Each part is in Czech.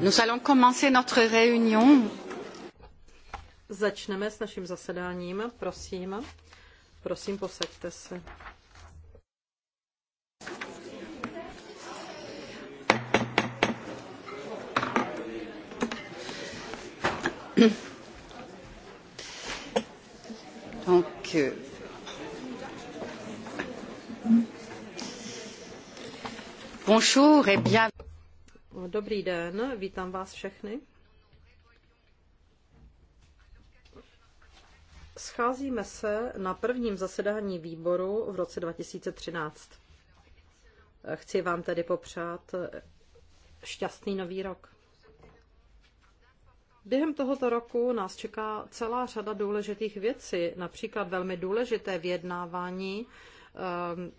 Nous allons commencer notre réunion. Začneme s naším zasedáním, prosím. Prosím, posaďte se. Donc, euh, bonjour et bienvenue. Dobrý den, vítám vás všechny. Scházíme se na prvním zasedání výboru v roce 2013. Chci vám tedy popřát šťastný nový rok. Během tohoto roku nás čeká celá řada důležitých věcí, například velmi důležité vyjednávání Ehm,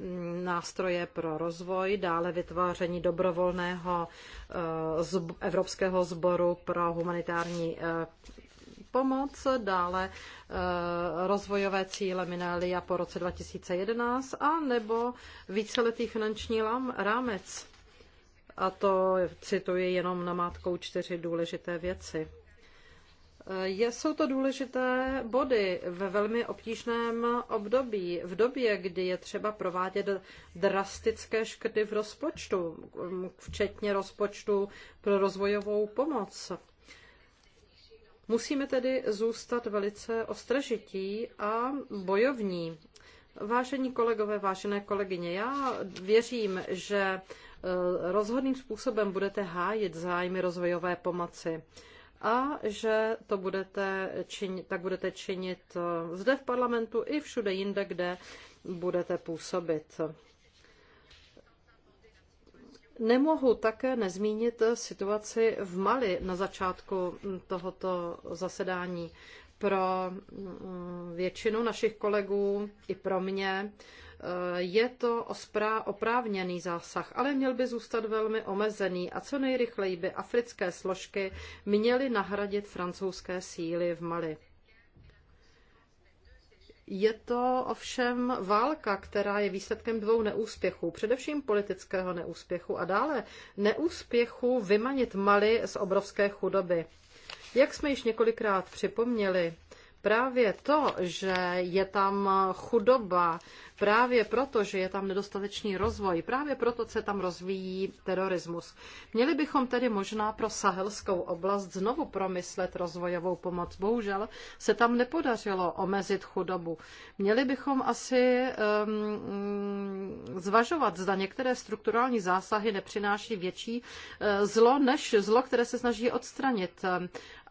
nástroje pro rozvoj, dále vytváření dobrovolného eh, Evropského sboru pro humanitární eh, pomoc, dále eh, rozvojové cíle Minelia po roce 2011 a nebo víceletý finanční rámec. A to cituji jenom namátkou čtyři důležité věci jsou to důležité body ve velmi obtížném období, v době, kdy je třeba provádět drastické škrty v rozpočtu, včetně rozpočtu pro rozvojovou pomoc. Musíme tedy zůstat velice ostražití a bojovní. Vážení kolegové, vážené kolegyně, já věřím, že eh, rozhodným způsobem budete hájit zájmy rozvojové pomoci a že to budete činit, tak budete činit eh, zde v parlamentu i všude jinde, kde budete působit. Nemohu také nezmínit situaci v Mali na začátku tohoto zasedání. Pro mm, většinu našich kolegů i pro mě Eh, je to oprávněný zásah, ale měl by zůstat velmi omezený a co nejrychleji by africké složky měly nahradit francouzské síly v Mali. Je to ovšem válka, která je výsledkem dvou neúspěchů, především politického neúspěchu a dále neúspěchu vymanit Mali z obrovské chudoby. Jak jsme již několikrát připomněli, právě to, že je tam chudoba, právě proto, že je tam nedostatečný rozvoj, právě proto se tam rozvíjí terorismus. Měli bychom tedy možná pro sahelskou oblast znovu promyslet rozvojovou pomoc. Bohužel se tam nepodařilo omezit chudobu. Měli bychom asi um, zvažovat, zda některé strukturální zásahy nepřináší větší eh, zlo než zlo, které se snaží odstranit.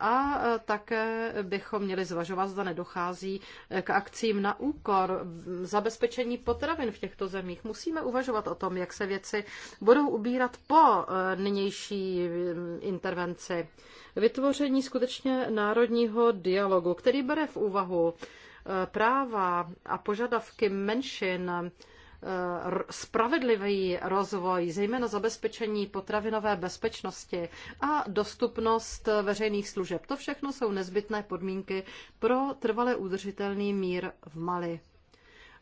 A eh, také bychom měli zvažovat, zda nedochází eh, k akcím na úkor zabezpečení zabezpečení potravin v těchto zemích. Musíme uvažovat o tom, jak se věci budou ubírat po eh, nynější eh, intervenci. Vytvoření skutečně národního dialogu, který bere v úvahu eh, práva a požadavky menšin, spravedlivý rozvoj, zejména zabezpečení potravinové bezpečnosti a dostupnost veřejných služeb. To všechno jsou nezbytné podmínky pro trvale udržitelný mír v Mali.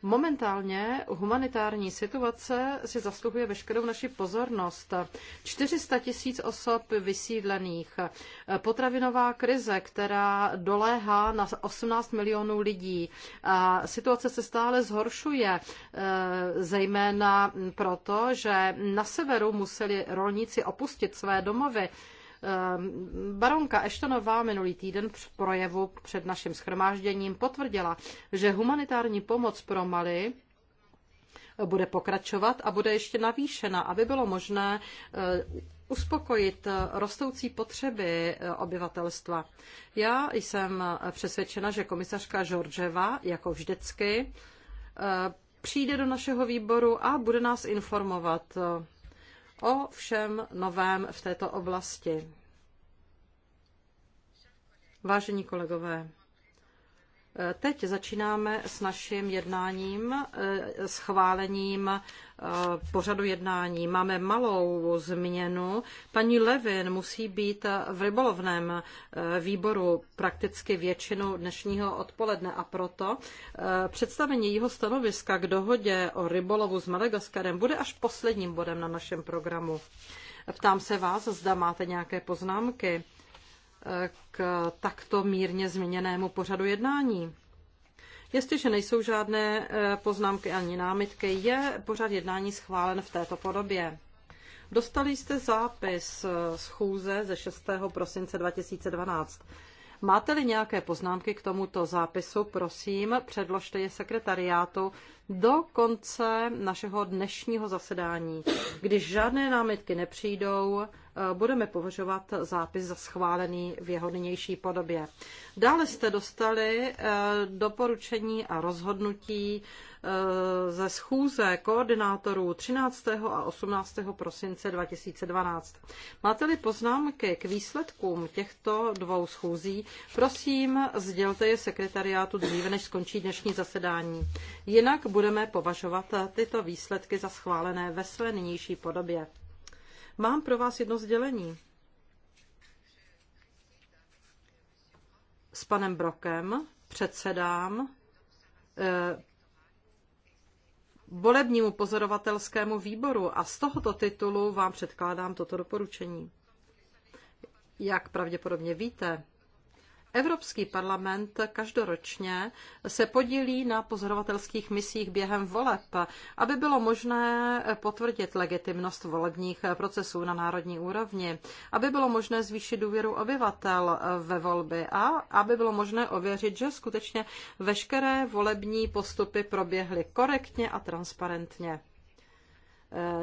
Momentálně humanitární situace si zasluhuje veškerou naši pozornost. 400 tisíc osob vysídlených, potravinová krize, která doléhá na 18 milionů lidí. A situace se stále zhoršuje, e, zejména proto, že na severu museli rolníci opustit své domovy Ehm, baronka Eštonová minulý týden v projevu před naším schromážděním potvrdila, že humanitární pomoc pro Mali bude pokračovat a bude ještě navýšena, aby bylo možné eh, uspokojit rostoucí potřeby eh, obyvatelstva. Já jsem přesvědčena, že komisařka Žorževa, jako vždycky, eh, přijde do našeho výboru a bude nás informovat o všem novém v této oblasti. Vážení kolegové, eh, Teď začínáme s naším jednáním, eh, schválením eh, pořadu jednání. Máme malou změnu. Paní Levin musí být v rybolovném výboru prakticky většinu dnešního odpoledne a proto představení jeho stanoviska k dohodě o rybolovu s Madagaskarem bude až posledním bodem na našem programu. Ptám se vás, zda máte nějaké poznámky k takto mírně změněnému pořadu jednání. Jestliže nejsou žádné eh, poznámky ani námitky, je pořad jednání schválen v této podobě. Dostali jste zápis eh, schůze ze 6. prosince 2012. Máte-li nějaké poznámky k tomuto zápisu, prosím, předložte je sekretariátu do konce našeho dnešního zasedání. Když žádné námitky nepřijdou, eh, budeme považovat zápis za schválený v jeho nynější podobě. Dále jste dostali eh, doporučení a rozhodnutí eh, ze schůze koordinátorů 13. a 18. prosince 2012. Máte-li poznámky k výsledkům těchto dvou schůzí, prosím, sdělte je sekretariátu dříve, než skončí dnešní zasedání. Jinak budeme považovat tyto výsledky za schválené ve své nynější podobě. Mám pro vás jedno sdělení. S panem Brokem předsedám eh, volebnímu pozorovatelskému výboru a z tohoto titulu vám předkládám toto doporučení. Jak pravděpodobně víte, Evropský parlament každoročně se podílí na pozorovatelských misích během voleb, aby bylo možné potvrdit legitimnost volebních procesů na národní úrovni, aby bylo možné zvýšit důvěru obyvatel ve volby a aby bylo možné ověřit, že skutečně veškeré volební postupy proběhly korektně a transparentně.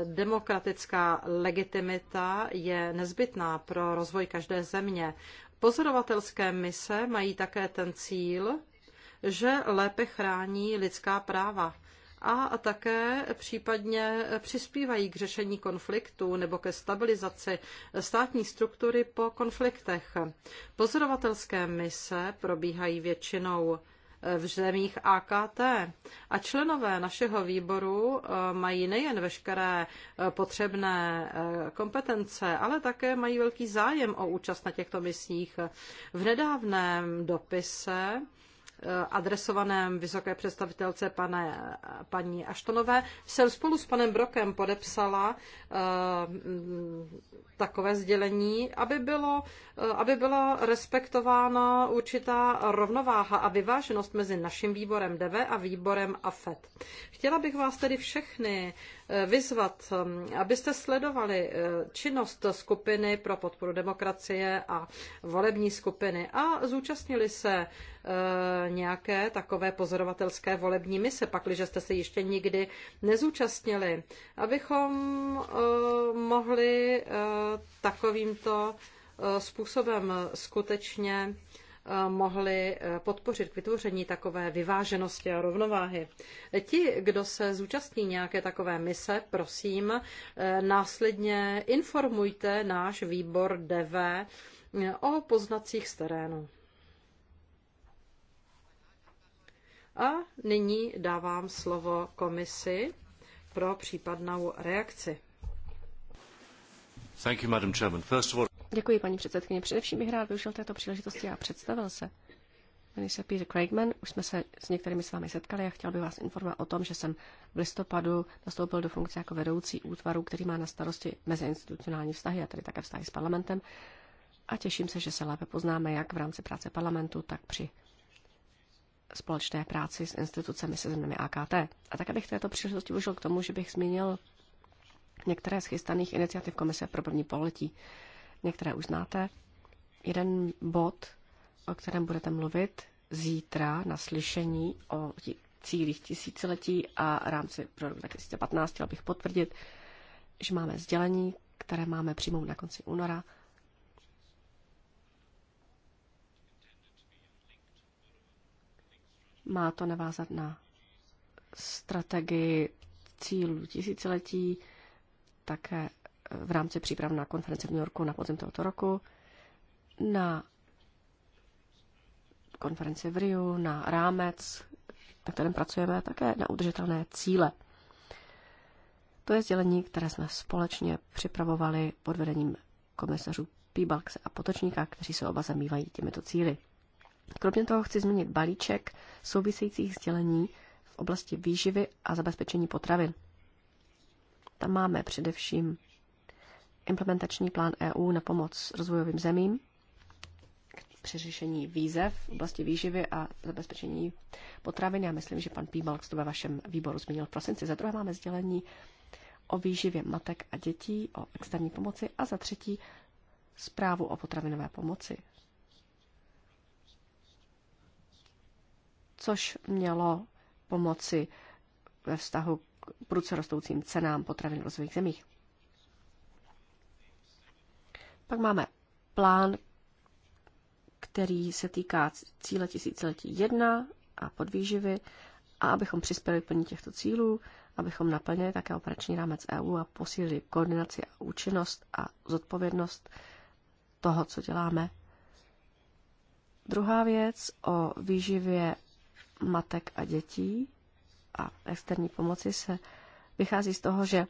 Demokratická legitimita je nezbytná pro rozvoj každé země Pozorovatelské mise mají také ten cíl, že lépe chrání lidská práva a také případně přispívají k řešení konfliktů nebo ke stabilizaci státní struktury po konfliktech. Pozorovatelské mise probíhají většinou v zemích AKT. A členové našeho výboru eh, mají nejen veškeré eh, potřebné eh, kompetence, ale také mají velký zájem o účast na těchto misích. V nedávném dopise Eh, adresovaném vysoké představitelce pane, paní Aštonové jsem spolu s panem Brokem podepsala eh, takové sdělení, aby, bylo, eh, aby byla respektována určitá rovnováha a vyváženost mezi naším výborem DV a výborem AFET. Chtěla bych vás tedy všechny Eh, vyzvat, eh, abyste sledovali eh, činnost skupiny pro podporu demokracie a volební skupiny a zúčastnili se nějaké takové pozorovatelské volební mise, pakliže jste se ještě nikdy nezúčastnili, abychom mohli takovýmto způsobem skutečně mohli eh, podpořit k vytvoření takové vyváženosti a rovnováhy. Ti, kdo se zúčastní nějaké takové mise, prosím, eh, následně informujte náš výbor DV eh, o poznacích z terénu. A nyní dávám slovo komisi pro případnou reakci. Thank you, Madam Chairman. First of all... Děkuji, paní předsedkyně. Především bych rád využil této příležitosti a představil se. Jmenuji se Peter Craigman, už jsme se s některými s vámi setkali a chtěl bych vás informovat o tom, že jsem v listopadu nastoupil do funkce jako vedoucí útvaru, který má na starosti meziinstitucionální vztahy a tedy také vztahy s parlamentem. A těším se, že se lépe poznáme jak v rámci práce parlamentu, tak při společné práci s institucemi se zeměmi AKT. A také bych této příležitosti využil k tomu, že bych zmínil některé z chystaných iniciativ Komise pro první poletí. Některé už znáte. Jeden bod, o kterém budete mluvit zítra na slyšení o cílích tisíciletí a rámci pro rok 2015, chtěl bych potvrdit, že máme sdělení, které máme přijmout na konci února. Má to navázat na strategii cílů tisíciletí, také v rámci příprav na konferenci v New Yorku na podzim tohoto roku, na konferenci v Riu, na rámec, na kterém pracujeme, také na udržitelné cíle. To je sdělení, které jsme společně připravovali pod vedením komisařů Píbalkse a Potočníka, kteří se oba zamývají těmito cíly. Kromě toho chci zmínit balíček souvisejících sdělení v oblasti výživy a zabezpečení potravin. Tam máme především implementační plán EU na pomoc rozvojovým zemím při řešení výzev v oblasti výživy a zabezpečení potravin. Já myslím, že pan Pímal to ve vašem výboru zmínil v prosinci. Za druhé máme sdělení o výživě matek a dětí, o externí pomoci a za třetí zprávu o potravinové pomoci. Což mělo pomoci ve vztahu k prudce rostoucím cenám potravin v rozvojových zemích. Pak máme plán, který se týká cíle tisíciletí 1 a podvýživy a abychom přispěli k plní těchto cílů, abychom naplnili také operační rámec EU a posílili koordinaci a účinnost a zodpovědnost toho, co děláme. Druhá věc o výživě matek a dětí a externí pomoci se vychází z toho, že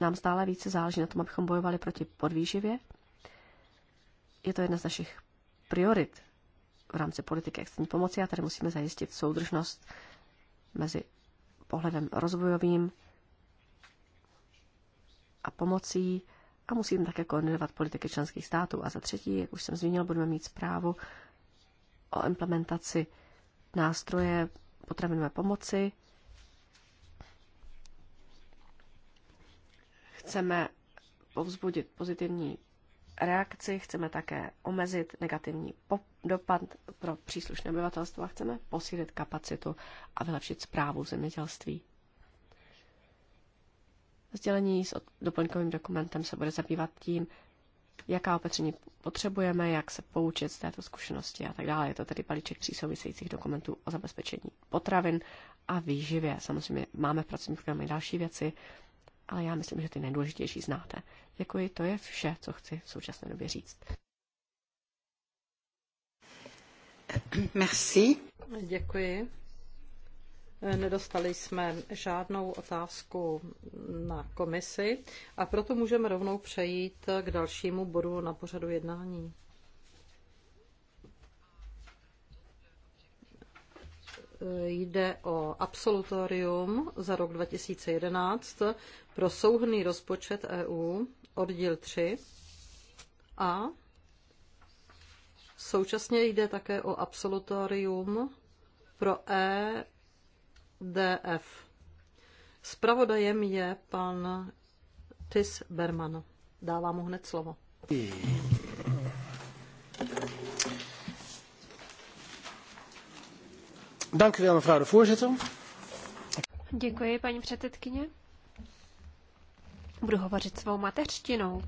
nám stále více záleží na tom, abychom bojovali proti podvýživě je to jedna z našich priorit v rámci politiky externí pomoci a tady musíme zajistit soudržnost mezi pohledem rozvojovým a pomocí a musíme také koordinovat politiky členských států. A za třetí, jak už jsem zmínil, budeme mít zprávu o implementaci nástroje potravinové pomoci. Chceme povzbudit pozitivní reakci, chceme také omezit negativní dopad pro příslušné obyvatelstvo a chceme posílit kapacitu a vylepšit zprávu zemědělství. Sdělení s doplňkovým dokumentem se bude zabývat tím, jaká opatření potřebujeme, jak se poučit z této zkušenosti a tak dále. Je to tedy balíček tří souvisejících dokumentů o zabezpečení potravin a výživě. Samozřejmě máme v pracovním programu další věci, ale já myslím, že ty nejdůležitější znáte. Děkuji, to je vše, co chci v současné době říct. Merci. Děkuji. Nedostali jsme žádnou otázku na komisi a proto můžeme rovnou přejít k dalšímu bodu na pořadu jednání. jde o absolutorium za rok 2011 pro souhrný rozpočet EU, oddíl 3 a současně jde také o absolutorium pro EDF. Spravodajem je pan Tis Berman. Dávám mu hned slovo. Děkuji, paní předsedkyně. Budu hovořit svou mateřštinou.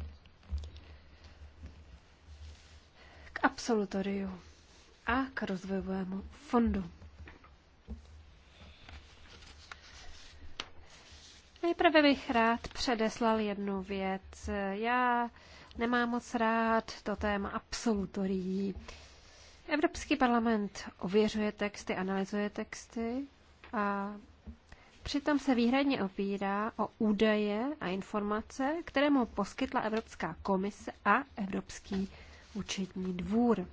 K absolutoriu a k rozvojovému fondu. Nejprve bych rád předeslal jednu věc. Já nemám moc rád to téma absolutorií. Evropský parlament ověřuje texty, analyzuje texty a přitom se výhradně opírá o údaje a informace, které mu poskytla Evropská komise a Evropský účetní dvůr.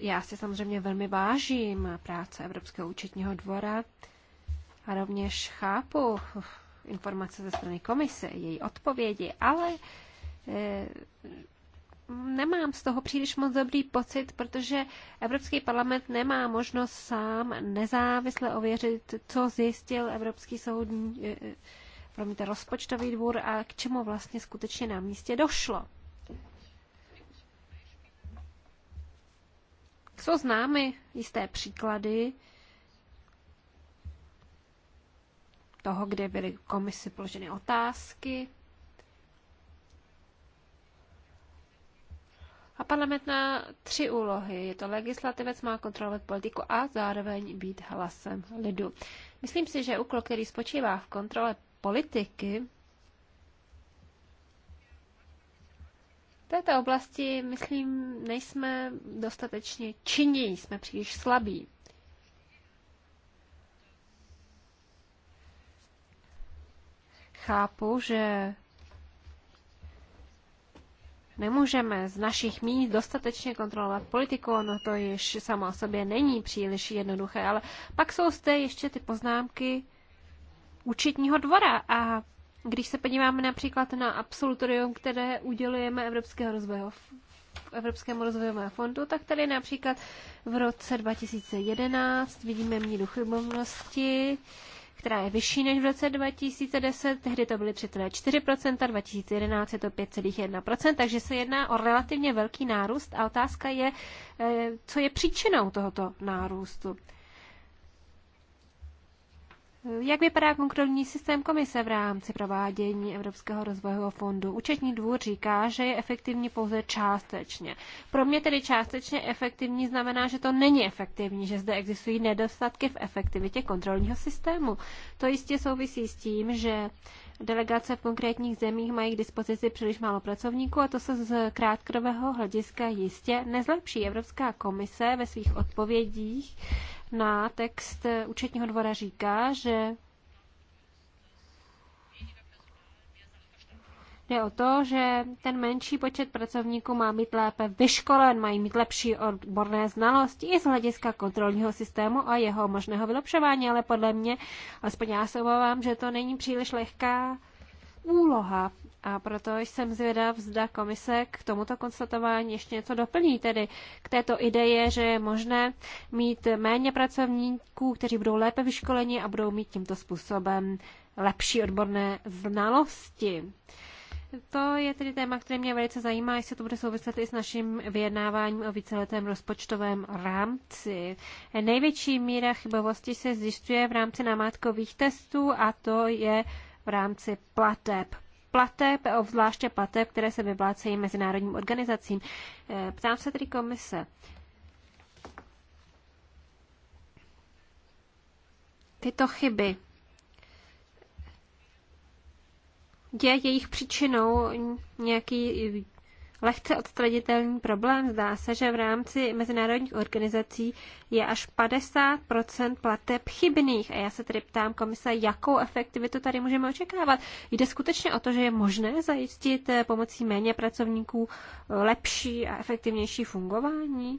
Já si samozřejmě velmi vážím práce Evropského účetního dvora a rovněž chápu informace ze strany komise, její odpovědi, ale eh, nemám z toho příliš moc dobrý pocit, protože Evropský parlament nemá možnost sám nezávisle ověřit, co zjistil Evropský soudní, eh, eh, promiňte, rozpočtový dvůr a k čemu vlastně skutečně na místě došlo. Jsou známy jisté příklady toho, kde byly komisi položeny otázky, A parlament má tři úlohy. Je to legislativec, má kontrolovat politiku a zároveň být hlasem lidu. Myslím si, že úkol, který spočívá v kontrole politiky, v této oblasti, myslím, nejsme dostatečně činní, jsme příliš slabí. Chápu, že Nemůžeme z našich míst dostatečně kontrolovat politiku, ono to již samo o sobě není příliš jednoduché, ale pak jsou zde ještě ty poznámky účetního dvora a když se podíváme například na absolutorium, které udělujeme Evropského rozvojového Evropskému rozvojovému fondu, tak tady například v roce 2011 vidíme míru chybovnosti která je vyšší než v roce 2010, tehdy to byly 3,4%, 2011 je to 5,1%, takže se jedná o relativně velký nárůst a otázka je, eh, co je příčinou tohoto nárůstu. Jak vypadá kontrolní systém komise v rámci provádění Evropského rozvojového fondu? Účetní dvůr říká, že je efektivní pouze částečně. Pro mě tedy částečně efektivní znamená, že to není efektivní, že zde existují nedostatky v efektivitě kontrolního systému. To jistě souvisí s tím, že delegace v konkrétních zemích mají k dispozici příliš málo pracovníků a to se z krátkodobého hlediska jistě nezlepší. Evropská komise ve svých odpovědích na text účetního dvora říká, že Jde o to, že ten menší počet pracovníků má být lépe vyškolen, mají mít lepší odborné znalosti i z hlediska kontrolního systému a jeho možného vylepšování, ale podle mě, aspoň já se obávám, že to není příliš lehká úloha. A proto jsem zvědav, zda komise k tomuto konstatování ještě něco doplní, tedy k této ideje, že je možné mít méně pracovníků, kteří budou lépe vyškoleni a budou mít tímto způsobem lepší odborné znalosti. To je tedy téma, které mě velice zajímá, jestli to bude souviset i s naším vyjednáváním o víceletém rozpočtovém rámci. Největší míra chybovosti se zjišťuje v rámci namátkových testů a to je v rámci plateb plateb, obzvláště plateb, které se vyplácejí mezinárodním organizacím. Eh, ptám se tedy komise. Tyto chyby je jejich příčinou nějaký lehce odstraditelný problém. Zdá se, že v rámci mezinárodních organizací je až 50 plateb chybných. A já se tedy ptám komise, jakou efektivitu tady můžeme očekávat. Jde skutečně o to, že je možné zajistit eh, pomocí méně pracovníků eh, lepší a efektivnější fungování?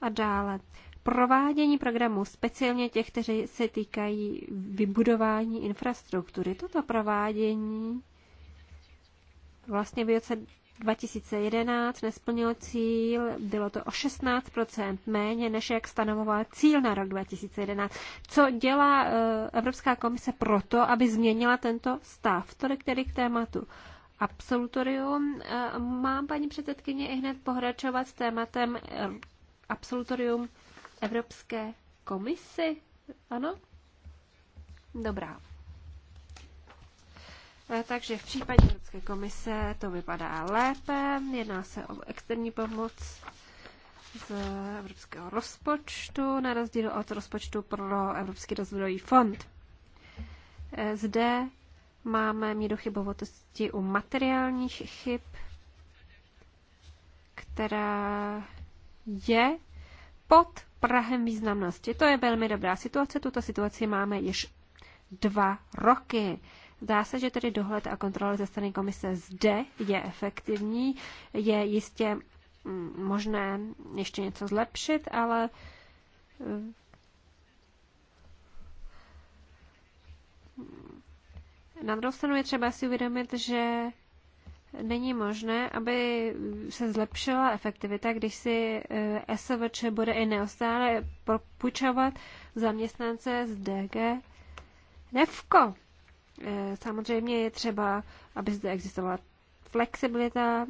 A dále provádění programů, speciálně těch, kteří se týkají vybudování infrastruktury. Toto provádění vlastně by 2011 nesplnilo cíl, bylo to o 16 méně, než jak stanovoval cíl na rok 2011. Co dělá eh, Evropská komise proto, aby změnila tento stav? Tolik tedy k tématu absolutorium. Eh, mám, paní předsedkyně, i hned pohračovat s tématem eh, absolutorium Evropské komisy? Ano? Dobrá. Eh, takže v případě Evropské komise to vypadá lépe. Jedná se o externí pomoc z evropského rozpočtu, na rozdíl od rozpočtu pro Evropský rozvojový fond. Eh, zde máme míru chybovosti u materiálních chyb, která je pod Prahem významnosti. To je velmi dobrá situace. Tuto situaci máme již dva roky. Zdá se, že tedy dohled a kontrola ze strany komise zde je efektivní. Je jistě mm, možné ještě něco zlepšit, ale mm, na druhou stranu je třeba si uvědomit, že není možné, aby se zlepšila efektivita, když si eh, SVČ bude i neustále půjčovat zaměstnance z DG Nevko. Eh, samozřejmě je třeba, aby zde existovala flexibilita,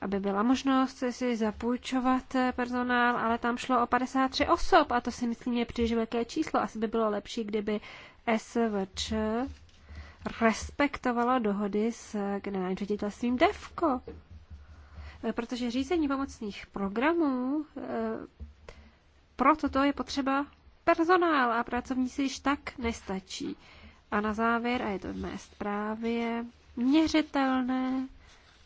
aby byla možnost si zapůjčovat eh, personál, ale tam šlo o 53 osob a to si myslím je příliš velké číslo. Asi by bylo lepší, kdyby SVČ respektovalo dohody s eh, generálním ředitelstvím DEVKO. Protože řízení pomocných programů, proto to je potřeba personál a pracovníci již tak nestačí. A na závěr, a je to v mé zprávě, měřitelné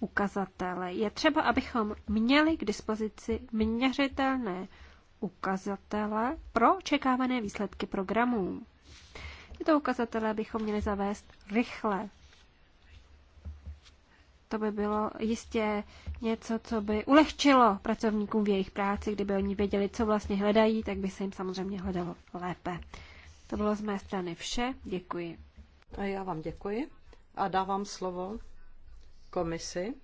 ukazatele. Je třeba, abychom měli k dispozici měřitelné ukazatele pro očekávané výsledky programů. Tyto ukazatele bychom měli zavést rychle. To by bylo jistě něco, co by ulehčilo pracovníkům v jejich práci, kdyby oni věděli, co vlastně hledají, tak by se jim samozřejmě hledalo lépe. To bylo z mé strany vše. Děkuji. A já vám děkuji a dávám slovo komisi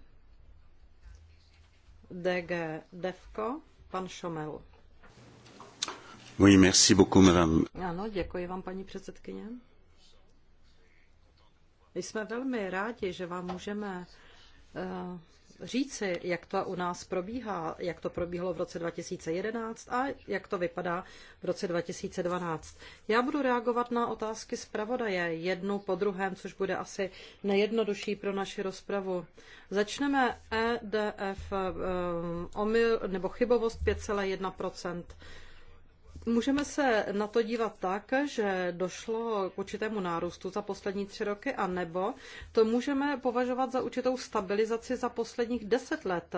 DG Devko, pan Šomel. Oui, merci beaucoup, madame. Ano, děkuji vám, paní předsedkyně. My jsme velmi rádi, že vám můžeme eh, říci, jak to u nás probíhá, jak to probíhalo v roce 2011 a jak to vypadá v roce 2012. Já budu reagovat na otázky zpravodaje jednu po druhém, což bude asi nejjednodušší pro naši rozpravu. Začneme EDF eh, omyl, nebo chybovost 5,1 Můžeme se na to dívat tak, že došlo k určitému nárůstu za poslední tři roky, anebo to můžeme považovat za určitou stabilizaci za posledních deset let.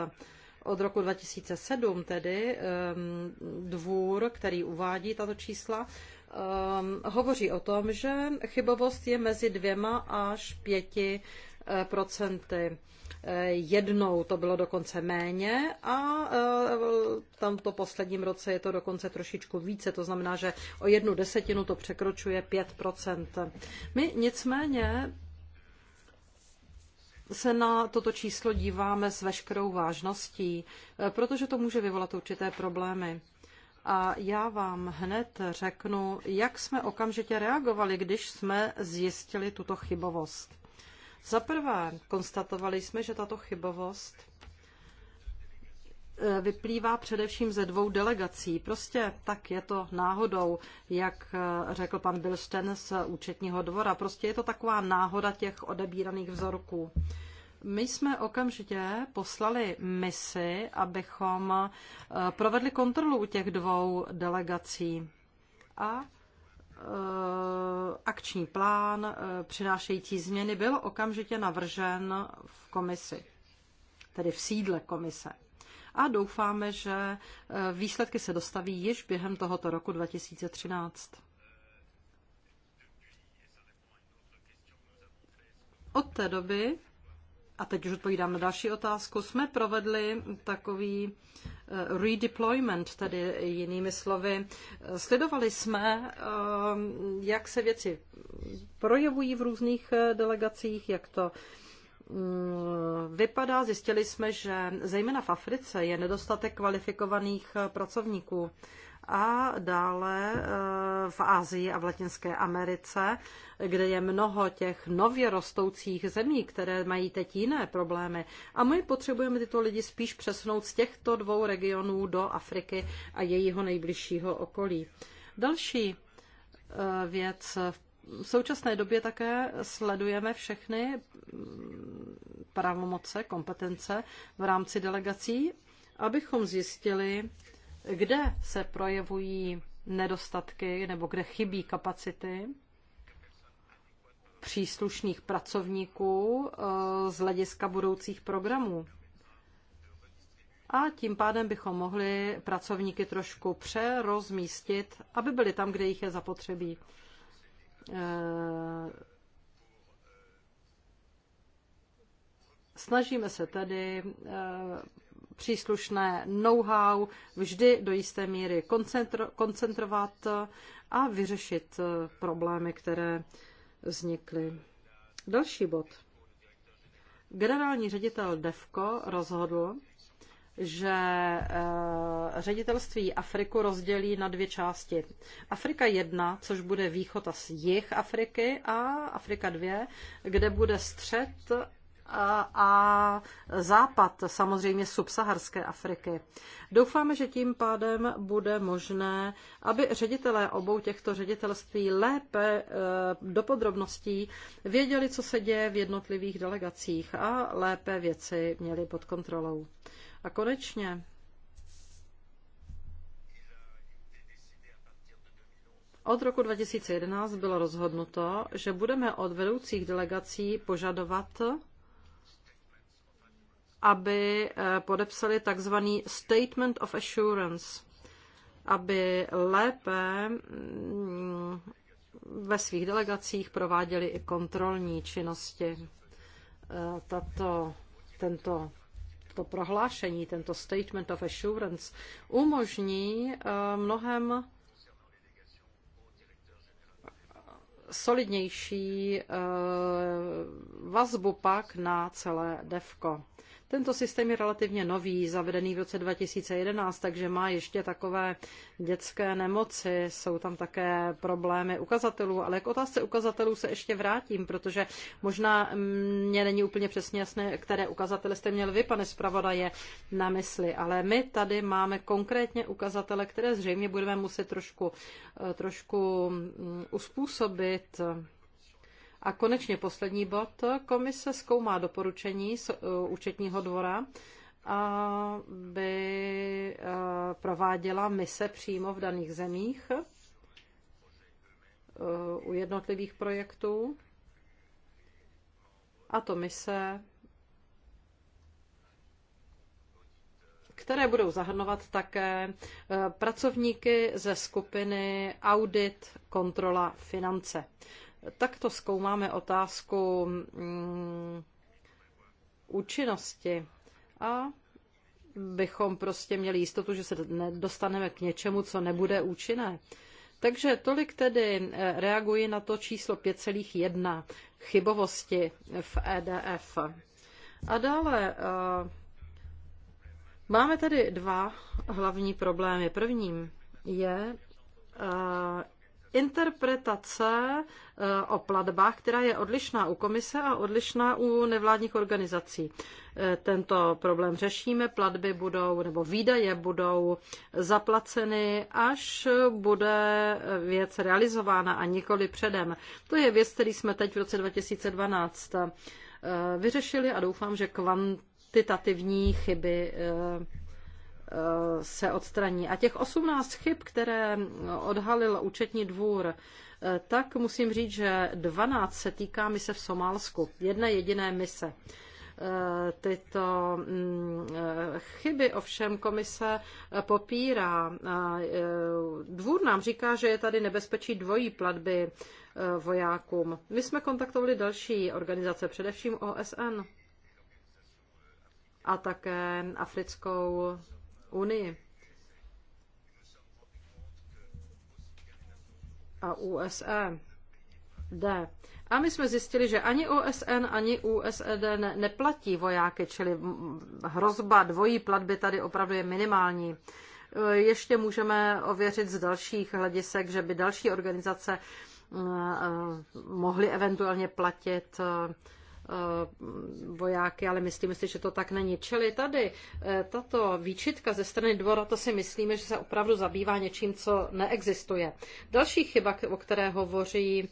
Od roku 2007 tedy ehm, dvůr, který uvádí tato čísla, ehm, hovoří o tom, že chybovost je mezi dvěma až pěti procenty. Eh, jednou to bylo dokonce méně a eh, tam to posledním roce je to dokonce trošičku více, to znamená, že o jednu desetinu to překročuje 5%. My nicméně se na toto číslo díváme s veškerou vážností, eh, protože to může vyvolat určité problémy. A já vám hned řeknu, jak jsme okamžitě reagovali, když jsme zjistili tuto chybovost. Za prvé, konstatovali jsme, že tato chybovost e, vyplývá především ze dvou delegací. Prostě tak je to náhodou, jak e, řekl pan Bilsten z účetního dvora. Prostě je to taková náhoda těch odebíraných vzorků. My jsme okamžitě poslali misi, abychom e, provedli kontrolu u těch dvou delegací. A Eh, akční plán eh, přinášející změny byl okamžitě navržen v komisi, tedy v sídle komise. A doufáme, že eh, výsledky se dostaví již během tohoto roku 2013. Od té doby, a teď už odpovídám na další otázku, jsme provedli takový redeployment, tedy jinými slovy. Sledovali jsme, eh, jak se věci projevují v různých eh, delegacích, jak to mm, vypadá. Zjistili jsme, že zejména v Africe je nedostatek kvalifikovaných eh, pracovníků a dále eh, v Asii a v Latinské Americe, kde je mnoho těch nově rostoucích zemí, které mají teď jiné problémy. A my potřebujeme tyto lidi spíš přesunout z těchto dvou regionů do Afriky a jejího nejbližšího okolí. Další eh, věc v v současné době také sledujeme všechny mm, pravomoce, kompetence v rámci delegací, abychom zjistili, kde se projevují nedostatky nebo kde chybí kapacity příslušných pracovníků eh, z hlediska budoucích programů. A tím pádem bychom mohli pracovníky trošku přerozmístit, aby byli tam, kde jich je zapotřebí. Eh, snažíme se tedy eh, příslušné know-how vždy do jisté míry koncentrovat a vyřešit problémy, které vznikly. Další bod. Generální ředitel DEFCO rozhodl, že eh, ředitelství Afriku rozdělí na dvě části. Afrika 1, což bude východ a jih Afriky, a Afrika 2, kde bude střed a západ samozřejmě subsaharské Afriky. Doufáme, že tím pádem bude možné, aby ředitelé obou těchto ředitelství lépe eh, do podrobností věděli, co se děje v jednotlivých delegacích a lépe věci měli pod kontrolou. A konečně Od roku 2011 bylo rozhodnuto, že budeme od vedoucích delegací požadovat aby eh, podepsali takzvaný Statement of Assurance, aby lépe mm, ve svých delegacích prováděli i kontrolní činnosti. Eh, tato, tento to prohlášení, tento Statement of Assurance, umožní eh, mnohem solidnější vazbu pak na celé DEVKO. Tento systém je relativně nový, zavedený v roce 2011, takže má ještě takové dětské nemoci, jsou tam také problémy ukazatelů, ale k otázce ukazatelů se ještě vrátím, protože možná mě není úplně přesně jasné, které ukazatele jste měl vy, pane zpravodaje, na mysli, ale my tady máme konkrétně ukazatele, které zřejmě budeme muset trošku, eh, trošku mm, uspůsobit a konečně poslední bod. Komise zkoumá doporučení z uh, účetního dvora, aby uh, prováděla mise přímo v daných zemích uh, u jednotlivých projektů. A to mise, které budou zahrnovat také pracovníky ze skupiny Audit, kontrola, finance takto zkoumáme otázku mm, účinnosti a bychom prostě měli jistotu, že se dostaneme k něčemu, co nebude účinné. Takže tolik tedy eh, reaguji na to číslo 5,1 chybovosti v EDF. A dále eh, máme tady dva hlavní problémy. Prvním je eh, interpretace eh, o platbách, která je odlišná u komise a odlišná u nevládních organizací. Eh, tento problém řešíme, platby budou nebo výdaje budou zaplaceny, až bude věc realizována a nikoli předem. To je věc, který jsme teď v roce 2012 eh, vyřešili a doufám, že kvantitativní chyby se odstraní. A těch 18 chyb, které odhalil účetní dvůr, tak musím říct, že 12 se týká mise v Somálsku. Jedné jediné mise. Tyto mm, chyby ovšem komise popírá. E, dvůr nám říká, že je tady nebezpečí dvojí platby e, vojákům. My jsme kontaktovali další organizace, především OSN a také africkou unii. A USA. D. A my jsme zjistili, že ani OSN, ani USED ne, neplatí vojáky, čili hrozba dvojí platby tady opravdu je minimální. E, ještě můžeme ověřit z dalších hledisek, že by další organizace e, mohly eventuálně platit e, Eh, vojáky, ale myslíme si, že to tak není. Čili tady eh, tato výčitka ze strany dvora, to si myslíme, že se opravdu zabývá něčím, co neexistuje. Další chyba, o které hovoří eh,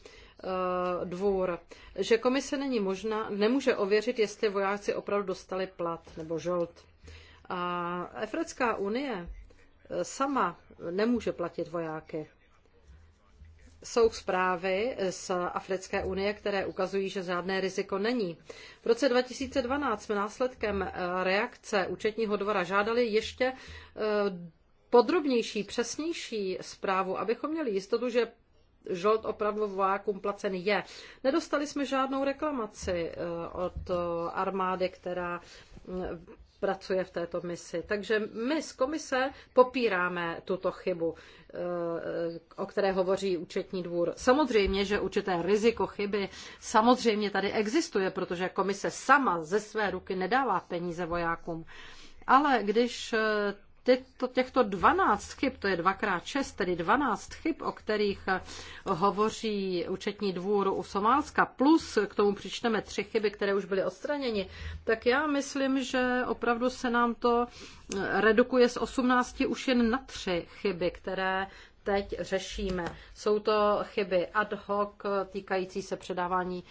dvůr, že komise není možná, nemůže ověřit, jestli vojáci opravdu dostali plat nebo žolt. A Africká unie sama nemůže platit vojáky jsou zprávy z Africké unie, které ukazují, že žádné riziko není. V roce 2012 jsme následkem eh, reakce účetního dvora žádali ještě eh, podrobnější, přesnější zprávu, abychom měli jistotu, že žolt opravdu vojákům placen je. Nedostali jsme žádnou reklamaci eh, od armády, která mm, pracuje v této misi. Takže my z komise popíráme tuto chybu, eh, o které hovoří účetní dvůr. Samozřejmě, že určité riziko chyby samozřejmě tady existuje, protože komise sama ze své ruky nedává peníze vojákům. Ale když eh, těchto, těchto 12 chyb, to je dvakrát 6, tedy 12 chyb, o kterých eh, hovoří účetní dvůr u Somálska, plus k tomu přičteme tři chyby, které už byly odstraněny, tak já myslím, že opravdu se nám to eh, redukuje z 18 už jen na tři chyby, které teď řešíme. Jsou to chyby ad hoc eh, týkající se předávání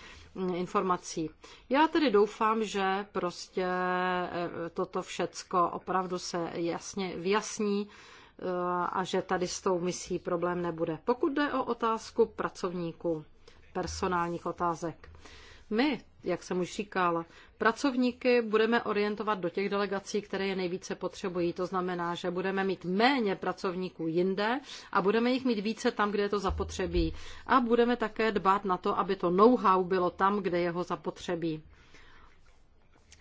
informací. Já tedy doufám, že prostě eh, toto všecko opravdu se jasně vyjasní eh, a že tady s tou misí problém nebude. Pokud jde o otázku pracovníků, personálních otázek. My, jak jsem už říkal, pracovníky budeme orientovat do těch delegací, které je nejvíce potřebují. To znamená, že budeme mít méně pracovníků jinde a budeme jich mít více tam, kde je to zapotřebí. A budeme také dbát na to, aby to know-how bylo tam, kde jeho zapotřebí.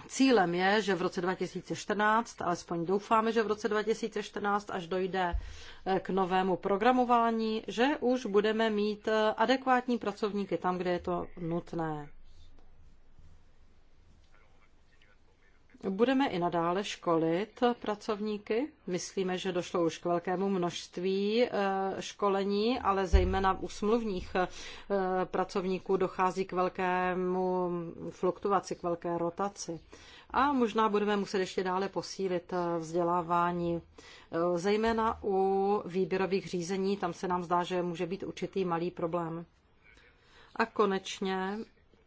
Cílem je, že v roce 2014, alespoň doufáme, že v roce 2014, až dojde eh, k novému programování, že už budeme mít eh, adekvátní pracovníky tam, kde je to nutné. Budeme i nadále školit pracovníky. Myslíme, že došlo už k velkému množství eh, školení, ale zejména u smluvních eh, pracovníků dochází k velkému fluktuaci, k velké rotaci. A možná budeme muset ještě dále posílit eh, vzdělávání, zejména u výběrových řízení, tam se nám zdá, že může být určitý malý problém. A konečně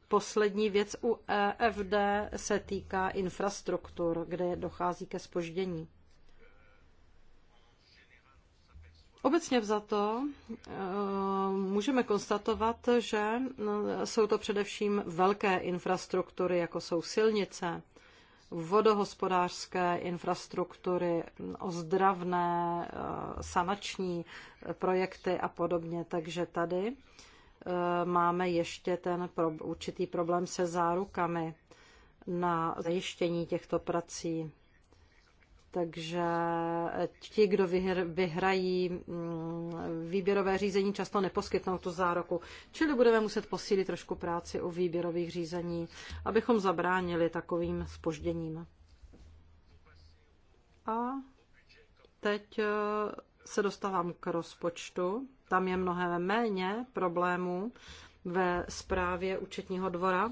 poslední věc u EFD se týká infrastruktur, kde dochází ke spoždění. Obecně vzato eh, můžeme konstatovat, že eh, jsou to především velké infrastruktury, jako jsou silnice, vodohospodářské infrastruktury, ozdravné, eh, sanační projekty a podobně. Takže tady Eh, máme ještě ten pro, určitý problém se zárukami na zajištění těchto prací. Takže eh, ti, kdo vyhrají mm, výběrové řízení, často neposkytnou tu zároku. Čili budeme muset posílit trošku práci u výběrových řízení, abychom zabránili takovým spožděním. A teď eh, se dostávám k rozpočtu. Tam je mnohem méně problémů ve zprávě účetního dvora.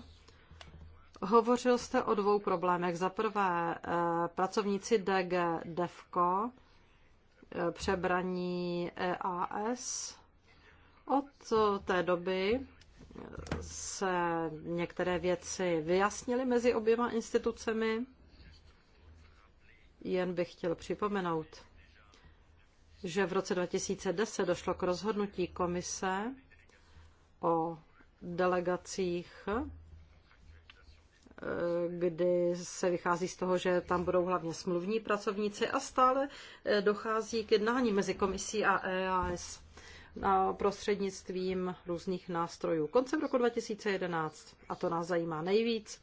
Hovořil jste o dvou problémech. Za prvé, eh, pracovníci DG DEFCO, eh, přebraní EAS. Od té doby eh, se některé věci vyjasnily mezi oběma institucemi. Jen bych chtěl připomenout, že v roce 2010 došlo k rozhodnutí komise o delegacích, eh, kdy se vychází z toho, že tam budou hlavně smluvní pracovníci a stále eh, dochází k jednání mezi komisí a EAS na prostřednictvím různých nástrojů. Koncem roku 2011, a to nás zajímá nejvíc,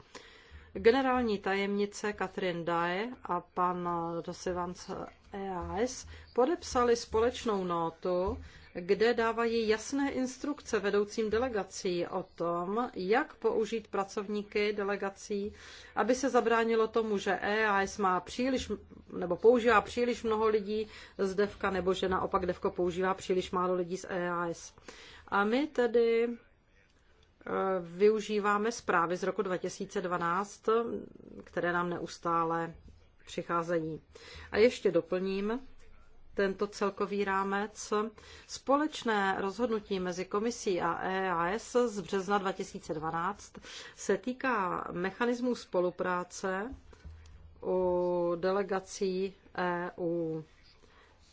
generální tajemnice Katrin Daje a pan Dosivans EAS podepsali společnou notu, kde dávají jasné instrukce vedoucím delegací o tom, jak použít pracovníky delegací, aby se zabránilo tomu, že EAS má příliš, nebo používá příliš mnoho lidí z DEVKA, nebo že naopak DEVKO používá příliš málo lidí z EAS. A my tedy e, využíváme zprávy z roku 2012, které nám neustále přicházejí. A ještě doplním tento celkový rámec. Společné rozhodnutí mezi komisí a EAS z března 2012 se týká mechanismů spolupráce u delegací EU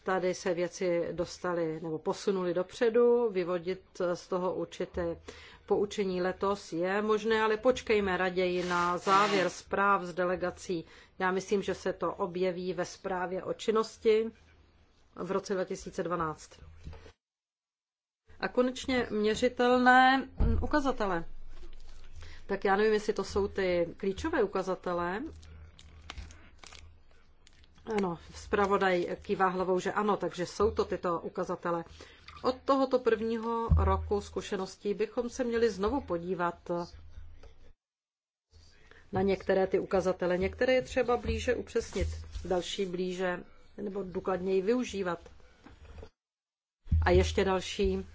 tady se věci dostaly nebo posunuly dopředu, vyvodit z toho určité poučení letos je možné, ale počkejme raději na závěr zpráv z delegací já myslím, že se to objeví ve zprávě o činnosti v roce 2012. A konečně měřitelné ukazatele. Tak já nevím, jestli to jsou ty klíčové ukazatele. Ano, zpravodaj kývá hlavou, že ano, takže jsou to tyto ukazatele. Od tohoto prvního roku zkušeností bychom se měli znovu podívat na některé ty ukazatele. Některé je třeba blíže upřesnit, další blíže nebo důkladněji využívat. A ještě další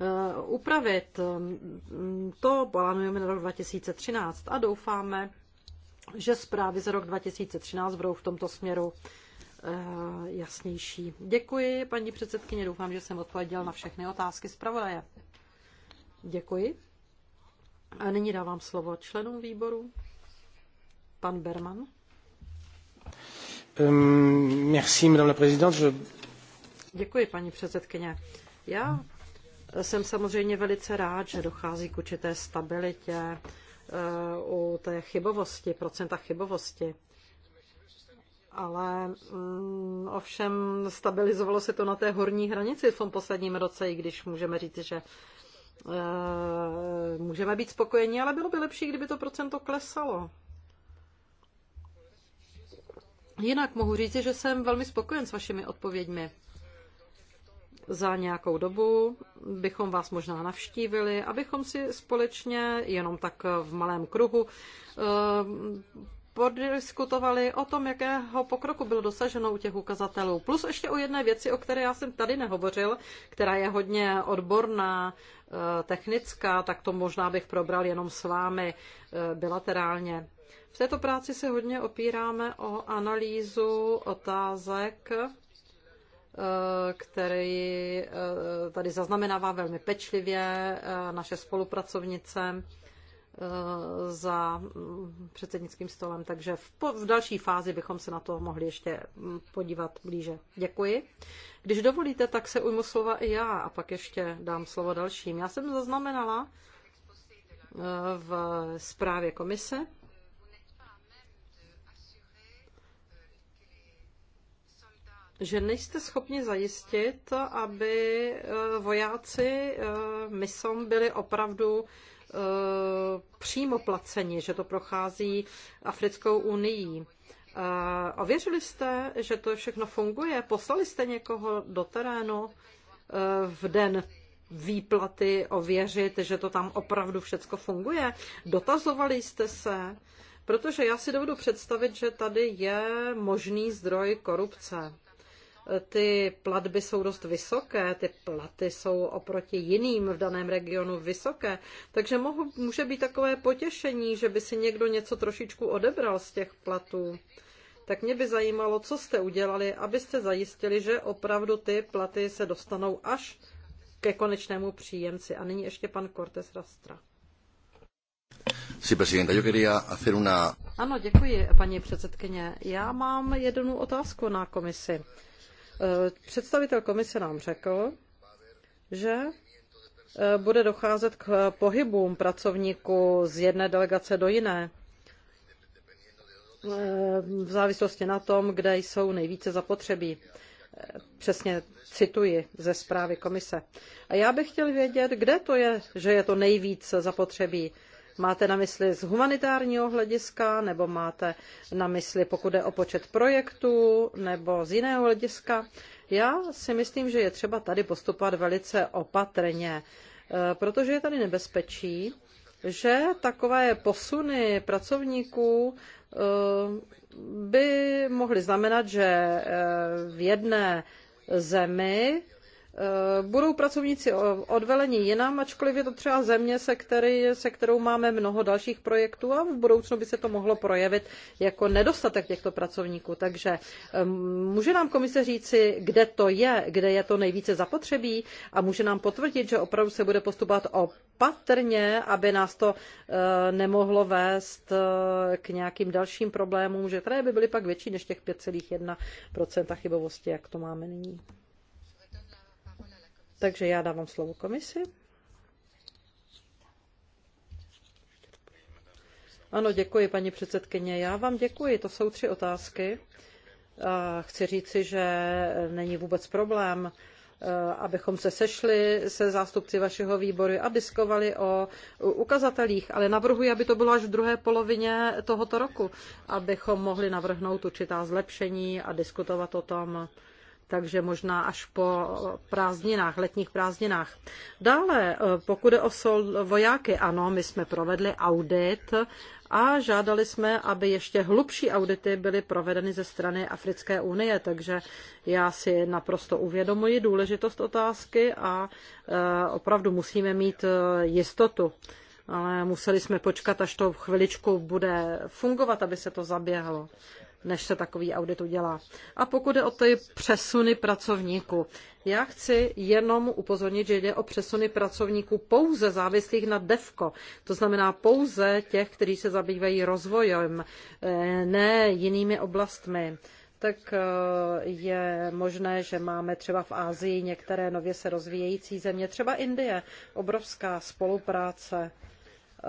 eh, upravit. To plánujeme na rok 2013 a doufáme, že zprávy za rok 2013 budou v tomto směru eh, jasnější. Děkuji, paní předsedkyně, doufám, že jsem odpověděl na všechny otázky zpravodaje. Děkuji. A nyní dávám slovo členům výboru. Pan Berman. Um, merci, madame la présidente. Je... Děkuji, paní předsedkyně. Já jsem samozřejmě velice rád, že dochází k určité stabilitě eh, u té chybovosti, procenta chybovosti. Ale mm, ovšem stabilizovalo se to na té horní hranici v tom posledním roce, i když můžeme říct, že Eh, můžeme být spokojeni, ale bylo by lepší, kdyby to procento klesalo. Jinak mohu říct, že jsem velmi spokojen s vašimi odpověďmi. Za nějakou dobu bychom vás možná navštívili, abychom si společně, jenom tak v malém kruhu, eh, podiskutovali o tom, jakého pokroku bylo dosaženo u těch ukazatelů. Plus ještě o jedné věci, o které já jsem tady nehovořil, která je hodně odborná, eh, technická, tak to možná bych probral jenom s vámi eh, bilaterálně. V této práci se hodně opíráme o analýzu otázek, eh, který tady zaznamenává velmi pečlivě naše spolupracovnice Eh, za mm, předsednickým stolem, takže v, po, v další fázi bychom se na to mohli ještě mm, podívat blíže. Děkuji. Když dovolíte, tak se ujmu slova i já a pak ještě dám slovo dalším. Já jsem zaznamenala eh, v zprávě komise, že nejste schopni zajistit, aby eh, vojáci misom byli opravdu Eh, přímo placeni, že to prochází Africkou unii. Ověřili jste, že to všechno funguje? Poslali jste někoho do terénu eh, v den výplaty ověřit, že to tam opravdu všechno funguje? Dotazovali jste se? Protože já si dovedu představit, že tady je možný zdroj korupce ty platby jsou dost vysoké, ty platy jsou oproti jiným v daném regionu vysoké, takže mohu, může být takové potěšení, že by si někdo něco trošičku odebral z těch platů. Tak mě by zajímalo, co jste udělali, abyste zajistili, že opravdu ty platy se dostanou až ke konečnému příjemci. A nyní ještě pan Cortes Rastra. Sí, presidenta, yo quería hacer una... Ano, děkuji, paní předsedkyně. Já mám jednu otázku na komisi. Eh, představitel komise nám řekl, že eh, bude docházet k pohybům pracovníků z jedné delegace do jiné, eh, v závislosti na tom, kde jsou nejvíce zapotřebí. Přesně cituji ze zprávy komise. A já bych chtěl vědět, kde to je, že je to nejvíce zapotřebí. Máte na mysli z humanitárního hlediska, nebo máte na mysli, pokud je o počet projektů, nebo z jiného hlediska? Já si myslím, že je třeba tady postupovat velice opatrně, eh, protože je tady nebezpečí, že takové posuny pracovníků eh, by mohly znamenat, že eh, v jedné zemi Eh, budou pracovníci odveleni jinam, ačkoliv je to třeba země, se, který, se kterou máme mnoho dalších projektů a v budoucnu by se to mohlo projevit jako nedostatek těchto pracovníků. Takže může nám komise říci, kde to je, kde je to nejvíce zapotřebí a může nám potvrdit, že opravdu se bude postupovat opatrně, aby nás to eh, nemohlo vést eh, k nějakým dalším problémům, že které by byly pak větší než těch 5,1% chybovosti, jak to máme nyní. Takže já dávám slovo komisi. Ano, děkuji, paní předsedkyně. Já vám děkuji. To jsou tři otázky. Chci říci, že není vůbec problém, eh, abychom se sešli se zástupci vašeho výboru a diskovali o ukazatelích, ale navrhuji, aby to bylo až v druhé polovině tohoto roku, abychom mohli navrhnout určitá zlepšení a diskutovat o tom, takže možná až po prázdninách, letních prázdninách. Dále, eh, pokud je o sol, vojáky, ano, my jsme provedli audit a žádali jsme, aby ještě hlubší audity byly provedeny ze strany Africké unie, takže já si naprosto uvědomuji důležitost otázky a eh, opravdu musíme mít eh, jistotu ale museli jsme počkat, až to chviličku bude fungovat, aby se to zaběhlo než se takový audit udělá. A pokud je o ty přesuny pracovníků, já chci jenom upozornit, že jde o přesuny pracovníků pouze závislých na DEVKO, to znamená pouze těch, kteří se zabývají rozvojem, eh, ne jinými oblastmi tak eh, je možné, že máme třeba v Ázii některé nově se rozvíjející země, třeba Indie, obrovská spolupráce eh,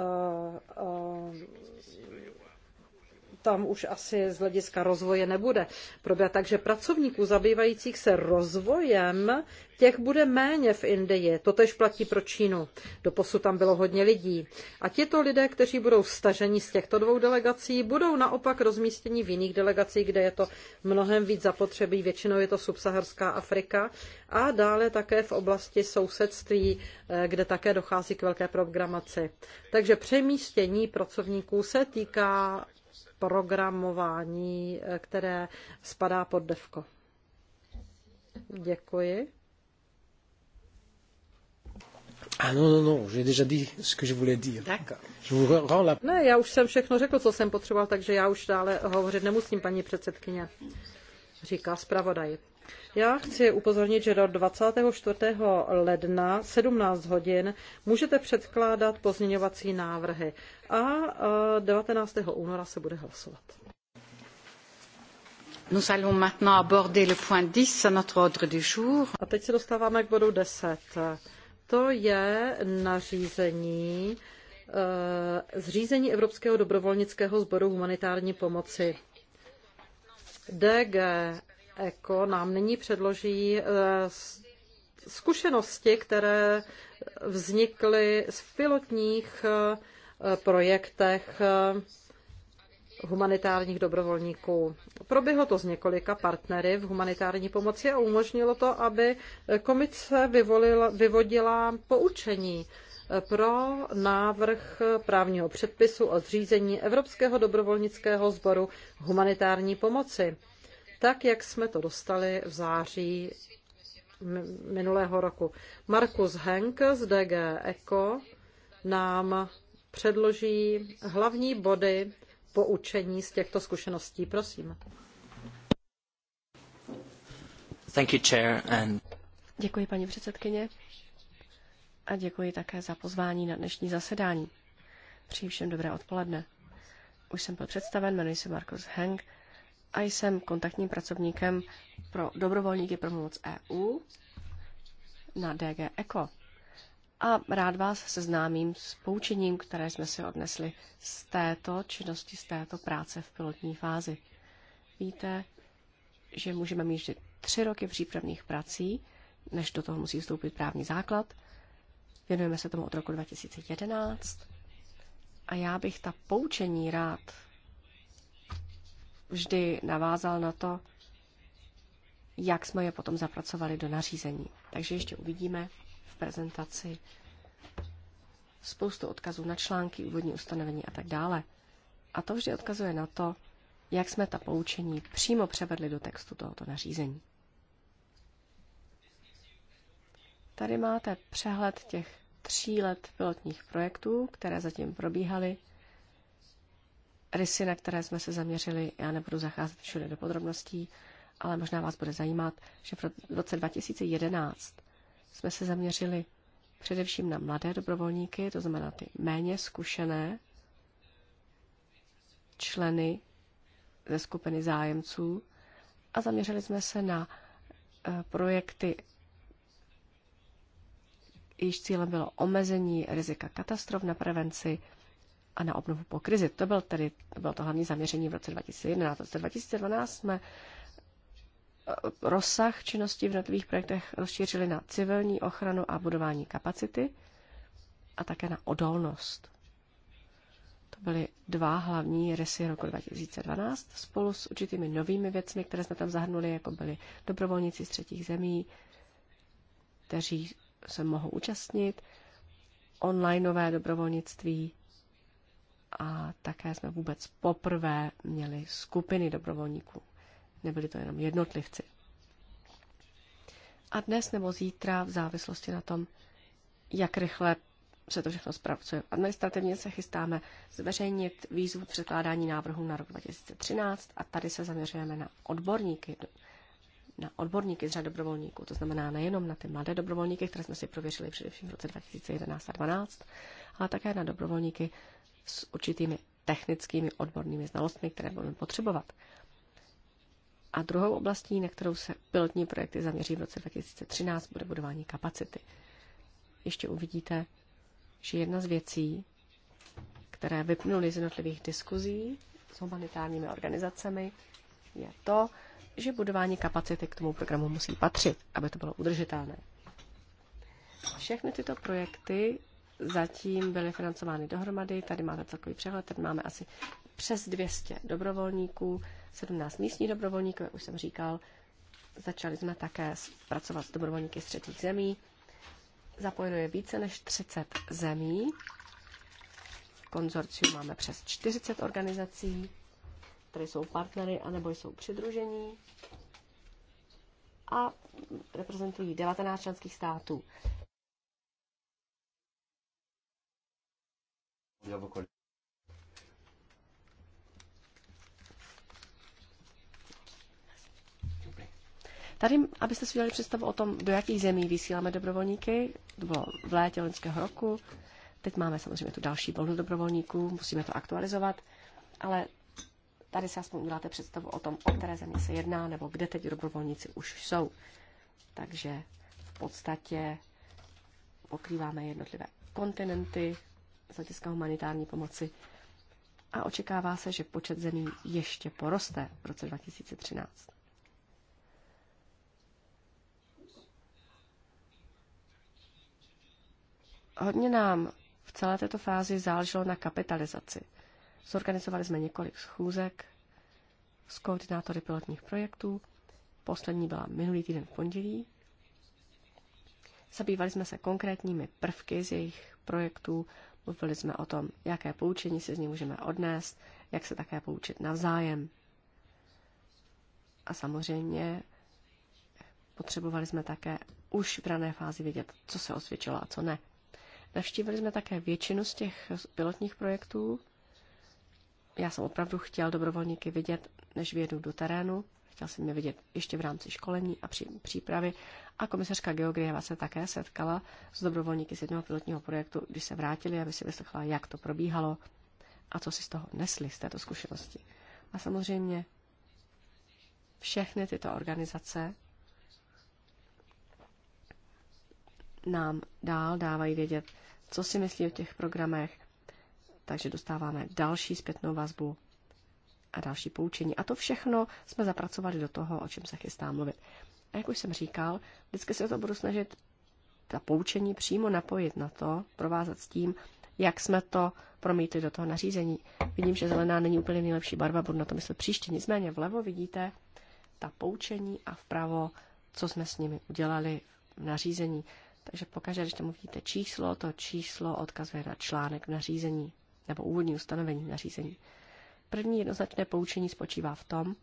tam už asi z hlediska rozvoje nebude probíhat. Takže pracovníků zabývajících se rozvojem, těch bude méně v Indii. To tež platí pro Čínu. Doposud tam bylo hodně lidí. A těto lidé, kteří budou staženi z těchto dvou delegací, budou naopak rozmístěni v jiných delegacích, kde je to mnohem víc zapotřebí. Většinou je to subsaharská Afrika a dále také v oblasti sousedství, eh, kde také dochází k velké programaci. Takže přemístění pracovníků se týká programování, eh, které spadá pod DEVKO. Děkuji. Ah non, non, non, j'ai déjà dit ce que je voulais dire. Je vous rends la... Ne, já už jsem všechno řekl, co jsem potřeboval, takže já už dále hovořit nemusím, paní předsedkyně, říká zpravodaj. Já chci upozornit, že do 24. ledna 17 hodin můžete předkládat pozměňovací návrhy a 19. E, února se bude hlasovat. Nous allons maintenant aborder le point 10 notre ordre du jour. A teď se dostáváme k bodu 10. To je nařízení e, zřízení Evropského dobrovolnického sboru humanitární pomoci. DG ECO nám nyní předloží eh, zkušenosti, které vznikly z pilotních eh, projektech eh, humanitárních dobrovolníků. Proběhlo to s několika partnery v humanitární pomoci a umožnilo to, aby komice vyvolila, vyvodila poučení pro návrh právního předpisu o zřízení Evropského dobrovolnického sboru humanitární pomoci tak jak jsme to dostali v září minulého roku. Markus Henk z DG Eco nám předloží hlavní body poučení z těchto zkušeností. Prosím. Thank you, chair, and... Děkuji, paní předsedkyně. A děkuji také za pozvání na dnešní zasedání. Přeji všem dobré odpoledne. Už jsem byl představen, jmenuji se Markus Henk a jsem kontaktním pracovníkem pro dobrovolníky pro pomoc EU na DG Eco. A rád vás seznámím s poučením, které jsme si odnesli z této činnosti, z této práce v pilotní fázi. Víte, že můžeme mít vždy tři roky přípravných prací, než do toho musí vstoupit právní základ. Věnujeme se tomu od roku 2011 a já bych ta poučení rád vždy navázal na to, jak jsme je potom zapracovali do nařízení. Takže ještě uvidíme v prezentaci spoustu odkazů na články, úvodní ustanovení a tak dále. A to vždy odkazuje na to, jak jsme ta poučení přímo převedli do textu tohoto nařízení. Tady máte přehled těch tří let pilotních projektů, které zatím probíhaly rysy, na které jsme se zaměřili. Já nebudu zacházet všude do podrobností, ale možná vás bude zajímat, že v roce 2011 jsme se zaměřili především na mladé dobrovolníky, to znamená ty méně zkušené členy ze skupiny zájemců a zaměřili jsme se na eh, projekty, jejichž cílem bylo omezení rizika katastrof na prevenci a na obnovu po krizi. To, byl tedy, to bylo to hlavní zaměření v roce 2011. V roce 2012 jsme eh, rozsah činnosti v jednotlivých projektech rozšířili na civilní ochranu a budování kapacity a také na odolnost. To byly dva hlavní rysy roku 2012 spolu s určitými novými věcmi, které jsme tam zahrnuli, jako byli dobrovolníci z třetích zemí, kteří se mohou účastnit, onlineové dobrovolnictví, a také jsme vůbec poprvé měli skupiny dobrovolníků. Nebyli to jenom jednotlivci. A dnes nebo zítra, v závislosti na tom, jak rychle se to všechno zpracuje. Administrativně se chystáme zveřejnit výzvu předkládání návrhů na rok 2013 a tady se zaměřujeme na odborníky, na odborníky z řad dobrovolníků, to znamená nejenom na ty mladé dobrovolníky, které jsme si prověřili především v roce 2011 a 2012, ale také na dobrovolníky s určitými technickými odbornými znalostmi, které budeme potřebovat. A druhou oblastí, na kterou se pilotní projekty zaměří v roce 2013, bude budování kapacity. Ještě uvidíte, že jedna z věcí, které vypnuly z jednotlivých diskuzí s humanitárními organizacemi, je to, že budování kapacity k tomu programu musí patřit, aby to bylo udržitelné. Všechny tyto projekty zatím byly financovány dohromady. Tady máte takový přehled, tady máme asi přes 200 dobrovolníků, 17 místních dobrovolníků, jak už jsem říkal. Začali jsme také pracovat s dobrovolníky z třetích zemí. Zapojeno je více než 30 zemí. V konzorciu máme přes 40 organizací, které jsou partnery anebo jsou přidružení a reprezentují 19 členských států. Tady, abyste si udělali představu o tom, do jakých zemí vysíláme dobrovolníky, to bylo v létě loňského roku, teď máme samozřejmě tu další vlnu dobrovolníků, musíme to aktualizovat, ale tady si aspoň uděláte představu o tom, o které země se jedná, nebo kde teď dobrovolníci už jsou. Takže v podstatě pokrýváme jednotlivé kontinenty, z hlediska humanitární pomoci a očekává se, že počet zemí ještě poroste v roce 2013. Hodně nám v celé této fázi záleželo na kapitalizaci. Zorganizovali jsme několik schůzek s koordinátory pilotních projektů. Poslední byla minulý týden v pondělí. Zabývali jsme se konkrétními prvky z jejich projektů Mluvili jsme o tom, jaké poučení si z ní můžeme odnést, jak se také poučit navzájem. A samozřejmě potřebovali jsme také už v rané fázi vědět, co se osvědčilo a co ne. Navštívili jsme také většinu z těch pilotních projektů. Já jsem opravdu chtěl dobrovolníky vidět, než vědu do terénu chtěl jsem je vidět ještě v rámci školení a při, přípravy. A komisařka Georgieva se také setkala s dobrovolníky z jednoho pilotního projektu, když se vrátili, aby si vyslechla, jak to probíhalo a co si z toho nesli, z této zkušenosti. A samozřejmě všechny tyto organizace nám dál dávají vědět, co si myslí o těch programech, takže dostáváme další zpětnou vazbu a další poučení. A to všechno jsme zapracovali do toho, o čem se chystá mluvit. A jak už jsem říkal, vždycky se to budu snažit ta poučení přímo napojit na to, provázat s tím, jak jsme to promítli do toho nařízení. Vidím, že zelená není úplně nejlepší barva, budu na to myslet příště. Nicméně vlevo vidíte ta poučení a vpravo, co jsme s nimi udělali v nařízení. Takže pokaždé, když tam uvidíte číslo, to číslo odkazuje na článek v nařízení nebo úvodní ustanovení v nařízení. První jednoznačné poučení spočívá v tom,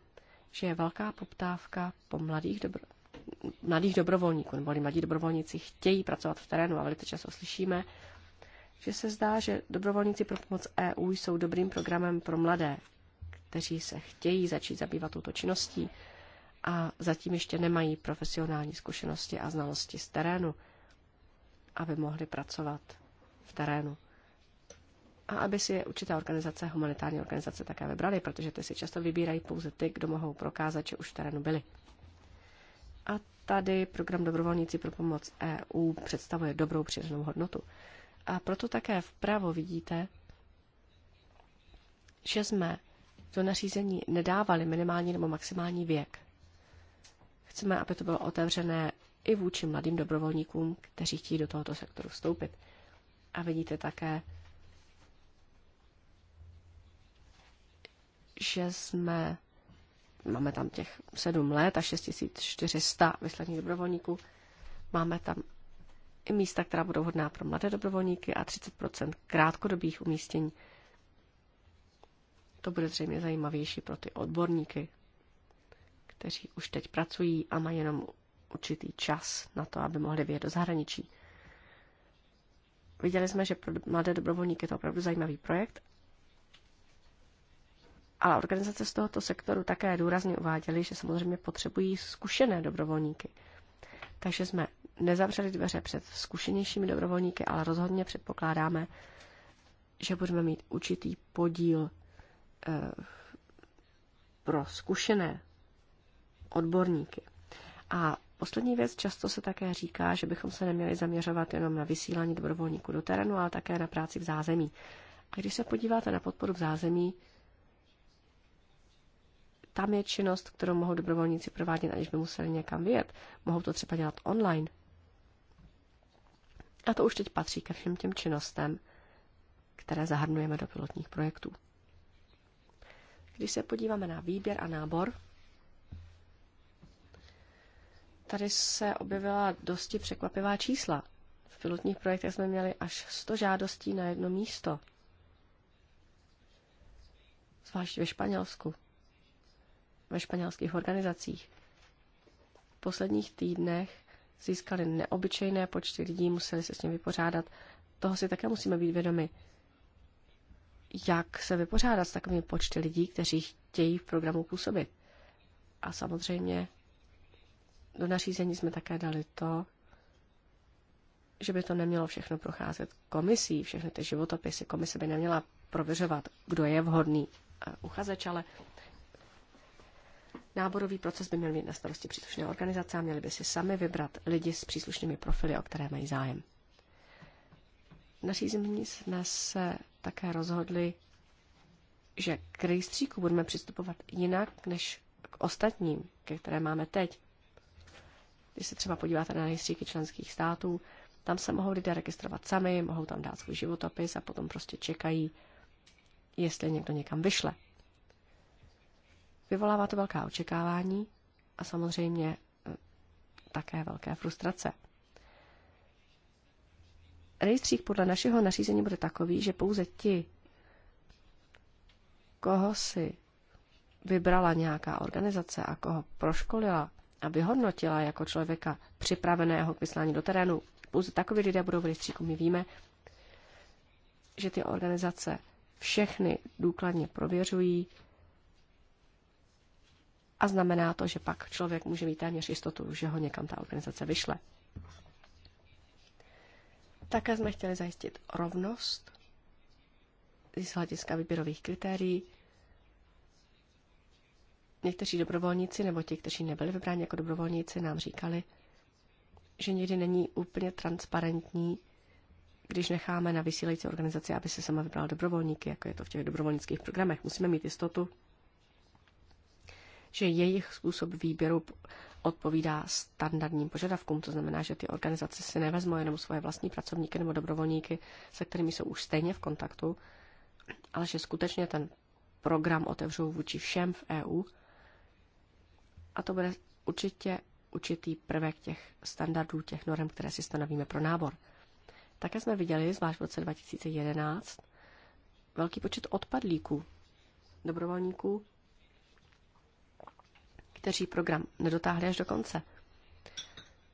že je velká poptávka po mladých, dobro, mladých dobrovolníků, nebo mladí dobrovolníci chtějí pracovat v terénu a velice často slyšíme, že se zdá, že dobrovolníci pro pomoc EU jsou dobrým programem pro mladé, kteří se chtějí začít zabývat touto činností a zatím ještě nemají profesionální zkušenosti a znalosti z terénu, aby mohli pracovat v terénu a aby si je určitá organizace, humanitární organizace také vybrali, protože ty si často vybírají pouze ty, kdo mohou prokázat, že už v terénu byli. A tady program Dobrovolníci pro pomoc EU představuje dobrou přidanou hodnotu. A proto také vpravo vidíte, že jsme do nařízení nedávali minimální nebo maximální věk. Chceme, aby to bylo otevřené i vůči mladým dobrovolníkům, kteří chtějí do tohoto sektoru vstoupit. A vidíte také, že jsme, máme tam těch 7 let a 6400 vyslaných dobrovolníků, máme tam i místa, která budou hodná pro mladé dobrovolníky a 30 krátkodobých umístění. To bude zřejmě zajímavější pro ty odborníky, kteří už teď pracují a mají jenom určitý čas na to, aby mohli vyjet do zahraničí. Viděli jsme, že pro mladé dobrovolníky je to opravdu zajímavý projekt ale organizace z tohoto sektoru také důrazně uváděly, že samozřejmě potřebují zkušené dobrovolníky. Takže jsme nezavřeli dveře před zkušenějšími dobrovolníky, ale rozhodně předpokládáme, že budeme mít určitý podíl e, pro zkušené odborníky. A poslední věc, často se také říká, že bychom se neměli zaměřovat jenom na vysílání dobrovolníků do terénu, ale také na práci v zázemí. A když se podíváte na podporu v zázemí, tam je činnost, kterou mohou dobrovolníci provádět, aniž by museli někam vyjet. Mohou to třeba dělat online. A to už teď patří ke všem těm činnostem, které zahrnujeme do pilotních projektů. Když se podíváme na výběr a nábor, tady se objevila dosti překvapivá čísla. V pilotních projektech jsme měli až 100 žádostí na jedno místo. Zvlášť ve Španělsku ve španělských organizacích. V posledních týdnech získali neobyčejné počty lidí, museli se s ním vypořádat. Toho si také musíme být vědomi. Jak se vypořádat s takovými počty lidí, kteří chtějí v programu působit? A samozřejmě do nařízení jsme také dali to, že by to nemělo všechno procházet komisí, všechny ty životopisy. Komise by neměla prověřovat, kdo je vhodný uchazeč, ale Náborový proces by měl mít na starosti příslušné organizace a měli by si sami vybrat lidi s příslušnými profily, o které mají zájem. V naší zemí jsme se také rozhodli, že k rejstříku budeme přistupovat jinak než k ostatním, ke které máme teď. Když se třeba podíváte na rejstříky členských států, tam se mohou lidé registrovat sami, mohou tam dát svůj životopis a potom prostě čekají, jestli někdo někam vyšle. Vyvolává to velká očekávání a samozřejmě e, také velké frustrace. Rejstřík podle našeho nařízení bude takový, že pouze ti, koho si vybrala nějaká organizace a koho proškolila a vyhodnotila jako člověka připraveného k vyslání do terénu, pouze takový lidé budou v rejstříku. My víme, že ty organizace všechny důkladně prověřují, a znamená to, že pak člověk může mít téměř jistotu, že ho někam ta organizace vyšle. Také jsme chtěli zajistit rovnost z hlediska výběrových kritérií. Někteří dobrovolníci nebo ti, kteří nebyli vybráni jako dobrovolníci, nám říkali, že někdy není úplně transparentní, když necháme na vysílající organizaci, aby se sama vybrala dobrovolníky, jako je to v těch dobrovolnických programech. Musíme mít jistotu, že jejich způsob výběru odpovídá standardním požadavkům. To znamená, že ty organizace si nevezmou jenom svoje vlastní pracovníky nebo dobrovolníky, se kterými jsou už stejně v kontaktu, ale že skutečně ten program otevřou vůči všem v EU. A to bude určitě určitý prvek těch standardů, těch norm, které si stanovíme pro nábor. Také jsme viděli, zvlášť v roce 2011, velký počet odpadlíků, dobrovolníků, kteří program nedotáhli až do konce.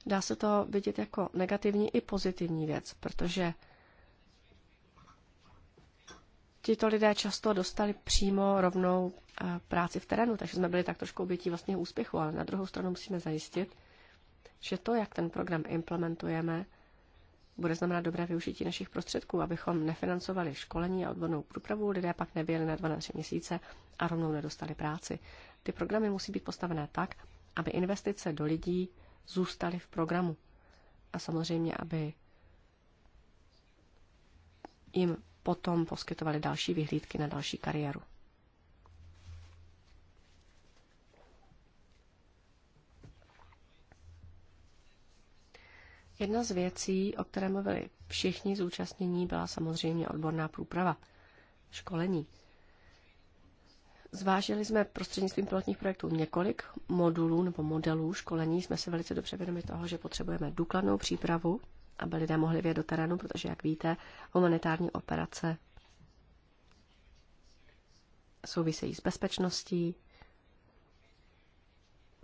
Dá se to vidět jako negativní i pozitivní věc, protože tito lidé často dostali přímo rovnou eh, práci v terénu, takže jsme byli tak trošku obětí vlastního úspěchu, ale na druhou stranu musíme zajistit, že to, jak ten program implementujeme, bude znamenat dobré využití našich prostředků, abychom nefinancovali školení a odbornou průpravu, lidé pak nebyli na 12 měsíce a rovnou nedostali práci. Ty programy musí být postavené tak, aby investice do lidí zůstaly v programu. A samozřejmě, aby jim potom poskytovali další vyhlídky na další kariéru. Jedna z věcí, o které mluvili všichni zúčastnění, byla samozřejmě odborná průprava, školení. Zvážili jsme prostřednictvím pilotních projektů několik modulů nebo modelů školení. Jsme si velice dobře vědomi toho, že potřebujeme důkladnou přípravu, aby lidé mohli vědět do terénu, protože, jak víte, humanitární operace souvisejí s bezpečností,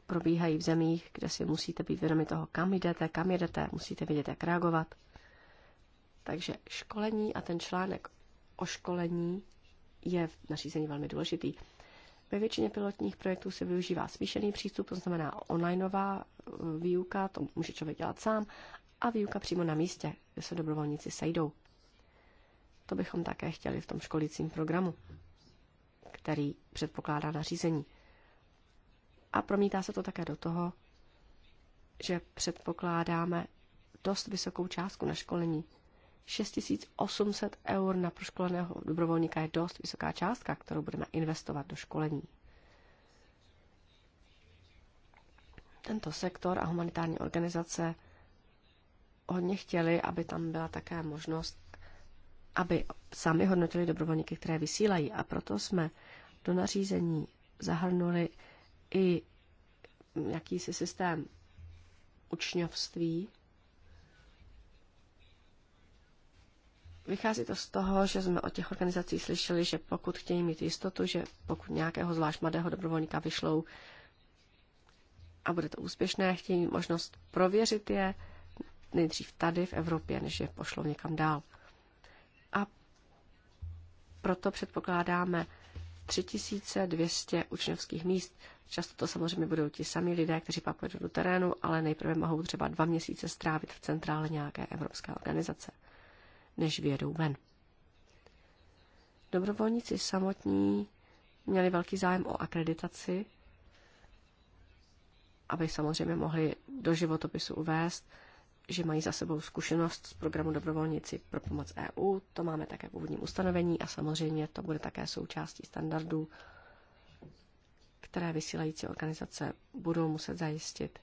probíhají v zemích, kde si musíte být vědomi toho, kam jdete, kam jedete, musíte vědět, jak reagovat. Takže školení a ten článek o školení je v nařízení velmi důležitý. Ve většině pilotních projektů se využívá smíšený přístup, to znamená onlineová e, výuka, to může člověk dělat sám, a výuka přímo na místě, kde se dobrovolníci sejdou. To bychom také chtěli v tom školicím programu, který předpokládá nařízení. A promítá se to také do toho, že předpokládáme dost vysokou částku na školení, 6800 eur na proškoleného dobrovolníka je dost vysoká částka, kterou budeme investovat do školení. Tento sektor a humanitární organizace hodně chtěli, aby tam byla také možnost, aby sami hodnotili dobrovolníky, které vysílají. A proto jsme do nařízení zahrnuli i jakýsi systém učňovství, Vychází to z toho, že jsme od těch organizací slyšeli, že pokud chtějí mít jistotu, že pokud nějakého zvlášť mladého dobrovolníka vyšlou a bude to úspěšné, chtějí mít možnost prověřit je nejdřív tady v Evropě, než je pošlou někam dál. A proto předpokládáme 3200 učňovských míst. Často to samozřejmě budou ti sami lidé, kteří pak pojedou do terénu, ale nejprve mohou třeba dva měsíce strávit v centrále nějaké evropské organizace než vědou ven. Dobrovolníci samotní měli velký zájem o akreditaci, aby samozřejmě mohli do životopisu uvést, že mají za sebou zkušenost z programu Dobrovolníci pro pomoc EU. To máme také v úvodním ustanovení a samozřejmě to bude také součástí standardů, které vysílající organizace budou muset zajistit,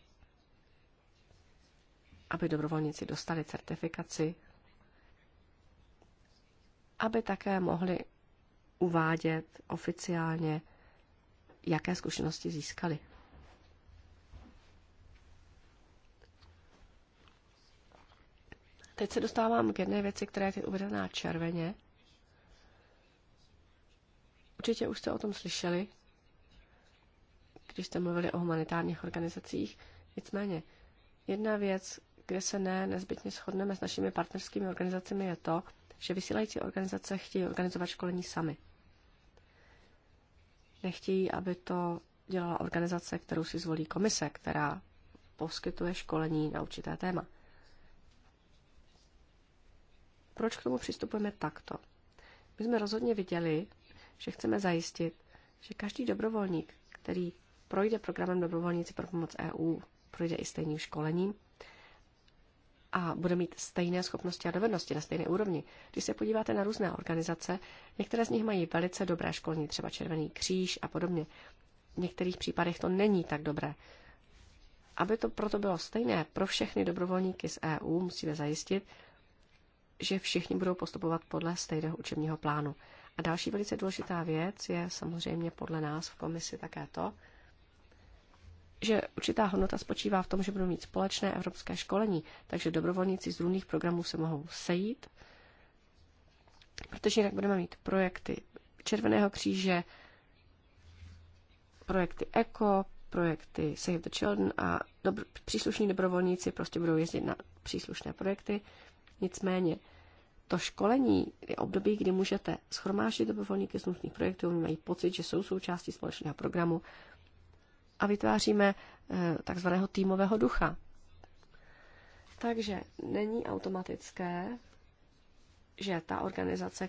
aby dobrovolníci dostali certifikaci aby také mohli uvádět oficiálně, jaké zkušenosti získali. Teď se dostávám k jedné věci, která je teď uvedená červeně. Určitě už jste o tom slyšeli, když jste mluvili o humanitárních organizacích. Nicméně, jedna věc, kde se ne nezbytně shodneme s našimi partnerskými organizacemi, je to, že vysílající organizace chtějí organizovat školení sami. Nechtějí, aby to dělala organizace, kterou si zvolí komise, která poskytuje školení na určité téma. Proč k tomu přistupujeme takto? My jsme rozhodně viděli, že chceme zajistit, že každý dobrovolník, který projde programem Dobrovolníci pro pomoc EU, projde i stejným školením, a bude mít stejné schopnosti a dovednosti na stejné úrovni. Když se podíváte na různé organizace, některé z nich mají velice dobré školní, třeba Červený kříž a podobně. V některých případech to není tak dobré. Aby to proto bylo stejné pro všechny dobrovolníky z EU, musíme zajistit, že všichni budou postupovat podle stejného učebního plánu. A další velice důležitá věc je samozřejmě podle nás v komisi také to, že určitá hodnota spočívá v tom, že budou mít společné evropské školení, takže dobrovolníci z různých programů se mohou sejít, protože jinak budeme mít projekty Červeného kříže, projekty ECO, projekty Save the Children a dobro, příslušní dobrovolníci prostě budou jezdit na příslušné projekty. Nicméně to školení je období, kdy můžete schromáždit dobrovolníky z různých projektů, oni mají pocit, že jsou součástí společného programu a vytváříme eh, takzvaného týmového ducha. Takže není automatické, že ta organizace,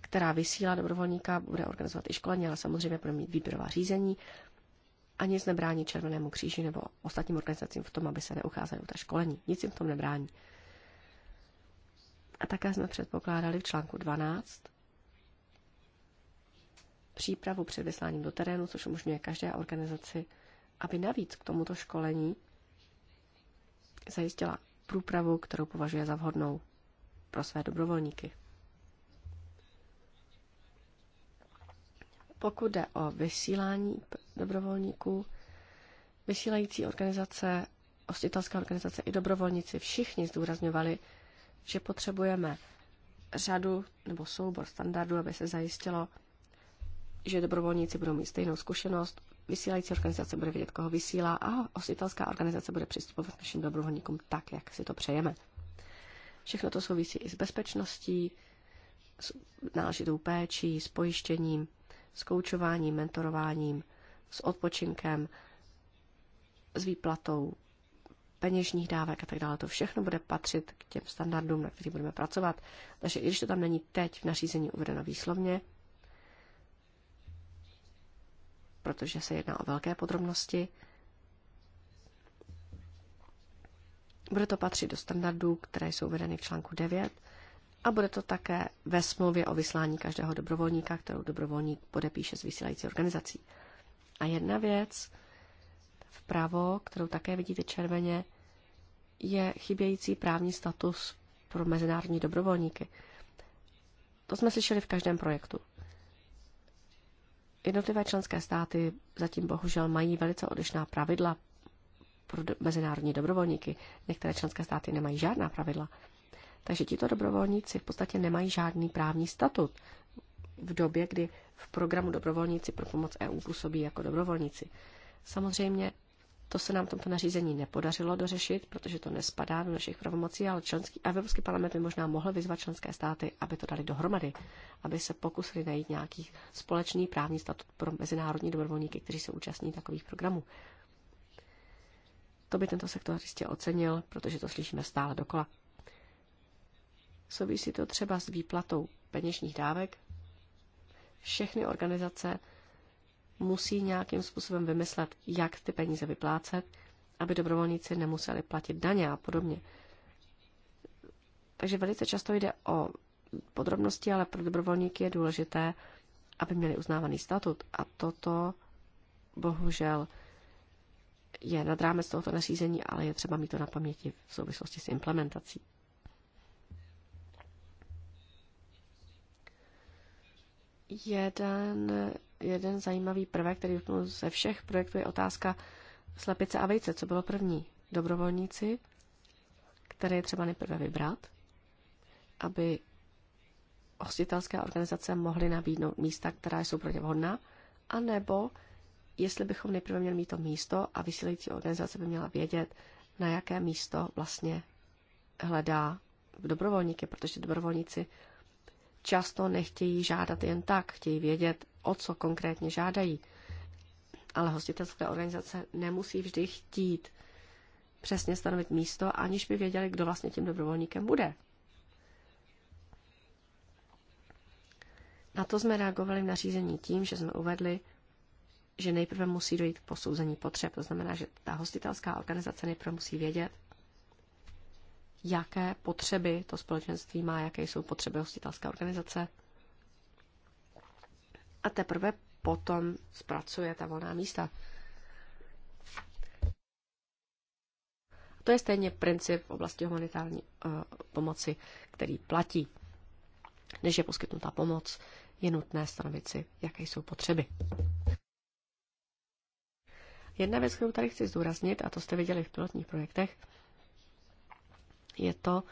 která vysílá dobrovolníka, bude organizovat i školení, ale samozřejmě bude mít výběrová řízení a nic nebrání Červenému kříži nebo ostatním organizacím v tom, aby se neucházeli o ta školení. Nic jim v tom nebrání. A také jsme předpokládali v článku 12 přípravu před vysláním do terénu, což umožňuje každé organizaci aby navíc k tomuto školení zajistila průpravu, kterou považuje za vhodnou pro své dobrovolníky. Pokud jde o vysílání dobrovolníků, vysílající organizace, hostitelská organizace i dobrovolníci všichni zdůrazňovali, že potřebujeme řadu nebo soubor standardů, aby se zajistilo, že dobrovolníci budou mít stejnou zkušenost, vysílající organizace bude vědět, koho vysílá a hostitelská organizace bude přistupovat našim dobrovolníkům tak, jak si to přejeme. Všechno to souvisí i s bezpečností, s náležitou péčí, s pojištěním, s koučováním, mentorováním, s odpočinkem, s výplatou peněžních dávek a tak dále. To všechno bude patřit k těm standardům, na kterých budeme pracovat. Takže i když to tam není teď v nařízení uvedeno výslovně, protože se jedná o velké podrobnosti. Bude to patřit do standardů, které jsou vedeny v článku 9 a bude to také ve smlouvě o vyslání každého dobrovolníka, kterou dobrovolník podepíše s vysílající organizací. A jedna věc vpravo, kterou také vidíte červeně, je chybějící právní status pro mezinárodní dobrovolníky. To jsme slyšeli v každém projektu. Jednotlivé členské státy zatím bohužel mají velice odlišná pravidla pro mezinárodní dobrovolníky. Některé členské státy nemají žádná pravidla. Takže tito dobrovolníci v podstatě nemají žádný právní statut v době, kdy v programu dobrovolníci pro pomoc EU působí jako dobrovolníci. Samozřejmě to se nám tomto nařízení nepodařilo dořešit, protože to nespadá do našich pravomocí, ale členský a Evropský parlament by možná mohl vyzvat členské státy, aby to dali dohromady, aby se pokusili najít nějaký společný právní statut pro mezinárodní dobrovolníky, kteří se účastní takových programů. To by tento sektor jistě ocenil, protože to slyšíme stále dokola. Souvisí to třeba s výplatou peněžních dávek. Všechny organizace musí nějakým způsobem vymyslet, jak ty peníze vyplácet, aby dobrovolníci nemuseli platit daně a podobně. Takže velice často jde o podrobnosti, ale pro dobrovolníky je důležité, aby měli uznávaný statut. A toto bohužel je nad rámec tohoto nařízení, ale je třeba mít to na paměti v souvislosti s implementací. Jeden, jeden zajímavý prvek, který vypnul ze všech projektů, je otázka slepice a vejce. Co bylo první? Dobrovolníci, které je třeba nejprve vybrat, aby hostitelské organizace mohly nabídnout místa, která jsou pro ně vhodná, anebo jestli bychom nejprve měli mít to místo a vysílající organizace by měla vědět, na jaké místo vlastně hledá dobrovolníky, protože dobrovolníci často nechtějí žádat jen tak, chtějí vědět, o co konkrétně žádají. Ale hostitelské organizace nemusí vždy chtít přesně stanovit místo, aniž by věděli, kdo vlastně tím dobrovolníkem bude. Na to jsme reagovali v nařízení tím, že jsme uvedli, že nejprve musí dojít k posouzení potřeb. To znamená, že ta hostitelská organizace nejprve musí vědět, jaké potřeby to společenství má, jaké jsou potřeby hostitelské organizace. A teprve potom zpracuje ta volná místa. To je stejně princip v oblasti humanitární uh, pomoci, který platí. Než je poskytnutá pomoc, je nutné stanovit si, jaké jsou potřeby. Jedna věc, kterou tady chci zdůraznit, a to jste viděli v pilotních projektech, je to,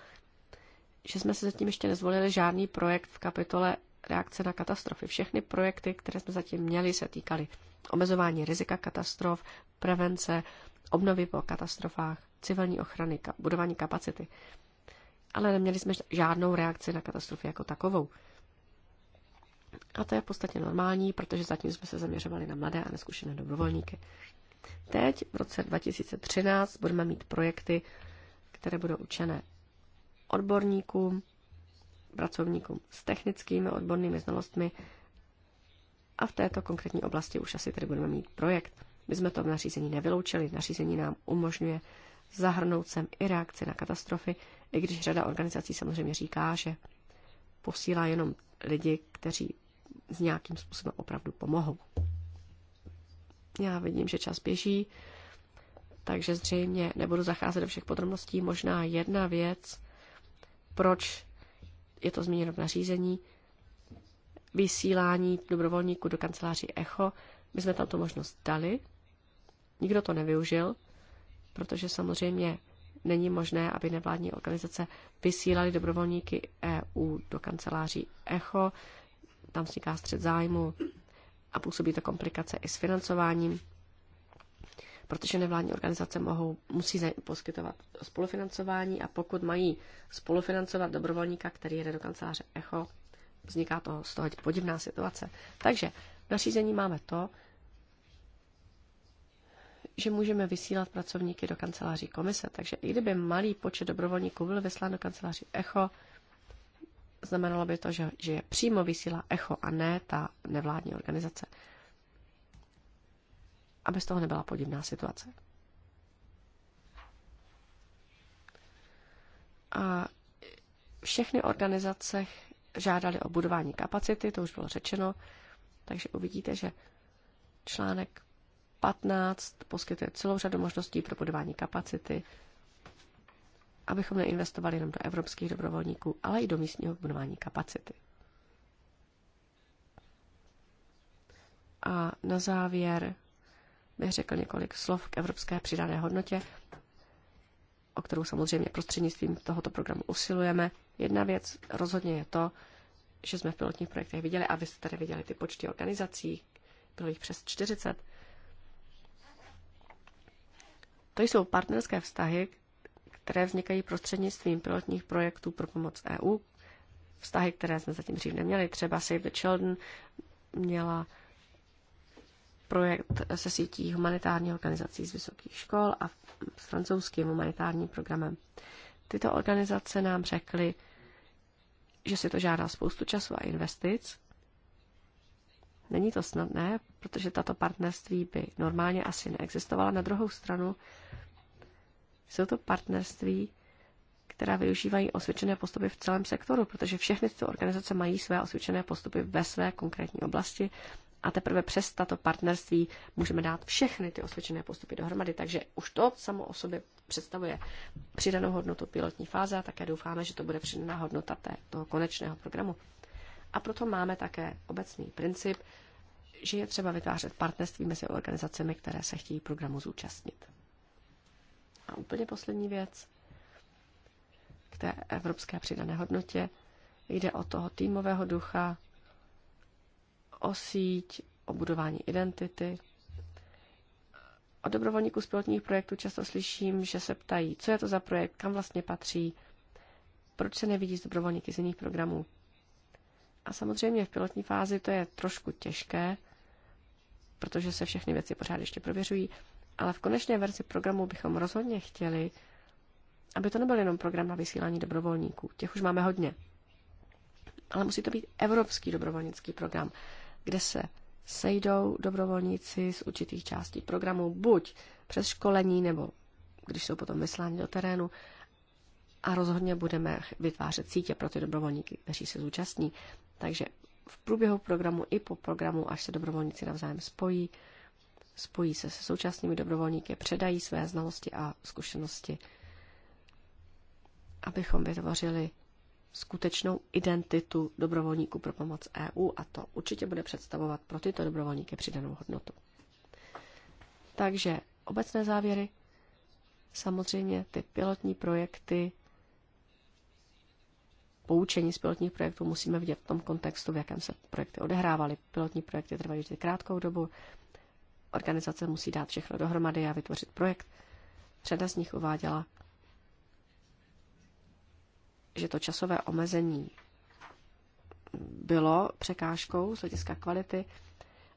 že jsme se zatím ještě nezvolili žádný projekt v kapitole reakce na katastrofy. Všechny projekty, které jsme zatím měli, se týkaly omezování rizika katastrof, prevence, obnovy po katastrofách, civilní ochrany, budování kapacity. Ale neměli jsme žádnou reakci na katastrofy jako takovou. A to je v podstatě normální, protože zatím jsme se zaměřovali na mladé a neskušené dobrovolníky. Teď v roce 2013 budeme mít projekty, které budou učené odborníkům, pracovníkům s technickými odbornými znalostmi a v této konkrétní oblasti už asi tady budeme mít projekt. My jsme to v nařízení nevyloučili, nařízení nám umožňuje zahrnout sem i reakci na katastrofy, i když řada organizací samozřejmě říká, že posílá jenom lidi, kteří s nějakým způsobem opravdu pomohou. Já vidím, že čas běží takže zřejmě nebudu zacházet do všech podrobností. Možná jedna věc, proč je to zmíněno v nařízení, vysílání dobrovolníků do kanceláří ECHO. My jsme tam tu možnost dali, nikdo to nevyužil, protože samozřejmě není možné, aby nevládní organizace vysílali dobrovolníky EU do kanceláří ECHO. Tam vzniká střed zájmu a působí to komplikace i s financováním protože nevládní organizace mohou, musí poskytovat spolufinancování a pokud mají spolufinancovat dobrovolníka, který jede do kanceláře ECHO, vzniká to z toho podivná situace. Takže nařízení máme to, že můžeme vysílat pracovníky do kanceláří komise, takže i kdyby malý počet dobrovolníků byl vyslán do kanceláří ECHO, znamenalo by to, že, že je přímo vysílá ECHO a ne ta nevládní organizace aby z toho nebyla podivná situace. A všechny organizace žádali o budování kapacity, to už bylo řečeno, takže uvidíte, že článek 15 poskytuje celou řadu možností pro budování kapacity, abychom neinvestovali jenom do evropských dobrovolníků, ale i do místního budování kapacity. A na závěr bych řekl několik slov k evropské přidané hodnotě, o kterou samozřejmě prostřednictvím tohoto programu usilujeme. Jedna věc rozhodně je to, že jsme v pilotních projektech viděli, a vy jste tady viděli ty počty organizací, bylo jich přes 40. To jsou partnerské vztahy, které vznikají prostřednictvím pilotních projektů pro pomoc EU. Vztahy, které jsme zatím dřív neměli, třeba Save the Children měla projekt se sítí humanitární organizací z vysokých škol a s francouzským humanitárním programem. Tyto organizace nám řekly, že si to žádá spoustu času a investic. Není to snadné, protože tato partnerství by normálně asi neexistovala. Na druhou stranu jsou to partnerství, která využívají osvědčené postupy v celém sektoru, protože všechny tyto organizace mají své osvědčené postupy ve své konkrétní oblasti a teprve přes tato partnerství můžeme dát všechny ty osvědčené postupy dohromady. Takže už to samo o sobě představuje přidanou hodnotu pilotní fáze a také doufáme, že to bude přidaná hodnota té, toho konečného programu. A proto máme také obecný princip, že je třeba vytvářet partnerství mezi organizacemi, které se chtějí programu zúčastnit. A úplně poslední věc k té evropské přidané hodnotě. Jde o toho týmového ducha, o síť, o budování identity. O dobrovolníků z pilotních projektů často slyším, že se ptají, co je to za projekt, kam vlastně patří, proč se nevidí z dobrovolníky z jiných programů. A samozřejmě v pilotní fázi to je trošku těžké, protože se všechny věci pořád ještě prověřují, ale v konečné verzi programu bychom rozhodně chtěli, aby to nebyl jenom program na vysílání dobrovolníků, těch už máme hodně. Ale musí to být evropský dobrovolnický program, kde se sejdou dobrovolníci z určitých částí programu, buď přes školení, nebo když jsou potom vysláni do terénu. A rozhodně budeme vytvářet sítě pro ty dobrovolníky, kteří se zúčastní. Takže v průběhu programu i po programu, až se dobrovolníci navzájem spojí, spojí se se současnými dobrovolníky, předají své znalosti a zkušenosti, abychom vytvořili skutečnou identitu dobrovolníků pro pomoc EU a to určitě bude představovat pro tyto dobrovolníky přidanou hodnotu. Takže obecné závěry. Samozřejmě ty pilotní projekty, poučení z pilotních projektů musíme vidět v tom kontextu, v jakém se projekty odehrávaly. Pilotní projekty trvají vždy krátkou dobu, organizace musí dát všechno dohromady a vytvořit projekt. Řada z nich uváděla, že to časové omezení bylo překážkou z hlediska kvality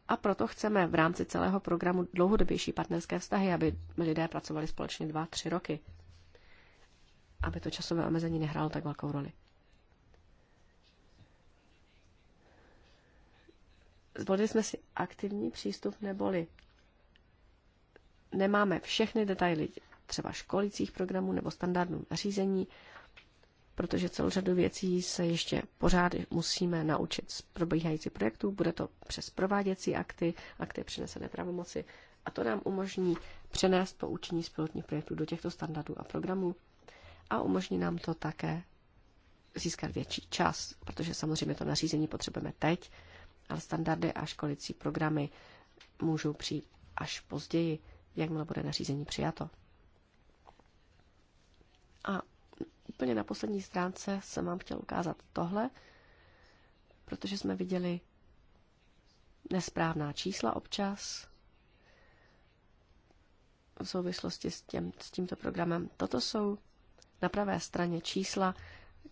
a proto chceme v rámci celého programu dlouhodobější partnerské vztahy, aby lidé pracovali společně dva, tři roky, aby to časové omezení nehrálo tak velkou roli. Zvolili jsme si aktivní přístup neboli nemáme všechny detaily třeba školicích programů nebo standardů nařízení, protože celou řadu věcí se ještě pořád musíme naučit z probíhající projektů. Bude to přes prováděcí akty, akty přenesené pravomoci a to nám umožní přenést poučení z pilotních projektů do těchto standardů a programů a umožní nám to také získat větší čas, protože samozřejmě to nařízení potřebujeme teď, ale standardy a školicí programy můžou přijít až později, jakmile bude nařízení přijato. A úplně na poslední stránce jsem vám chtěl ukázat tohle, protože jsme viděli nesprávná čísla občas v souvislosti s, těm, s tímto programem. Toto jsou na pravé straně čísla,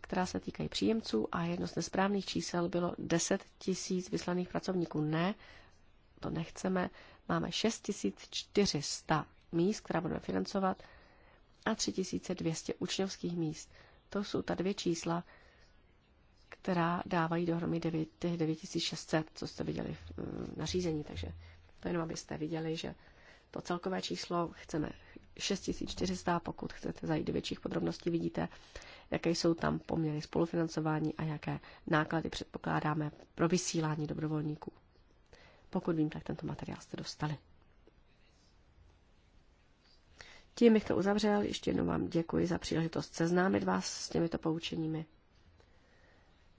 která se týkají příjemců a jedno z nesprávných čísel bylo 10 tisíc vyslaných pracovníků. Ne, to nechceme. Máme 6400 míst, která budeme financovat a 3200 učňovských míst. To jsou ta dvě čísla, která dávají dohromady 9, těch 9600, co jste viděli v mm, nařízení. Takže to jenom, abyste viděli, že to celkové číslo chceme 6400, pokud chcete zajít do větších podrobností, vidíte, jaké jsou tam poměry spolufinancování a jaké náklady předpokládáme pro vysílání dobrovolníků. Pokud vím, tak tento materiál jste dostali. Tím bych to uzavřel. Ještě jednou vám děkuji za příležitost seznámit vás s těmito poučeními.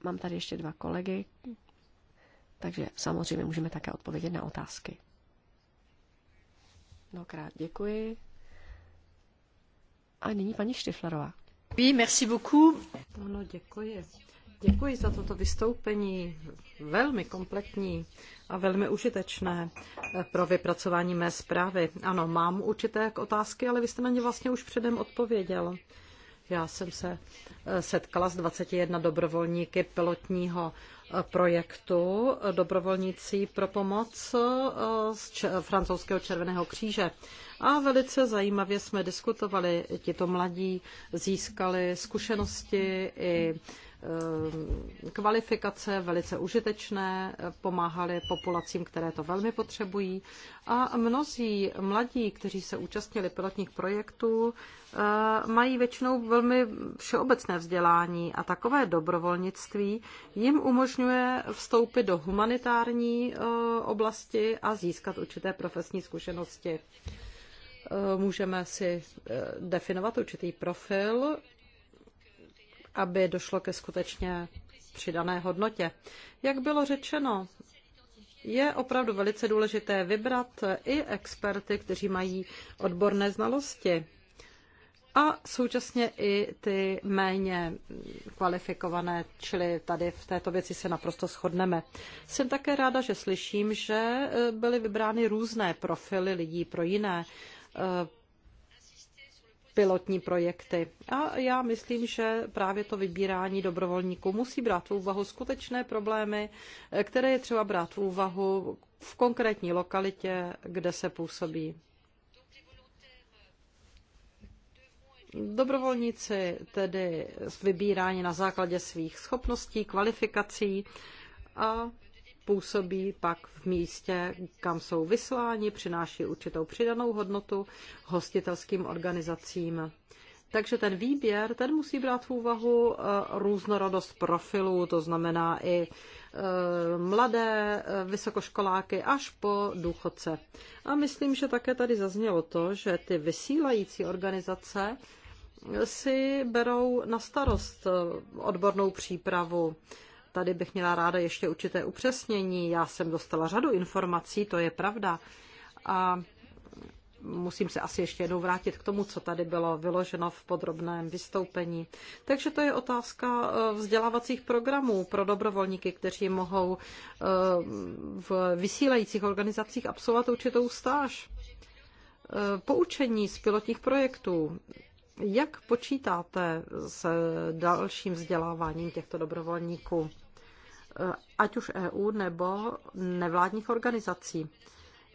Mám tady ještě dva kolegy, takže samozřejmě můžeme také odpovědět na otázky. Mnohokrát děkuji. A nyní paní Štiflerová. Oui, merci beaucoup. Ano, děkuji. Děkuji za toto vystoupení, velmi kompletní a velmi užitečné eh, pro vypracování mé zprávy. Ano, mám určité otázky, ale vy jste na ně vlastně už předem odpověděl. Já jsem se eh, setkala s 21 dobrovolníky pilotního eh, projektu Dobrovolníci pro pomoc z francouzského Červeného kříže. A velice zajímavě jsme diskutovali. Tito mladí získali zkušenosti i Ehm, kvalifikace velice užitečné, pomáhaly populacím, které to velmi potřebují. A mnozí mladí, kteří se účastnili pilotních projektů, ehm, mají většinou velmi všeobecné vzdělání a takové dobrovolnictví jim umožňuje vstoupit do humanitární ehm, oblasti a získat určité profesní zkušenosti můžeme si definovat určitý profil aby došlo ke skutečně přidané hodnotě. Jak bylo řečeno, je opravdu velice důležité vybrat i experty, kteří mají odborné znalosti a současně i ty méně kvalifikované, čili tady v této věci se naprosto shodneme. Jsem také ráda, že slyším, že byly vybrány různé profily lidí pro jiné pilotní projekty. A já myslím, že právě to vybírání dobrovolníků musí brát v úvahu skutečné problémy, které je třeba brát v úvahu v konkrétní lokalitě, kde se působí. Dobrovolníci tedy vybírání na základě svých schopností, kvalifikací a působí pak v místě, kam jsou vysláni, přináší určitou přidanou hodnotu hostitelským organizacím. Takže ten výběr, ten musí brát v úvahu eh, různorodost profilů, to znamená i eh, mladé eh, vysokoškoláky až po důchodce. A myslím, že také tady zaznělo to, že ty vysílající organizace si berou na starost odbornou přípravu tady bych měla ráda ještě určité upřesnění. Já jsem dostala řadu informací, to je pravda. A musím se asi ještě jednou vrátit k tomu, co tady bylo vyloženo v podrobném vystoupení. Takže to je otázka eh, vzdělávacích programů pro dobrovolníky, kteří mohou eh, v vysílajících organizacích absolvovat určitou stáž. Eh, poučení z pilotních projektů. Jak počítáte s dalším vzděláváním těchto dobrovolníků? ať už EU nebo nevládních organizací.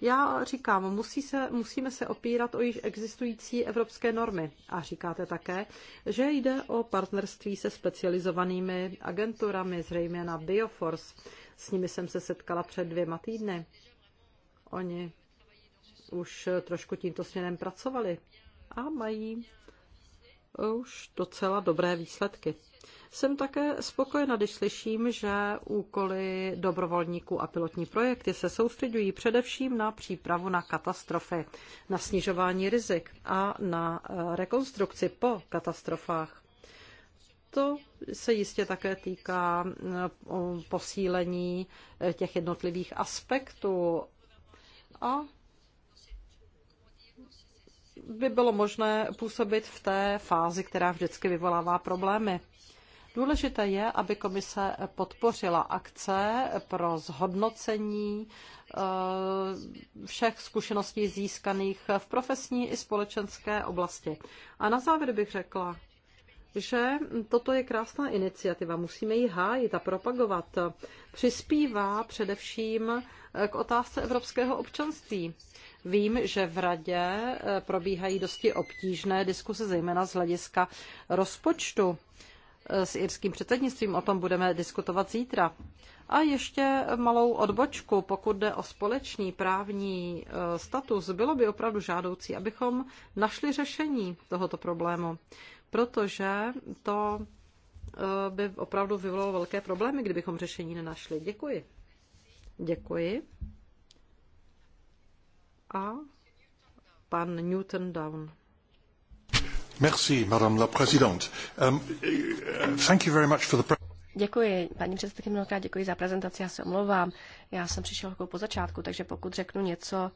Já říkám, musí se, musíme se opírat o již existující evropské normy. A říkáte také, že jde o partnerství se specializovanými agenturami, zřejmě na Bioforce. S nimi jsem se setkala před dvěma týdny. Oni už trošku tímto směrem pracovali a mají už docela dobré výsledky. Jsem také spokojena, když slyším, že úkoly dobrovolníků a pilotní projekty se soustředují především na přípravu na katastrofy, na snižování rizik a na eh, rekonstrukci po katastrofách. To se jistě také týká eh, posílení eh, těch jednotlivých aspektů a by bylo možné působit v té fázi, která vždycky vyvolává problémy. Důležité je, aby komise podpořila akce pro zhodnocení eh, všech zkušeností získaných v profesní i společenské oblasti. A na závěr bych řekla, že toto je krásná iniciativa, musíme ji hájit a propagovat. Přispívá především eh, k otázce evropského občanství. Vím, že v radě eh, probíhají dosti obtížné diskuse, zejména z hlediska rozpočtu s irským předsednictvím. O tom budeme diskutovat zítra. A ještě malou odbočku, pokud jde o společný právní e, status, bylo by opravdu žádoucí, abychom našli řešení tohoto problému, protože to e, by opravdu vyvolalo velké problémy, kdybychom řešení nenašli. Děkuji. Děkuji. A pan Newton Down. Merci, Madame la Présidente. Um, uh, thank you very much for the Děkuji, paní předsedkyně, mnohokrát děkuji za prezentaci, já se omlouvám. Já jsem přišel jako po začátku, takže pokud řeknu něco,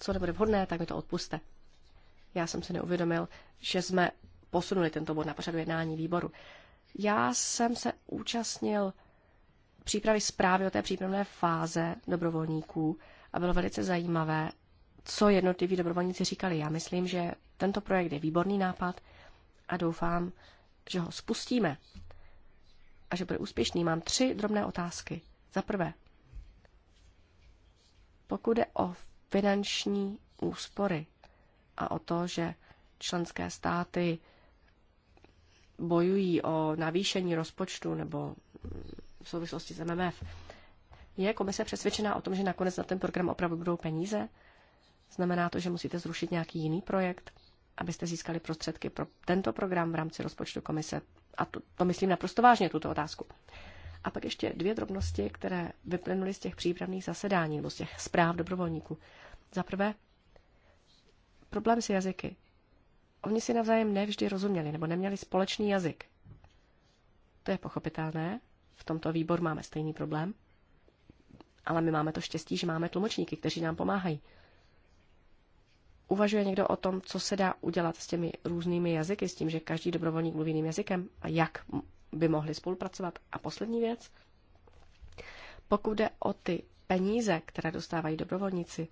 co nebude vhodné, tak mi to odpuste. Já jsem se neuvědomil, že jsme posunuli tento bod na pořadu jednání výboru. Já jsem se účastnil přípravy zprávy o té přípravné fáze dobrovolníků a bylo velice zajímavé, co jednotliví dobrovolníci říkali. Já myslím, že tento projekt je výborný nápad a doufám, že ho spustíme a že bude úspěšný. Mám tři drobné otázky. Za prvé, pokud je o finanční úspory a o to, že členské státy bojují o navýšení rozpočtu nebo v souvislosti s MMF, je komise přesvědčená o tom, že nakonec na ten program opravdu budou peníze? Znamená to, že musíte zrušit nějaký jiný projekt? abyste získali prostředky pro tento program v rámci rozpočtu komise. A to, to myslím naprosto vážně, tuto otázku. A pak ještě dvě drobnosti, které vyplynuly z těch přípravných zasedání nebo z těch zpráv dobrovolníků. Za prvé, problém s jazyky. Oni si navzájem nevždy rozuměli nebo neměli společný jazyk. To je pochopitelné, v tomto výboru máme stejný problém, ale my máme to štěstí, že máme tlumočníky, kteří nám pomáhají. Uvažuje někdo o tom, co se dá udělat s těmi různými jazyky, s tím, že každý dobrovolník mluví jiným jazykem a jak by mohli spolupracovat? A poslední věc, pokud jde o ty peníze, které dostávají dobrovolníci,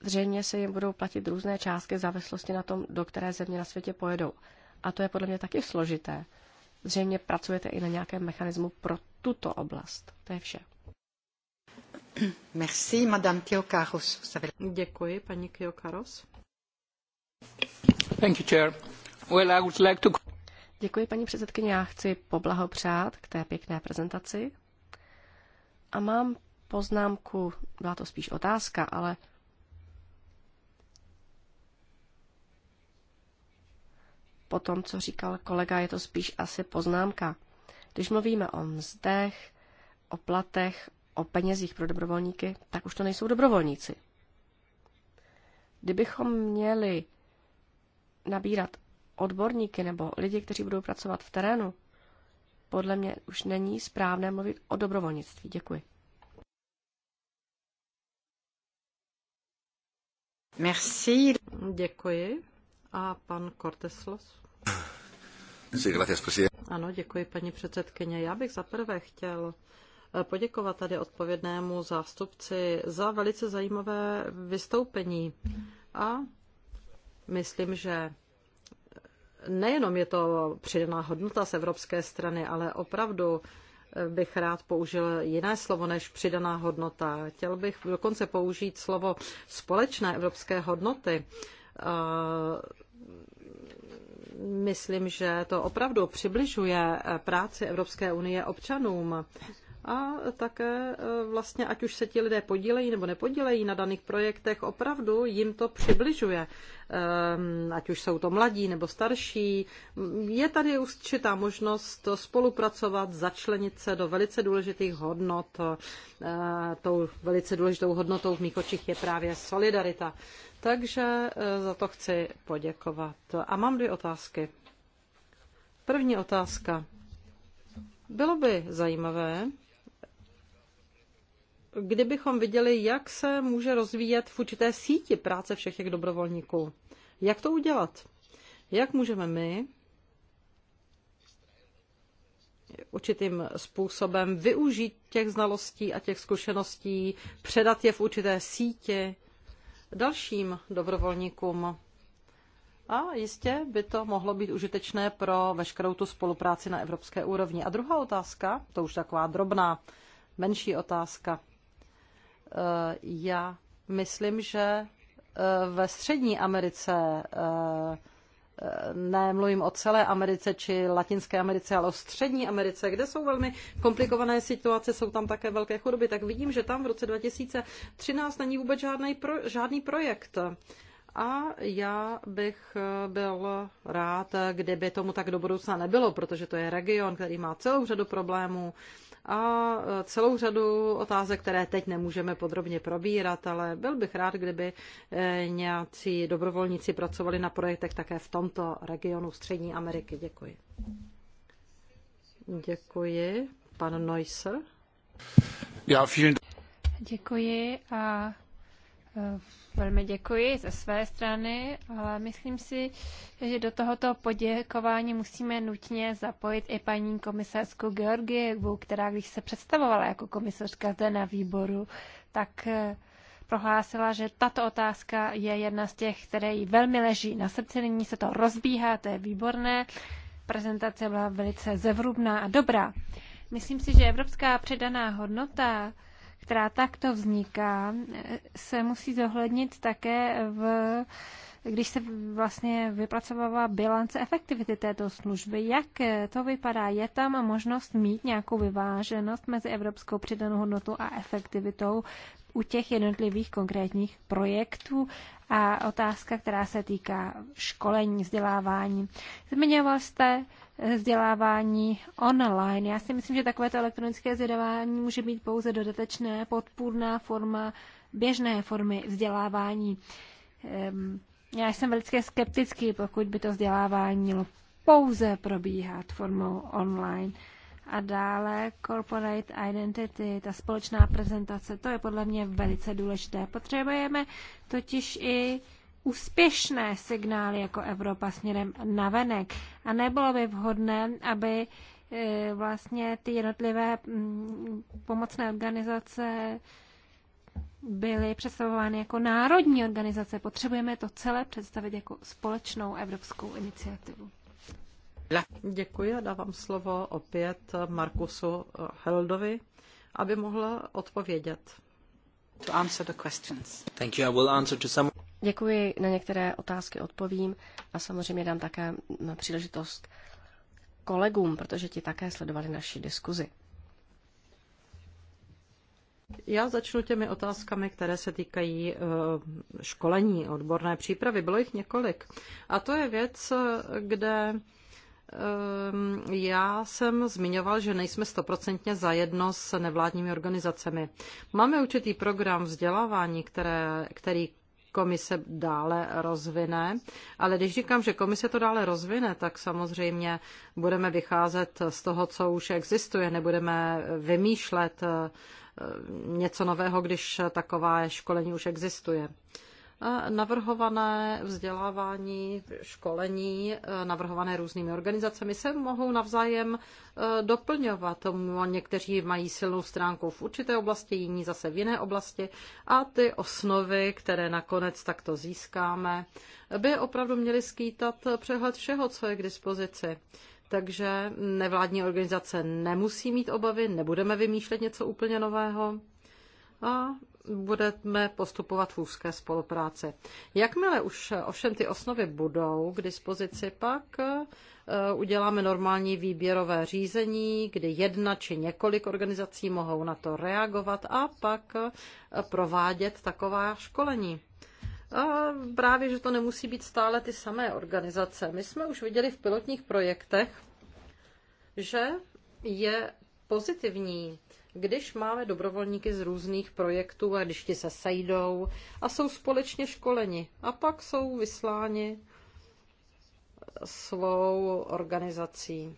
zřejmě se jim budou platit různé částky v závislosti na tom, do které země na světě pojedou. A to je podle mě taky složité. Zřejmě pracujete i na nějakém mechanismu pro tuto oblast. To je vše. Děkuji, paní předsedající Já chci poblahopřát k té pěkné prezentaci. A mám poznámku, byla to spíš otázka, ale po tom, co říkal kolega, je to spíš asi poznámka. Když mluvíme o mzdech, o platech, o penězích pro dobrovolníky, tak už to nejsou dobrovolníci. Kdybychom měli nabírat odborníky nebo lidi, kteří budou pracovat v terénu, podle mě už není správné mluvit o dobrovolnictví. Děkuji. Merci. Děkuji. A pan Corteslos? Ano, děkuji, paní předsedkyně. Já bych zaprvé chtěl poděkovat tady odpovědnému zástupci za velice zajímavé vystoupení. A myslím, že nejenom je to přidaná hodnota z evropské strany, ale opravdu bych rád použil jiné slovo než přidaná hodnota. Chtěl bych dokonce použít slovo společné evropské hodnoty. Myslím, že to opravdu přibližuje práci Evropské unie občanům a také e, vlastně, ať už se ti lidé podílejí nebo nepodílejí na daných projektech, opravdu jim to přibližuje. Ehm, ať už jsou to mladí nebo starší, je tady určitá možnost spolupracovat, začlenit se do velice důležitých hodnot. E, tou velice důležitou hodnotou v Míkočích je právě solidarita. Takže e, za to chci poděkovat. A mám dvě otázky. První otázka. Bylo by zajímavé, kdybychom viděli, jak se může rozvíjet v určité síti práce všech těch dobrovolníků. Jak to udělat? Jak můžeme my určitým způsobem využít těch znalostí a těch zkušeností, předat je v určité síti dalším dobrovolníkům. A jistě by to mohlo být užitečné pro veškerou tu spolupráci na evropské úrovni. A druhá otázka, to už taková drobná, menší otázka. Eh, já myslím, že eh, ve Střední Americe, eh, nemluvím o celé Americe či Latinské Americe, ale o Střední Americe, kde jsou velmi komplikované situace, jsou tam také velké chudoby, tak vidím, že tam v roce 2013 není vůbec žádný, pro, žádný projekt. A já bych byl rád, kdyby tomu tak do budoucna nebylo, protože to je region, který má celou řadu problémů a celou řadu otázek, které teď nemůžeme podrobně probírat, ale byl bych rád, kdyby eh, nějací dobrovolníci pracovali na projektech také v tomto regionu Střední Ameriky. Děkuji. Děkuji. Pan Neusser. Já, vielen... Děkuji a eh, Velmi děkuji ze své strany, ale myslím si, že do tohoto poděkování musíme nutně zapojit i paní komisařku Georgievu, která když se představovala jako komisařka zde na výboru, tak eh, prohlásila, že tato otázka je jedna z těch, které jí velmi leží na srdci, nyní se to rozbíhá, to je výborné. Prezentace byla velice zevrubná a dobrá. Myslím si, že evropská předaná hodnota která takto vzniká, se musí zohlednit také v když se vlastně vypracovává bilance efektivity této služby, jak to vypadá? Je tam možnost mít nějakou vyváženost mezi evropskou přidanou hodnotou a efektivitou u těch jednotlivých konkrétních projektů? A otázka, která se týká školení, vzdělávání. Zmiňoval jste vzdělávání online. Já si myslím, že takovéto elektronické vzdělávání může být pouze dodatečné, podpůrná forma běžné formy vzdělávání. Já jsem velice skeptický, pokud by to vzdělávání pouze probíhat formou online. A dále corporate identity, ta společná prezentace, to je podle mě velice důležité. Potřebujeme totiž i úspěšné signály jako Evropa směrem navenek. A nebylo by vhodné, aby e, vlastně ty jednotlivé mm, pomocné organizace byly představovány jako národní organizace. Potřebujeme to celé představit jako společnou evropskou iniciativu. Děkuji a dávám slovo opět Markusu Heldovi, aby mohl odpovědět. To answer the questions. Thank you. I will answer to some... Děkuji, na některé otázky odpovím a samozřejmě dám také příležitost kolegům, protože ti také sledovali naši diskuzi. Já začnu těmi otázkami, které se týkají e, školení, odborné přípravy. Bylo jich několik. A to je věc, kde e, já jsem zmiňoval, že nejsme stoprocentně zajedno s nevládními organizacemi. Máme určitý program vzdělávání, které, který komise dále rozvine. Ale když říkám, že komise to dále rozvine, tak samozřejmě budeme vycházet z toho, co už existuje. Nebudeme vymýšlet eh, něco nového, když takové školení už existuje navrhované vzdělávání, školení, eh, navrhované různými organizacemi, se mohou navzájem eh, doplňovat. Někteří mají silnou stránku v určité oblasti, jiní zase v jiné oblasti a ty osnovy, které nakonec takto získáme, by opravdu měly skýtat eh, přehled všeho, co je k dispozici. Takže nevládní organizace nemusí mít obavy, nebudeme vymýšlet něco úplně nového. A budeme postupovat v úzké spolupráci. Jakmile už ovšem ty osnovy budou k dispozici, pak eh, uděláme normální výběrové řízení, kdy jedna či několik organizací mohou na to reagovat a pak eh, provádět taková školení. A právě, že to nemusí být stále ty samé organizace. My jsme už viděli v pilotních projektech, že je pozitivní když máme dobrovolníky z různých projektů a když ti se sejdou a jsou společně školeni a pak jsou vysláni svou organizací.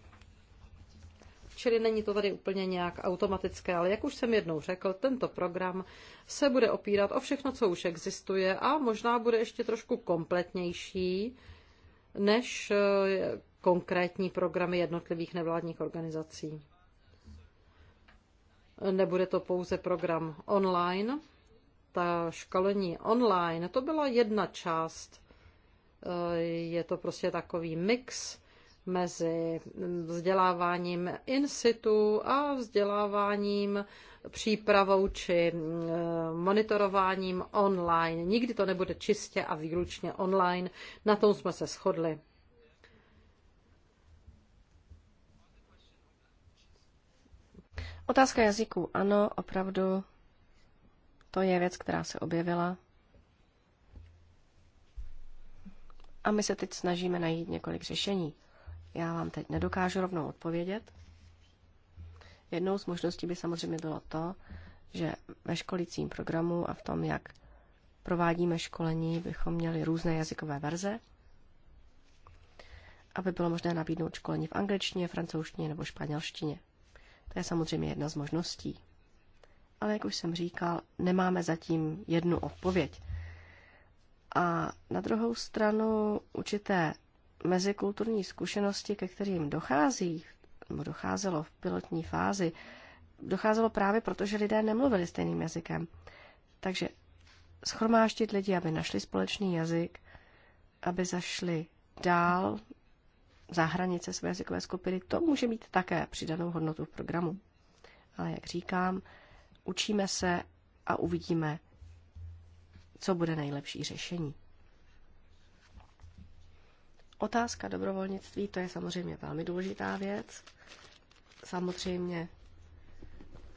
Čili není to tady úplně nějak automatické, ale jak už jsem jednou řekl, tento program se bude opírat o všechno, co už existuje a možná bude ještě trošku kompletnější než eh, konkrétní programy jednotlivých nevládních organizací. Nebude to pouze program online. Ta školení online, to byla jedna část. Eh, je to prostě takový mix mezi vzděláváním in situ a vzděláváním přípravou či eh, monitorováním online. Nikdy to nebude čistě a výlučně online. Na tom jsme se shodli. Otázka jazyků. Ano, opravdu to je věc, která se objevila. A my se teď snažíme najít několik řešení. Já vám teď nedokážu rovnou odpovědět. Jednou z možností by samozřejmě bylo to, že ve školicím programu a v tom, jak provádíme školení, bychom měli různé jazykové verze, aby bylo možné nabídnout školení v angličtině, francouzštině nebo španělštině. To je samozřejmě jedna z možností. Ale jak už jsem říkal, nemáme zatím jednu odpověď. A na druhou stranu určité mezikulturní zkušenosti, ke kterým dochází, nebo docházelo v pilotní fázi, docházelo právě proto, že lidé nemluvili stejným jazykem. Takže schromáždit lidi, aby našli společný jazyk, aby zašli dál za hranice své jazykové skupiny, to může mít také přidanou hodnotu v programu. Ale jak říkám, učíme se a uvidíme, co bude nejlepší řešení. Otázka dobrovolnictví, to je samozřejmě velmi důležitá věc. Samozřejmě,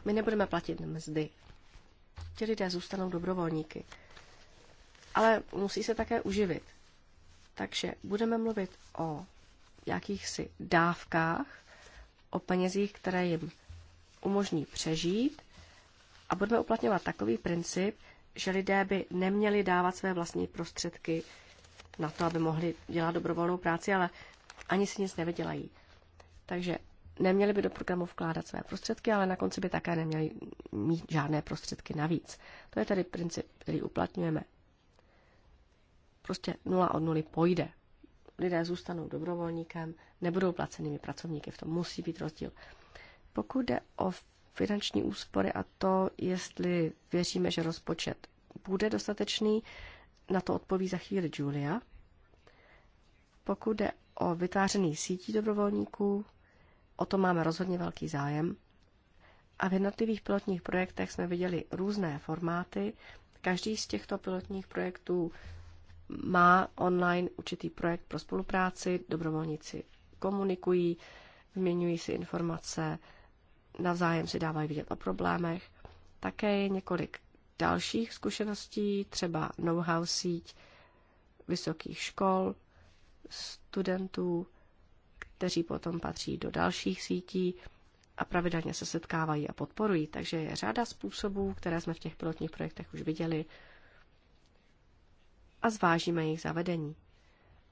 my nebudeme platit mzdy. Ti lidé zůstanou dobrovolníky. Ale musí se také uživit. Takže budeme mluvit o jakýchsi dávkách, o penězích, které jim umožní přežít a budeme uplatňovat takový princip, že lidé by neměli dávat své vlastní prostředky na to, aby mohli dělat dobrovolnou práci, ale ani si nic nevydělají. Takže neměli by do programu vkládat své prostředky, ale na konci by také neměli mít žádné prostředky navíc. To je tedy princip, který uplatňujeme. Prostě nula od nuly pojde lidé zůstanou dobrovolníkem, nebudou placenými pracovníky, v tom musí být rozdíl. Pokud jde o finanční úspory a to, jestli věříme, že rozpočet bude dostatečný, na to odpoví za chvíli Julia. Pokud jde o vytvářený sítí dobrovolníků, o to máme rozhodně velký zájem. A v jednotlivých pilotních projektech jsme viděli různé formáty. Každý z těchto pilotních projektů má online určitý projekt pro spolupráci, dobrovolníci komunikují, vyměňují si informace, navzájem si dávají vidět o problémech. Také je několik dalších zkušeností, třeba know-how síť vysokých škol, studentů, kteří potom patří do dalších sítí a pravidelně se setkávají a podporují. Takže je řada způsobů, které jsme v těch pilotních projektech už viděli, a zvážíme jejich zavedení.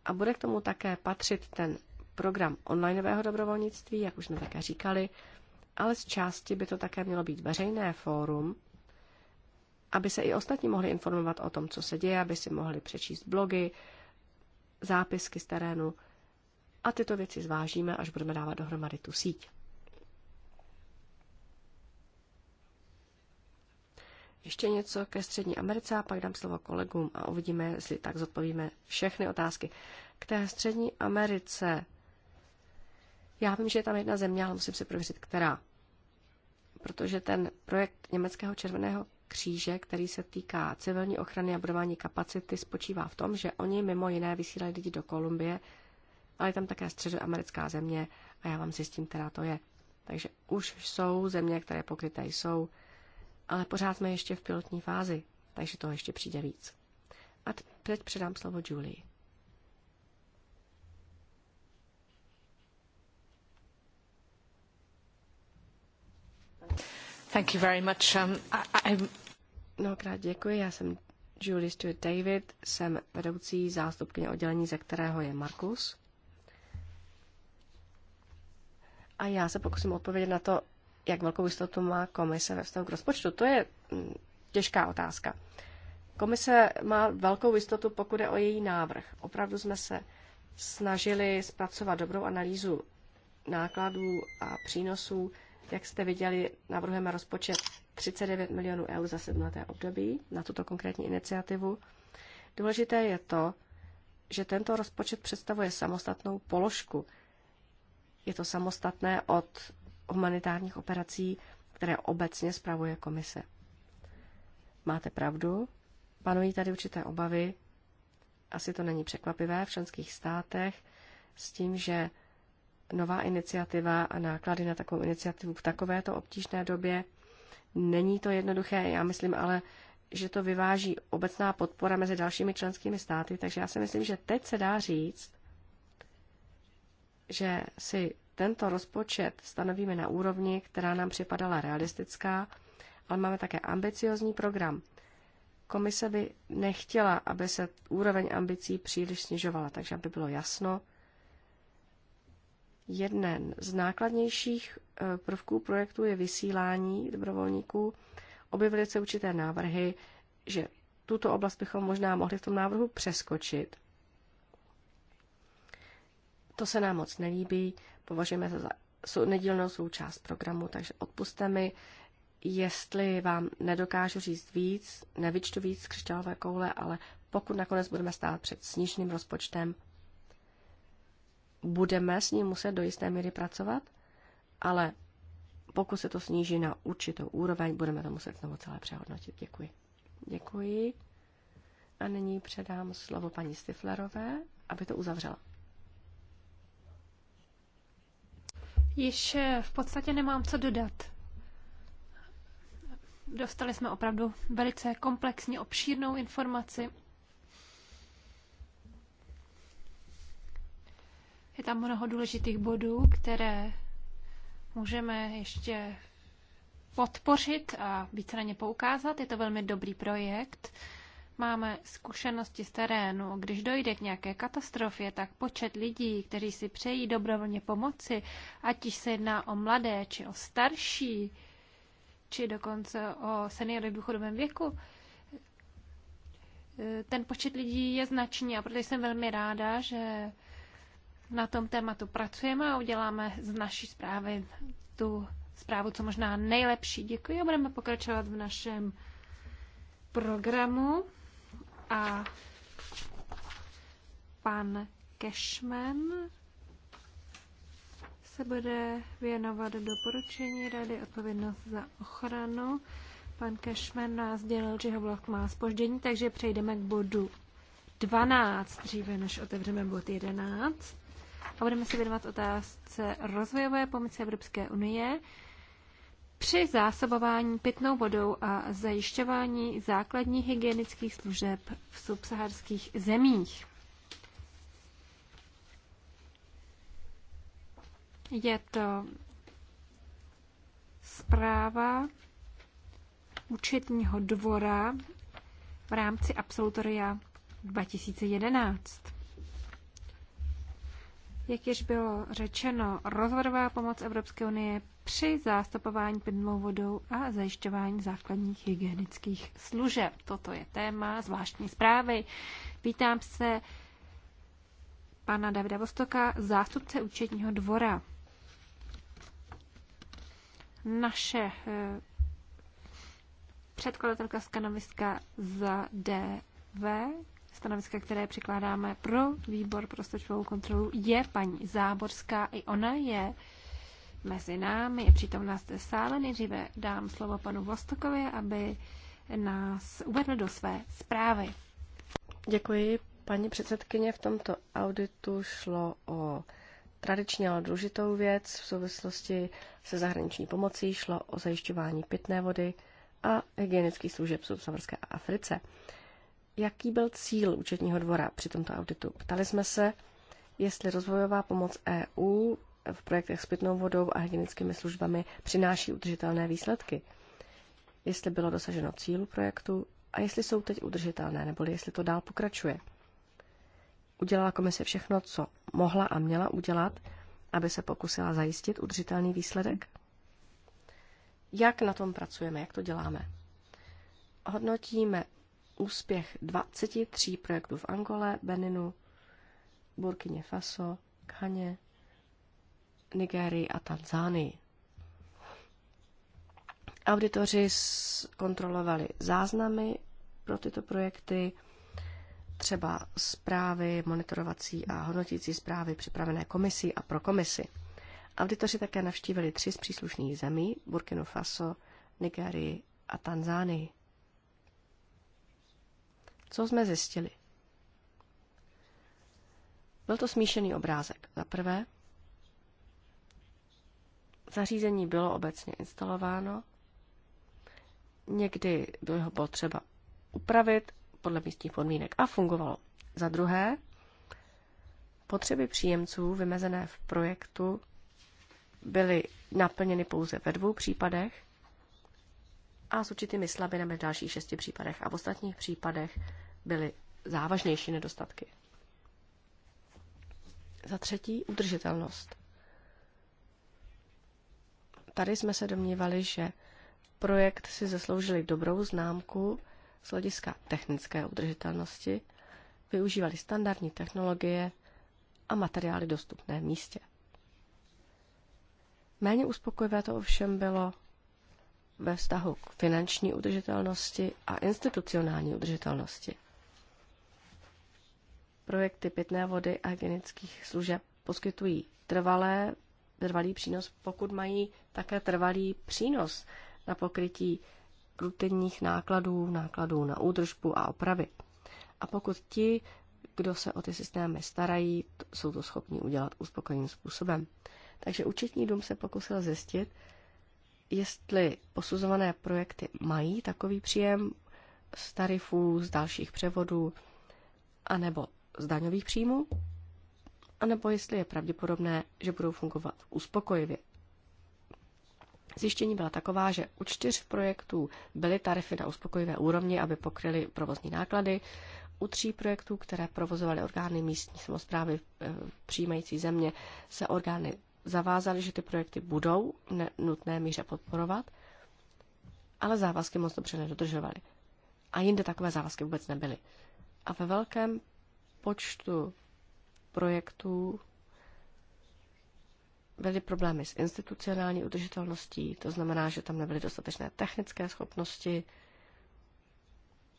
A bude k tomu také patřit ten program onlineového dobrovolnictví, jak už jsme také říkali, ale z části by to také mělo být veřejné fórum, aby se i ostatní mohli informovat o tom, co se děje, aby si mohli přečíst blogy, zápisky z terénu a tyto věci zvážíme, až budeme dávat dohromady tu síť. ještě něco ke Střední Americe a pak dám slovo kolegům a uvidíme, jestli tak zodpovíme všechny otázky. K té Střední Americe. Já vím, že je tam jedna země, ale musím si prověřit, která. Protože ten projekt Německého červeného kříže, který se týká civilní ochrany a budování kapacity, spočívá v tom, že oni mimo jiné vysílají lidi do Kolumbie, ale je tam také středoamerická země a já vám zjistím, která to je. Takže už jsou země, které pokryté jsou ale pořád jsme ještě v pilotní fázi, takže toho ještě přijde víc. A teď předám slovo Julie. Thank you very much. Um, I, I'm... Mnohokrát děkuji. Já jsem Julie Stewart David, jsem vedoucí zástupkyně oddělení, ze kterého je Markus. A já se pokusím odpovědět na to, jak velkou jistotu má komise ve vztahu k rozpočtu? To je mm, těžká otázka. Komise má velkou jistotu, pokud je o její návrh. Opravdu jsme se snažili zpracovat dobrou analýzu nákladů a přínosů. Jak jste viděli, navrhujeme rozpočet 39 milionů eur za sedmleté období na tuto konkrétní iniciativu. Důležité je to, že tento rozpočet představuje samostatnou položku. Je to samostatné od humanitárních operací, které obecně spravuje komise. Máte pravdu, panují tady určité obavy, asi to není překvapivé v členských státech, s tím, že nová iniciativa a náklady na takovou iniciativu v takovéto obtížné době, není to jednoduché, já myslím ale, že to vyváží obecná podpora mezi dalšími členskými státy, takže já si myslím, že teď se dá říct, že si tento rozpočet stanovíme na úrovni, která nám připadala realistická, ale máme také ambiciozní program. Komise by nechtěla, aby se úroveň ambicí příliš snižovala, takže aby bylo jasno, Jeden z nákladnějších eh, prvků projektu je vysílání dobrovolníků. Objevily se určité návrhy, že tuto oblast bychom možná mohli v tom návrhu přeskočit. To se nám moc nelíbí, považujeme za nedílnou součást programu, takže odpuste mi, jestli vám nedokážu říct víc, nevyčtu víc z křišťálové koule, ale pokud nakonec budeme stát před snížným rozpočtem, budeme s ním muset do jisté míry pracovat, ale pokud se to sníží na určitou úroveň, budeme to muset znovu celé přehodnotit. Děkuji. Děkuji. A nyní předám slovo paní Stiflerové, aby to uzavřela. Již eh, v podstatě nemám co dodat. Dostali jsme opravdu velice komplexní, obšírnou informaci. Je tam mnoho důležitých bodů, které můžeme ještě podpořit a více na ně poukázat. Je to velmi dobrý projekt máme zkušenosti z terénu. Když dojde k nějaké katastrofě, tak počet lidí, kteří si přejí dobrovolně pomoci, ať již se jedná o mladé, či o starší, či dokonce o seniory v důchodovém věku, ten počet lidí je značný a proto jsem velmi ráda, že na tom tématu pracujeme a uděláme z naší zprávy tu zprávu, co možná nejlepší. Děkuji a budeme pokračovat v našem programu. A pan Cashman se bude věnovat doporučení Rady odpovědnost za ochranu. Pan Cashman nás dělal, že vlak má spoždění, takže přejdeme k bodu 12, dříve než otevřeme bod 11. A budeme se věnovat otázce rozvojové pomoci Evropské unie při zásobování pitnou vodou a zajišťování základních hygienických služeb v subsaharských zemích. Je to zpráva účetního dvora v rámci absolutoria 2011. Jak již bylo řečeno, rozvodová pomoc Evropské unie při zástupování pitnou vodou a zajišťování základních hygienických služeb. Toto je téma zvláštní zprávy. Vítám se pana Davida Vostoka, zástupce účetního dvora. Naše eh, předkladatelka stanoviska za DV stanoviska, které přikládáme pro výbor pro stočovou kontrolu, je paní Záborská. I ona je mezi námi, je přítomná zde sále. Nejdříve dám slovo panu Vostokovi, aby nás uvedl do své zprávy. Děkuji, paní předsedkyně. V tomto auditu šlo o tradičně ale důležitou věc v souvislosti se zahraniční pomocí. Šlo o zajišťování pitné vody a hygienických služeb v subsaharské Africe jaký byl cíl účetního dvora při tomto auditu. Ptali jsme se, jestli rozvojová pomoc EU v projektech s pitnou vodou a hygienickými službami přináší udržitelné výsledky, jestli bylo dosaženo cílu projektu a jestli jsou teď udržitelné, nebo jestli to dál pokračuje. Udělala komise všechno, co mohla a měla udělat, aby se pokusila zajistit udržitelný výsledek? Jak na tom pracujeme, jak to děláme? Hodnotíme úspěch 23 projektů v Angole, Beninu, Burkině Faso, Khaně, Nigérii a Tanzánii. Auditoři kontrolovali záznamy pro tyto projekty, třeba zprávy, monitorovací a hodnotící zprávy připravené komisí a pro komisi. Auditoři také navštívili tři z příslušných zemí, Burkina Faso, Nigérii a Tanzánii. Co jsme zjistili? Byl to smíšený obrázek. Za prvé, zařízení bylo obecně instalováno, někdy bylo ho potřeba upravit podle místních podmínek a fungovalo. Za druhé, potřeby příjemců vymezené v projektu byly naplněny pouze ve dvou případech a s určitými slabinami v dalších šesti případech a v ostatních případech byly závažnější nedostatky. Za třetí, udržitelnost. Tady jsme se domnívali, že projekt si zasloužili dobrou známku z hlediska technické udržitelnosti, využívali standardní technologie a materiály dostupné v místě. Méně uspokojivé to ovšem bylo ve vztahu k finanční udržitelnosti a institucionální udržitelnosti. Projekty pitné vody a hygienických služeb poskytují trvalé, trvalý přínos, pokud mají také trvalý přínos na pokrytí rutinních nákladů, nákladů na údržbu a opravy. A pokud ti, kdo se o ty systémy starají, jsou to schopni udělat uspokojivým způsobem. Takže účetní dům se pokusil zjistit, jestli posuzované projekty mají takový příjem z tarifů, z dalších převodů, anebo z daňových příjmů, anebo jestli je pravděpodobné, že budou fungovat uspokojivě. Zjištění byla taková, že u čtyř projektů byly tarify na uspokojivé úrovni, aby pokryly provozní náklady. U tří projektů, které provozovaly orgány místní samozprávy v eh, přijímající země, se orgány zavázali, že ty projekty budou v nutné míře podporovat, ale závazky moc dobře nedodržovali. A jinde takové závazky vůbec nebyly. A ve velkém počtu projektů byly problémy s institucionální udržitelností, to znamená, že tam nebyly dostatečné technické schopnosti,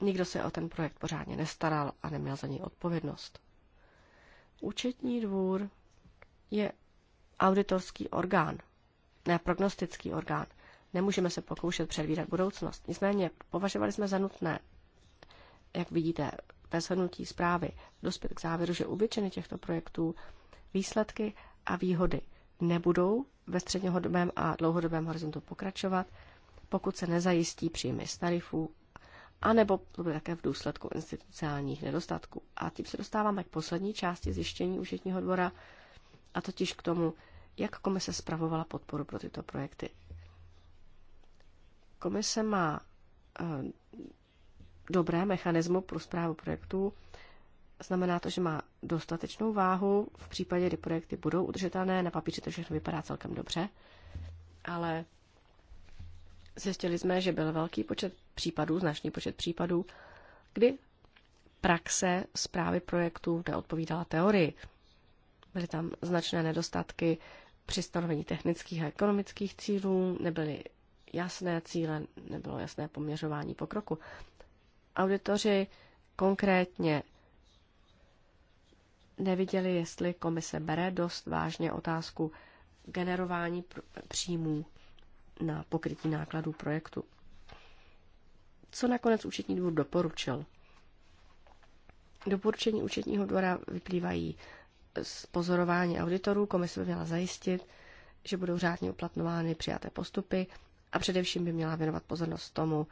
nikdo se o ten projekt pořádně nestaral a neměl za něj odpovědnost. Účetní dvůr je auditorský orgán, ne prognostický orgán. Nemůžeme se pokoušet předvídat budoucnost. Nicméně považovali jsme za nutné, jak vidíte, ve shodnutí zprávy, dospět k závěru, že u většiny těchto projektů výsledky a výhody nebudou ve střednědobém a dlouhodobém horizontu pokračovat, pokud se nezajistí příjmy z tarifů, anebo to bude také v důsledku institucionálních nedostatků. A tím se dostáváme k poslední části zjištění účetního dvora, a totiž k tomu, jak komise spravovala podporu pro tyto projekty. Komise má eh, dobré mechanismy pro zprávu projektů. Znamená to, že má dostatečnou váhu v případě, kdy projekty budou udržitelné. Na papíře to všechno vypadá celkem dobře, ale zjistili jsme, že byl velký počet případů, značný počet případů, kdy praxe zprávy projektů neodpovídala teorii. Byly tam značné nedostatky při stanovení technických a ekonomických cílů, nebyly jasné cíle, nebylo jasné poměřování pokroku. Auditoři konkrétně neviděli, jestli komise bere dost vážně otázku generování příjmů na pokrytí nákladů projektu. Co nakonec účetní dvůr doporučil? Doporučení účetního dvora vyplývají z pozorování auditorů komise by měla zajistit, že budou řádně uplatňovány přijaté postupy a především by měla věnovat pozornost tomu,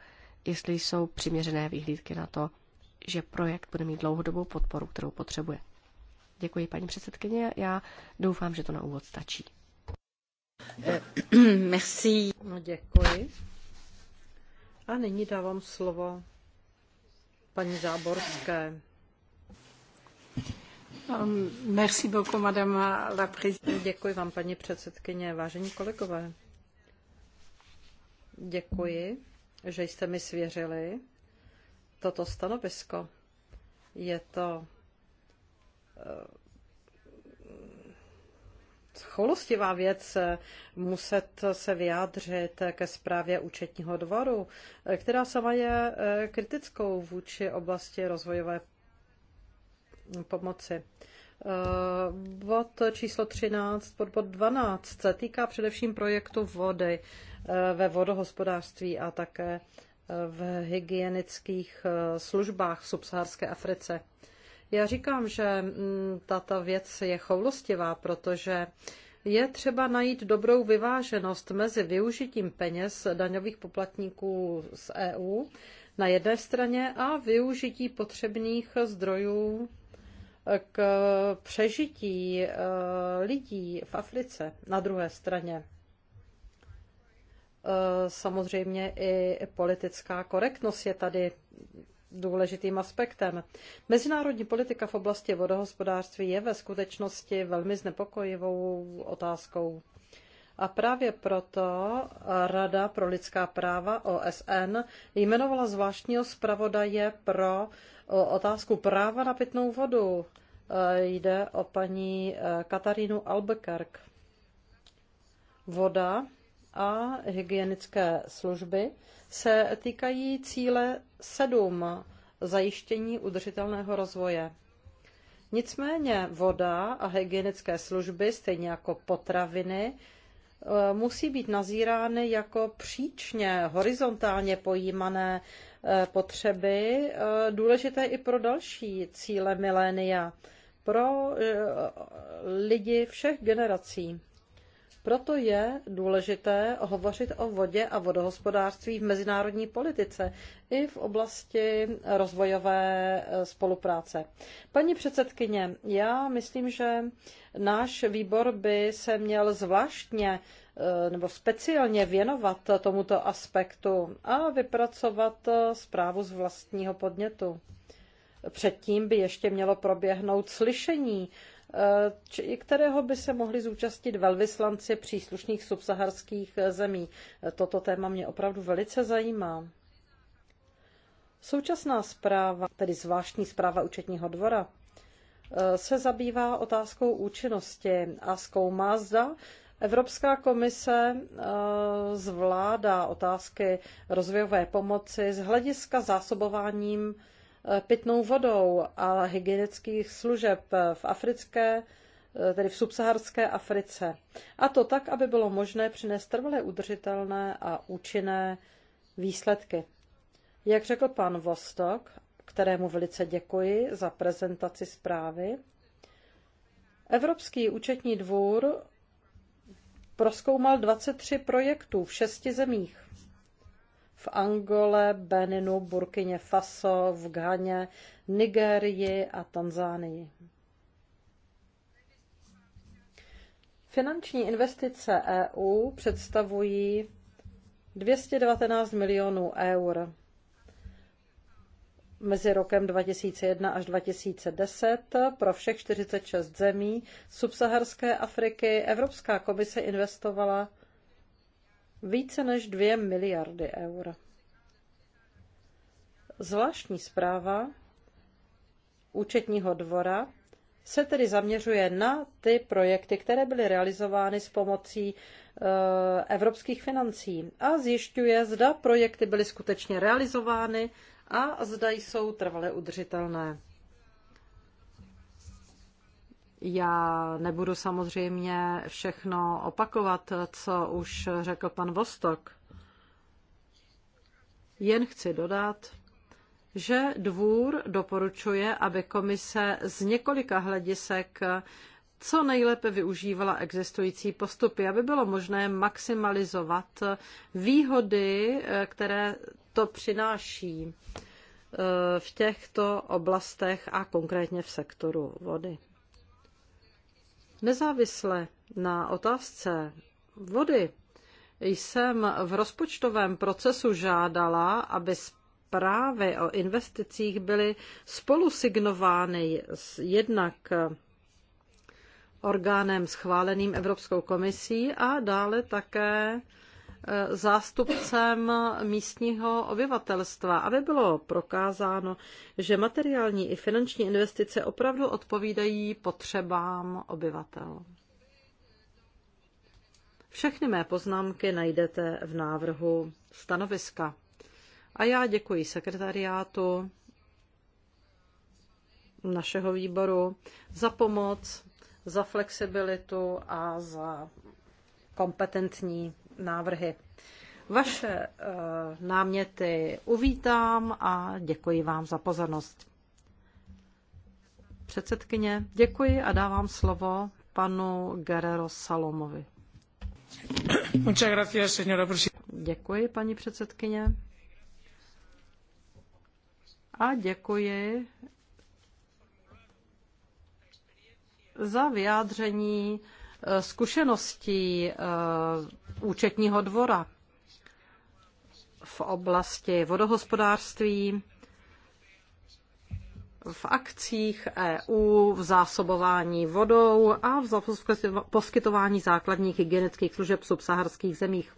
jestli jsou přiměřené výhlídky na to, že projekt bude mít dlouhodobou podporu, kterou potřebuje. Děkuji, paní předsedkyně. Já doufám, že to na úvod stačí. Eh, merci. No, děkuji. A nyní dávám slovo paní Záborské. Um, merci beaucoup, madame la Děkuji vám, paní předsedkyně. Vážení kolegové, děkuji, že jste mi svěřili toto stanovisko. Je to eh, choulostivá věc muset se vyjádřit ke zprávě účetního dvoru, eh, která sama je eh, kritickou vůči oblasti rozvojové pomoci. Eh, bod číslo 13, pod bod 12 se týká především projektu vody eh, ve vodohospodářství a také eh, v hygienických službách v subsaharské Africe. Já říkám, že mm, tato věc je choulostivá, protože je třeba najít dobrou vyváženost mezi využitím peněz daňových poplatníků z EU na jedné straně a využití potřebných zdrojů k přežití eh, lidí v Africe na druhé straně. Eh, samozřejmě i politická korektnost je tady důležitým aspektem. Mezinárodní politika v oblasti vodohospodářství je ve skutečnosti velmi znepokojivou otázkou. A právě proto Rada pro lidská práva OSN jmenovala zvláštního zpravodaje pro otázku práva na pitnou vodu. E, jde o paní e, Katarínu Albuquerque. Voda a hygienické služby se týkají cíle 7 zajištění udržitelného rozvoje. Nicméně voda a hygienické služby, stejně jako potraviny, Eh, musí být nazírány jako příčně, horizontálně pojímané eh, potřeby, eh, důležité i pro další cíle milénia, pro lidi všech generací. Proto je důležité hovořit o vodě a vodohospodářství v mezinárodní politice i v oblasti rozvojové eh, spolupráce. Paní předsedkyně, já myslím, že náš výbor by se měl zvláštně eh, nebo speciálně věnovat tomuto aspektu a vypracovat eh, zprávu z vlastního podnětu. Předtím by ještě mělo proběhnout slyšení či, kterého by se mohli zúčastnit velvyslanci příslušných subsaharských zemí. Toto téma mě opravdu velice zajímá. Současná zpráva, tedy zvláštní zpráva účetního dvora, eh, se zabývá otázkou účinnosti a zkoumá zda Evropská komise eh, zvládá otázky rozvojové pomoci z hlediska zásobováním Eh, pitnou vodou a hygienických služeb v africké, eh, tedy v subsaharské Africe. A to tak, aby bylo možné přinést trvalé udržitelné a účinné výsledky. Jak řekl pan Vostok, kterému velice děkuji za prezentaci zprávy, Evropský účetní dvůr proskoumal 23 projektů v šesti zemích v Angole, Beninu, Burkině Faso, v Ghaně, Nigérii a Tanzánii. Finanční investice EU představují 219 milionů eur mezi rokem 2001 až 2010 pro všech 46 zemí subsaharské Afriky. Evropská komise investovala více než 2 miliardy eur. Zvláštní zpráva účetního dvora se tedy zaměřuje na ty projekty, které byly realizovány s pomocí e, evropských financí a zjišťuje, zda projekty byly skutečně realizovány a zda jsou trvale udržitelné. Já nebudu samozřejmě všechno opakovat, co už řekl pan Vostok. Jen chci dodat, že dvůr doporučuje, aby komise z několika hledisek co nejlépe využívala existující postupy, aby bylo možné maximalizovat výhody, které to přináší eh, v těchto oblastech a konkrétně v sektoru vody. Nezávisle na otázce vody jsem v rozpočtovém procesu žádala, aby zprávy o investicích byly spolu signovány jednak orgánem schváleným Evropskou komisí a dále také Eh, zástupcem místního obyvatelstva, aby bylo prokázáno, že materiální i finanční investice opravdu odpovídají potřebám obyvatel. Všechny mé poznámky najdete v návrhu stanoviska. A já děkuji sekretariátu našeho výboru za pomoc, za flexibilitu a za kompetentní návrhy. Vaše eh, náměty uvítám a děkuji vám za pozornost. Předsedkyně, děkuji a dávám slovo panu Guerrero Salomovi. Děkuji, paní předsedkyně. A děkuji za vyjádření eh, zkušeností eh, účetního dvora v oblasti vodohospodářství, v akcích EU, v zásobování vodou a v poskytování základních hygienických služeb v subsaharských zemích.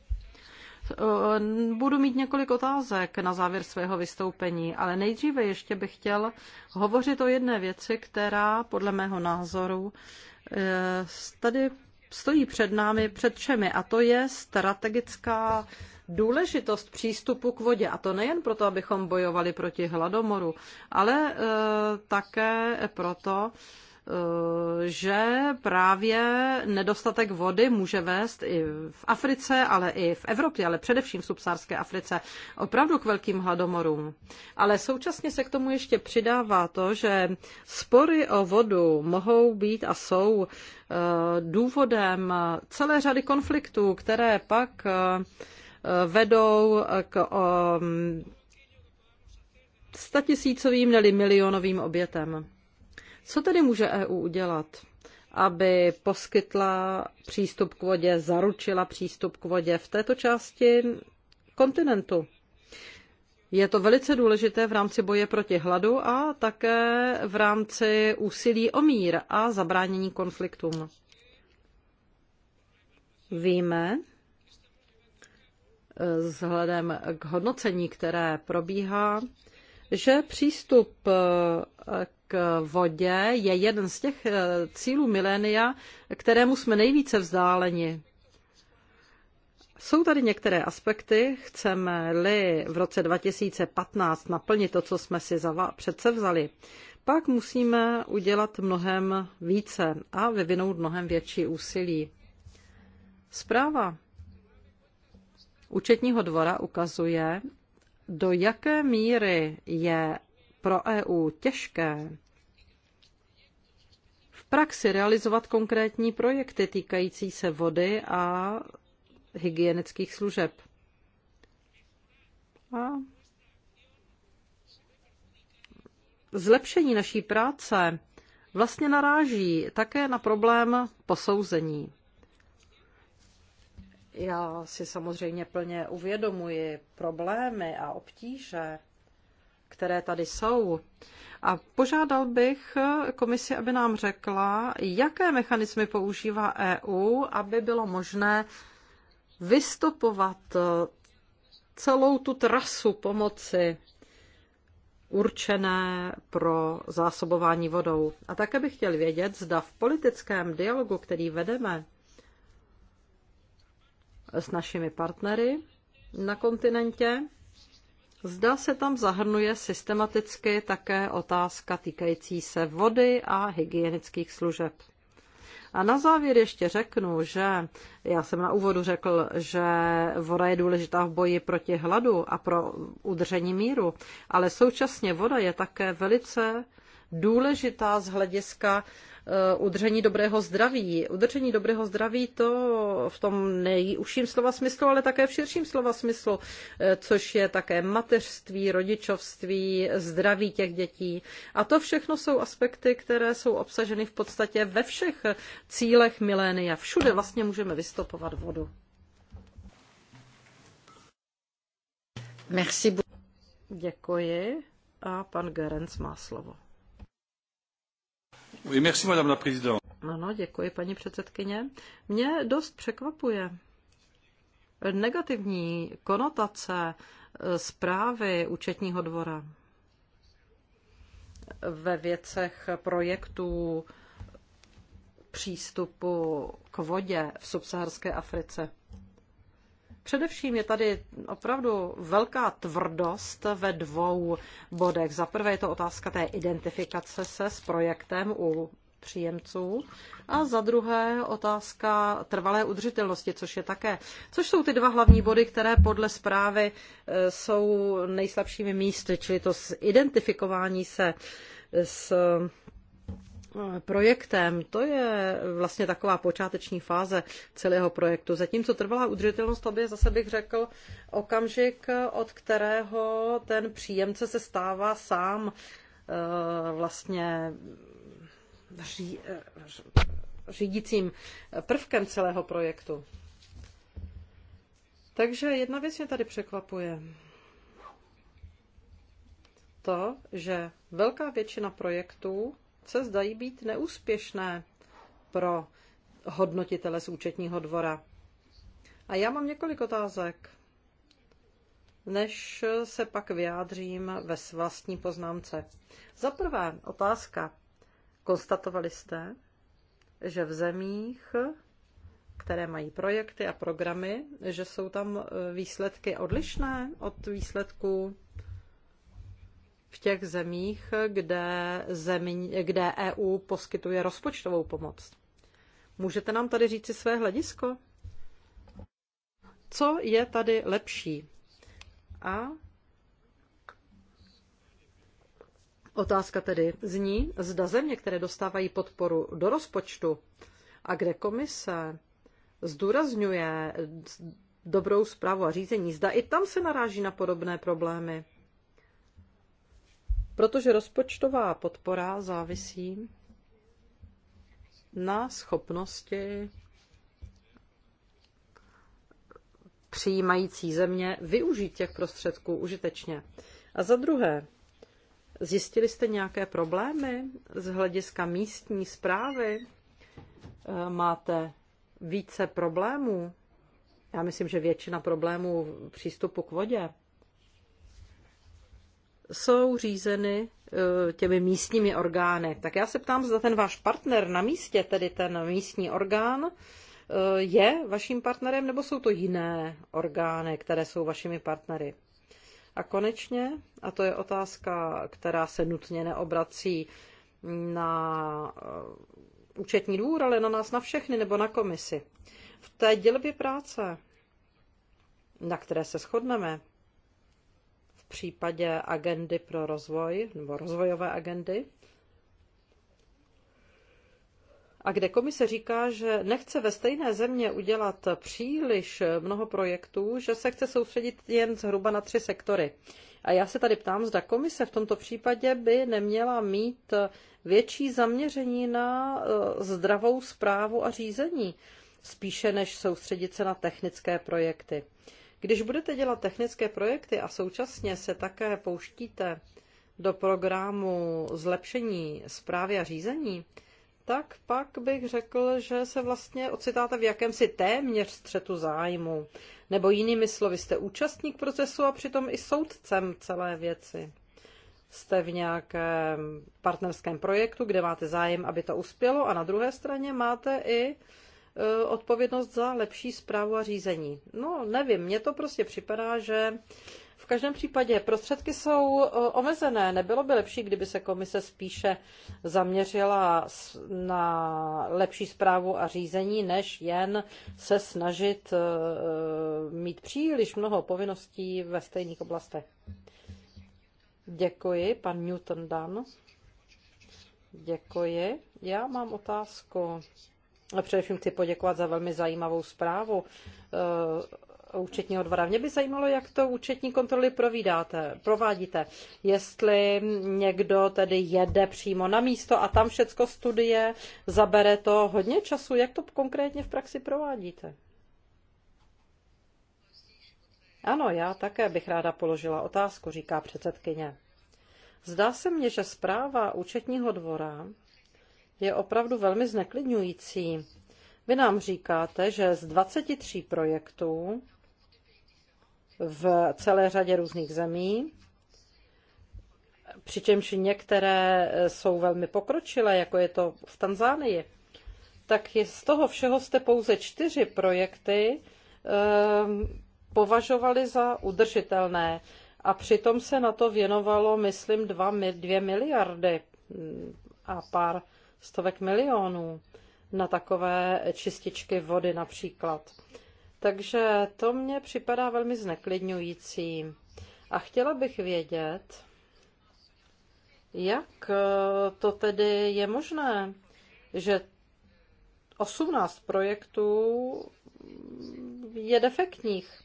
Budu mít několik otázek na závěr svého vystoupení, ale nejdříve ještě bych chtěl hovořit o jedné věci, která podle mého názoru eh, tady stojí před námi, před všemi, a to je strategická důležitost přístupu k vodě. A to nejen proto, abychom bojovali proti hladomoru, ale e, také proto, Eh, že právě nedostatek vody může vést i v Africe, ale i v Evropě, ale především v subsárské Africe, opravdu k velkým hladomorům. Ale současně se k tomu ještě přidává to, že spory o vodu mohou být a jsou eh, důvodem celé řady konfliktů, které pak eh, vedou k statisícovým, nebo milionovým obětem. Co tedy může EU udělat, aby poskytla přístup k vodě, zaručila přístup k vodě v této části kontinentu? Je to velice důležité v rámci boje proti hladu a také v rámci úsilí o mír a zabránění konfliktům. Víme, vzhledem k hodnocení, které probíhá, že přístup k vodě je jeden z těch eh, cílů milénia, kterému jsme nejvíce vzdáleni. Jsou tady některé aspekty, chceme-li v roce 2015 naplnit to, co jsme si přece vzali, pak musíme udělat mnohem více a vyvinout mnohem větší úsilí. Zpráva účetního dvora ukazuje, do jaké míry je pro EU těžké v praxi realizovat konkrétní projekty týkající se vody a hygienických služeb. A zlepšení naší práce vlastně naráží také na problém posouzení. Já si samozřejmě plně uvědomuji problémy a obtíže, které tady jsou. A požádal bych komisi, aby nám řekla, jaké mechanismy používá EU, aby bylo možné vystopovat celou tu trasu pomoci určené pro zásobování vodou. A také bych chtěl vědět, zda v politickém dialogu, který vedeme s našimi partnery na kontinentě, Zda se tam zahrnuje systematicky také otázka týkající se vody a hygienických služeb. A na závěr ještě řeknu, že já jsem na úvodu řekl, že voda je důležitá v boji proti hladu a pro udržení míru, ale současně voda je také velice důležitá z hlediska eh, udržení dobrého zdraví. Udržení dobrého zdraví to v tom nejužším slova smyslu, ale také v širším slova smyslu, eh, což je také mateřství, rodičovství, zdraví těch dětí. A to všechno jsou aspekty, které jsou obsaženy v podstatě ve všech cílech milénia. Všude vlastně můžeme vystopovat vodu. Merci. Děkuji. A pan Gerenc má slovo. Oui, merci, madame la présidente. Ano, no, děkuji, paní předsedkyně. Mě dost překvapuje negativní konotace eh, zprávy účetního dvora ve věcech projektů přístupu k vodě v subsaharské Africe. Především je tady opravdu velká tvrdost ve dvou bodech. Za prvé je to otázka té identifikace se s projektem u příjemců. A za druhé otázka trvalé udržitelnosti, což je také, což jsou ty dva hlavní body, které podle zprávy e, jsou nejslabšími místy, čili to identifikování se s projektem. To je vlastně taková počáteční fáze celého projektu. Zatímco trvalá udržitelnost, to by zase bych řekl okamžik, od kterého ten příjemce se stává sám eh, vlastně eh, řídícím prvkem celého projektu. Takže jedna věc mě tady překvapuje. To, že velká většina projektů se zdají být neúspěšné pro hodnotitele z účetního dvora. A já mám několik otázek, než se pak vyjádřím ve vlastní poznámce. Za prvé otázka. Konstatovali jste, že v zemích, které mají projekty a programy, že jsou tam e, výsledky odlišné od výsledků v těch zemích, kde, zemí, kde EU poskytuje rozpočtovou pomoc. Můžete nám tady říci své hledisko? Co je tady lepší? A otázka tedy zní, zda země, které dostávají podporu do rozpočtu a kde komise zdůrazňuje dobrou zprávu a řízení, zda i tam se naráží na podobné problémy protože rozpočtová podpora závisí na schopnosti přijímající země využít těch prostředků užitečně. A za druhé, zjistili jste nějaké problémy z hlediska místní zprávy? Eh, máte více problémů? Já myslím, že většina problémů přístupu k vodě jsou řízeny eh, těmi místními orgány. Tak já se ptám, zda ten váš partner na místě, tedy ten místní orgán, eh, je vaším partnerem, nebo jsou to jiné orgány, které jsou vašimi partnery? A konečně, a to je otázka, která se nutně neobrací na eh, účetní dvůr, ale na nás na všechny nebo na komisi. V té dělbě práce, na které se shodneme, případě agendy pro rozvoj nebo rozvojové agendy. A kde komise říká, že nechce ve stejné země udělat příliš mnoho projektů, že se chce soustředit jen zhruba na tři sektory. A já se tady ptám, zda komise v tomto případě by neměla mít větší zaměření na e, zdravou zprávu a řízení, spíše než soustředit se na technické projekty. Když budete dělat technické projekty a současně se také pouštíte do programu zlepšení zprávy a řízení, tak pak bych řekl, že se vlastně ocitáte v jakémsi téměř střetu zájmu. Nebo jinými slovy, jste účastník procesu a přitom i soudcem celé věci. Jste v nějakém partnerském projektu, kde máte zájem, aby to uspělo a na druhé straně máte i Eh, odpovědnost za lepší zprávu a řízení. No, nevím, mně to prostě připadá, že v každém případě prostředky jsou eh, omezené. Nebylo by lepší, kdyby se komise spíše zaměřila na lepší zprávu a řízení, než jen se snažit eh, mít příliš mnoho povinností ve stejných oblastech. Děkuji, pan Newton Dan. Děkuji. Já mám otázku Především chci poděkovat za velmi zajímavou zprávu eh, účetního dvora. Mě by zajímalo, jak to účetní kontroly provídáte, provádíte. Jestli někdo tedy jede přímo na místo a tam všecko studie, zabere to hodně času. Jak to konkrétně v praxi provádíte? Ano, já také bych ráda položila otázku, říká předsedkyně. Zdá se mně, že zpráva účetního dvora je opravdu velmi zneklidňující. Vy nám říkáte, že z 23 projektů v celé řadě různých zemí, přičemž některé jsou velmi pokročilé, jako je to v Tanzánii, tak je z toho všeho jste pouze čtyři projekty ehm, považovali za udržitelné. A přitom se na to věnovalo, myslím, 2 miliardy hm, a pár stovek milionů na takové čističky vody například. Takže to mně připadá velmi zneklidňující. A chtěla bych vědět, jak eh, to tedy je možné, že 18 projektů je defektních.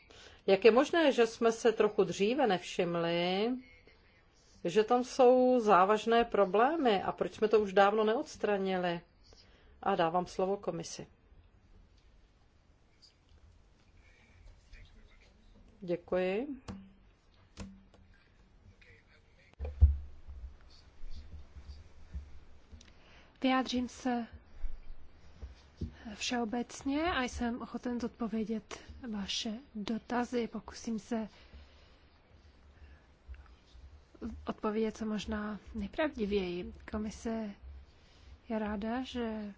Jak je možné, že jsme se trochu dříve nevšimli, že tam jsou závažné problémy a proč jsme to už dávno neodstranili. A dávám slovo komisi. Děkuji. Vyjádřím se všeobecně a jsem ochoten zodpovědět vaše dotazy. Pokusím se odpovědět co možná nejpravdivěji. Komise je ráda, že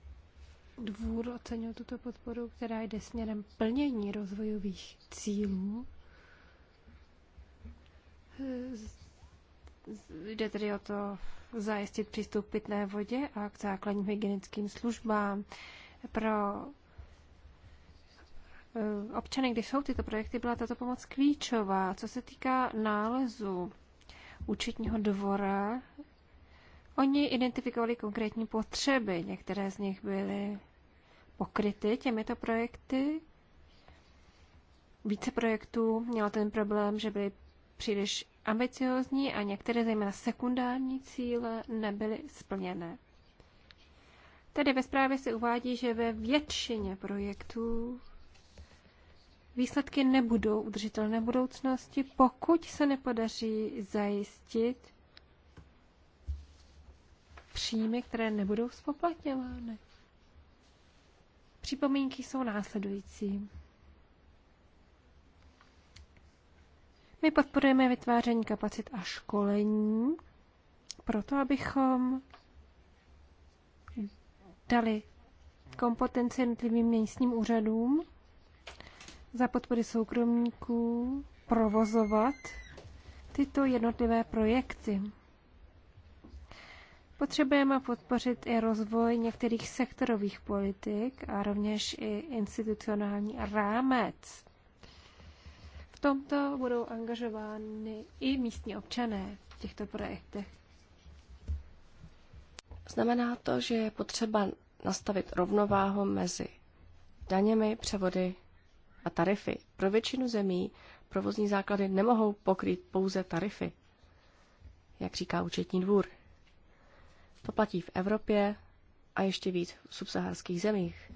dvůr ocenil tuto podporu, která jde směrem plnění rozvojových cílů. Jde tedy o to zajistit přístup pitné vodě a k základním hygienickým službám pro eh, občany, když jsou tyto projekty, byla tato pomoc klíčová. Co se týká nálezu účetního dvora, oni identifikovali konkrétní potřeby. Některé z nich byly pokryty těmito projekty. Více projektů mělo ten problém, že byly příliš ambiciozní a některé zejména sekundární cíle nebyly splněné. Tedy ve zprávě se uvádí, že ve většině projektů výsledky nebudou udržitelné v budoucnosti, pokud se nepodaří zajistit příjmy, které nebudou spoplatňovány. Připomínky jsou následující. My podporujeme vytváření kapacit a školení, proto abychom dali kompetence jednotlivým místním úřadům za podpory soukromníků provozovat tyto jednotlivé projekty. Potřebujeme podpořit i rozvoj některých sektorových politik a rovněž i institucionální rámec. V tomto budou angažovány i místní občané v těchto projektech. Znamená to, že je potřeba nastavit rovnováhu mezi daněmi, převody a tarify. Pro většinu zemí provozní základy nemohou pokrýt pouze tarify, jak říká účetní dvůr. To platí v Evropě a ještě víc v subsaharských zemích,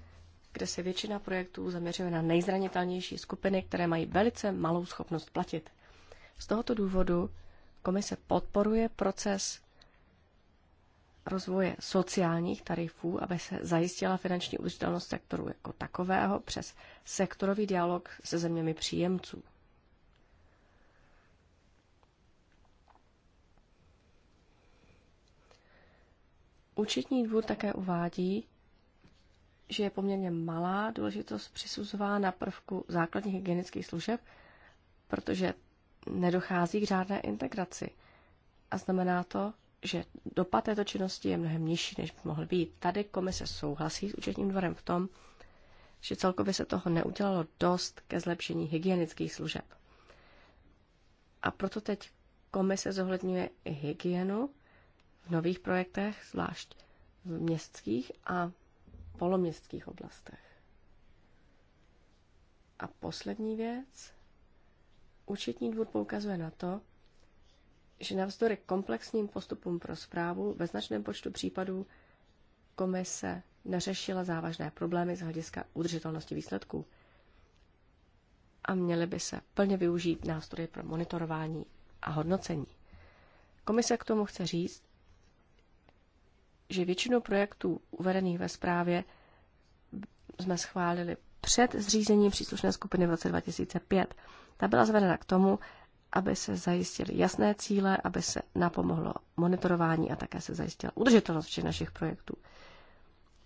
kde se většina projektů zaměřuje na nejzranitelnější skupiny, které mají velice malou schopnost platit. Z tohoto důvodu komise podporuje proces rozvoje sociálních tarifů, aby se zajistila finanční udržitelnost sektoru jako takového přes sektorový dialog se zeměmi příjemců. Účetní dvůr také uvádí, že je poměrně malá důležitost přisuzována prvku základních hygienických služeb, protože nedochází k žádné integraci. A znamená to, že dopad této činnosti je mnohem nižší, než by mohl být. Tady komise souhlasí s účetním dvorem v tom, že celkově se toho neudělalo dost ke zlepšení hygienických služeb. A proto teď komise zohledňuje i hygienu v nových projektech, zvlášť v městských a poloměstských oblastech. A poslední věc. Účetní dvůr poukazuje na to, že navzdory komplexním postupům pro zprávu ve značném počtu případů komise neřešila závažné problémy z hlediska udržitelnosti výsledků a měly by se plně využít nástroje pro monitorování a hodnocení. Komise k tomu chce říct, že většinu projektů uvedených ve zprávě jsme schválili před zřízením příslušné skupiny v roce 2005. Ta byla zvedena k tomu, aby se zajistily jasné cíle, aby se napomohlo monitorování a také se zajistila udržitelnost všech našich projektů.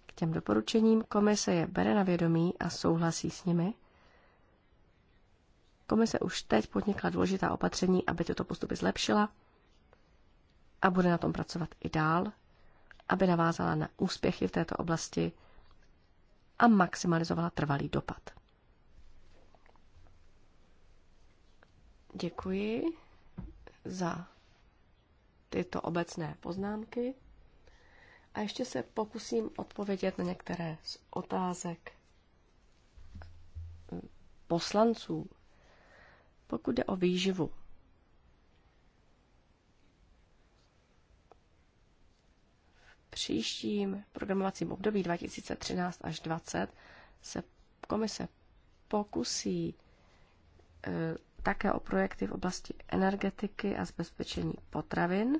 K těm doporučením komise je bere na vědomí a souhlasí s nimi. Komise už teď podnikla důležitá opatření, aby tyto postupy zlepšila a bude na tom pracovat i dál, aby navázala na úspěchy v této oblasti a maximalizovala trvalý dopad. Děkuji za tyto obecné poznámky a ještě se pokusím odpovědět na některé z otázek poslanců, pokud jde o výživu. V příštím programovacím období 2013 až 2020 se komise pokusí eh, také o projekty v oblasti energetiky a zabezpečení potravin,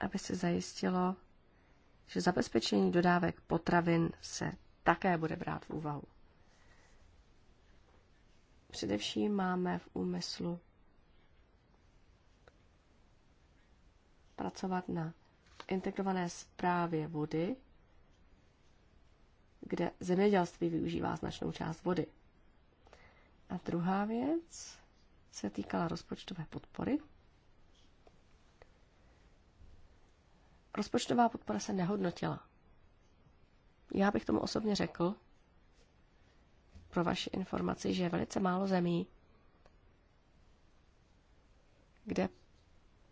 aby se zajistilo, že zabezpečení dodávek potravin se také bude brát v úvahu. Především máme v úmyslu pracovat na integrované zprávě vody, kde zemědělství využívá značnou část vody. A druhá věc se týkala rozpočtové podpory. Rozpočtová podpora se nehodnotila. Já bych tomu osobně řekl, pro vaši informaci, že je velice málo zemí, kde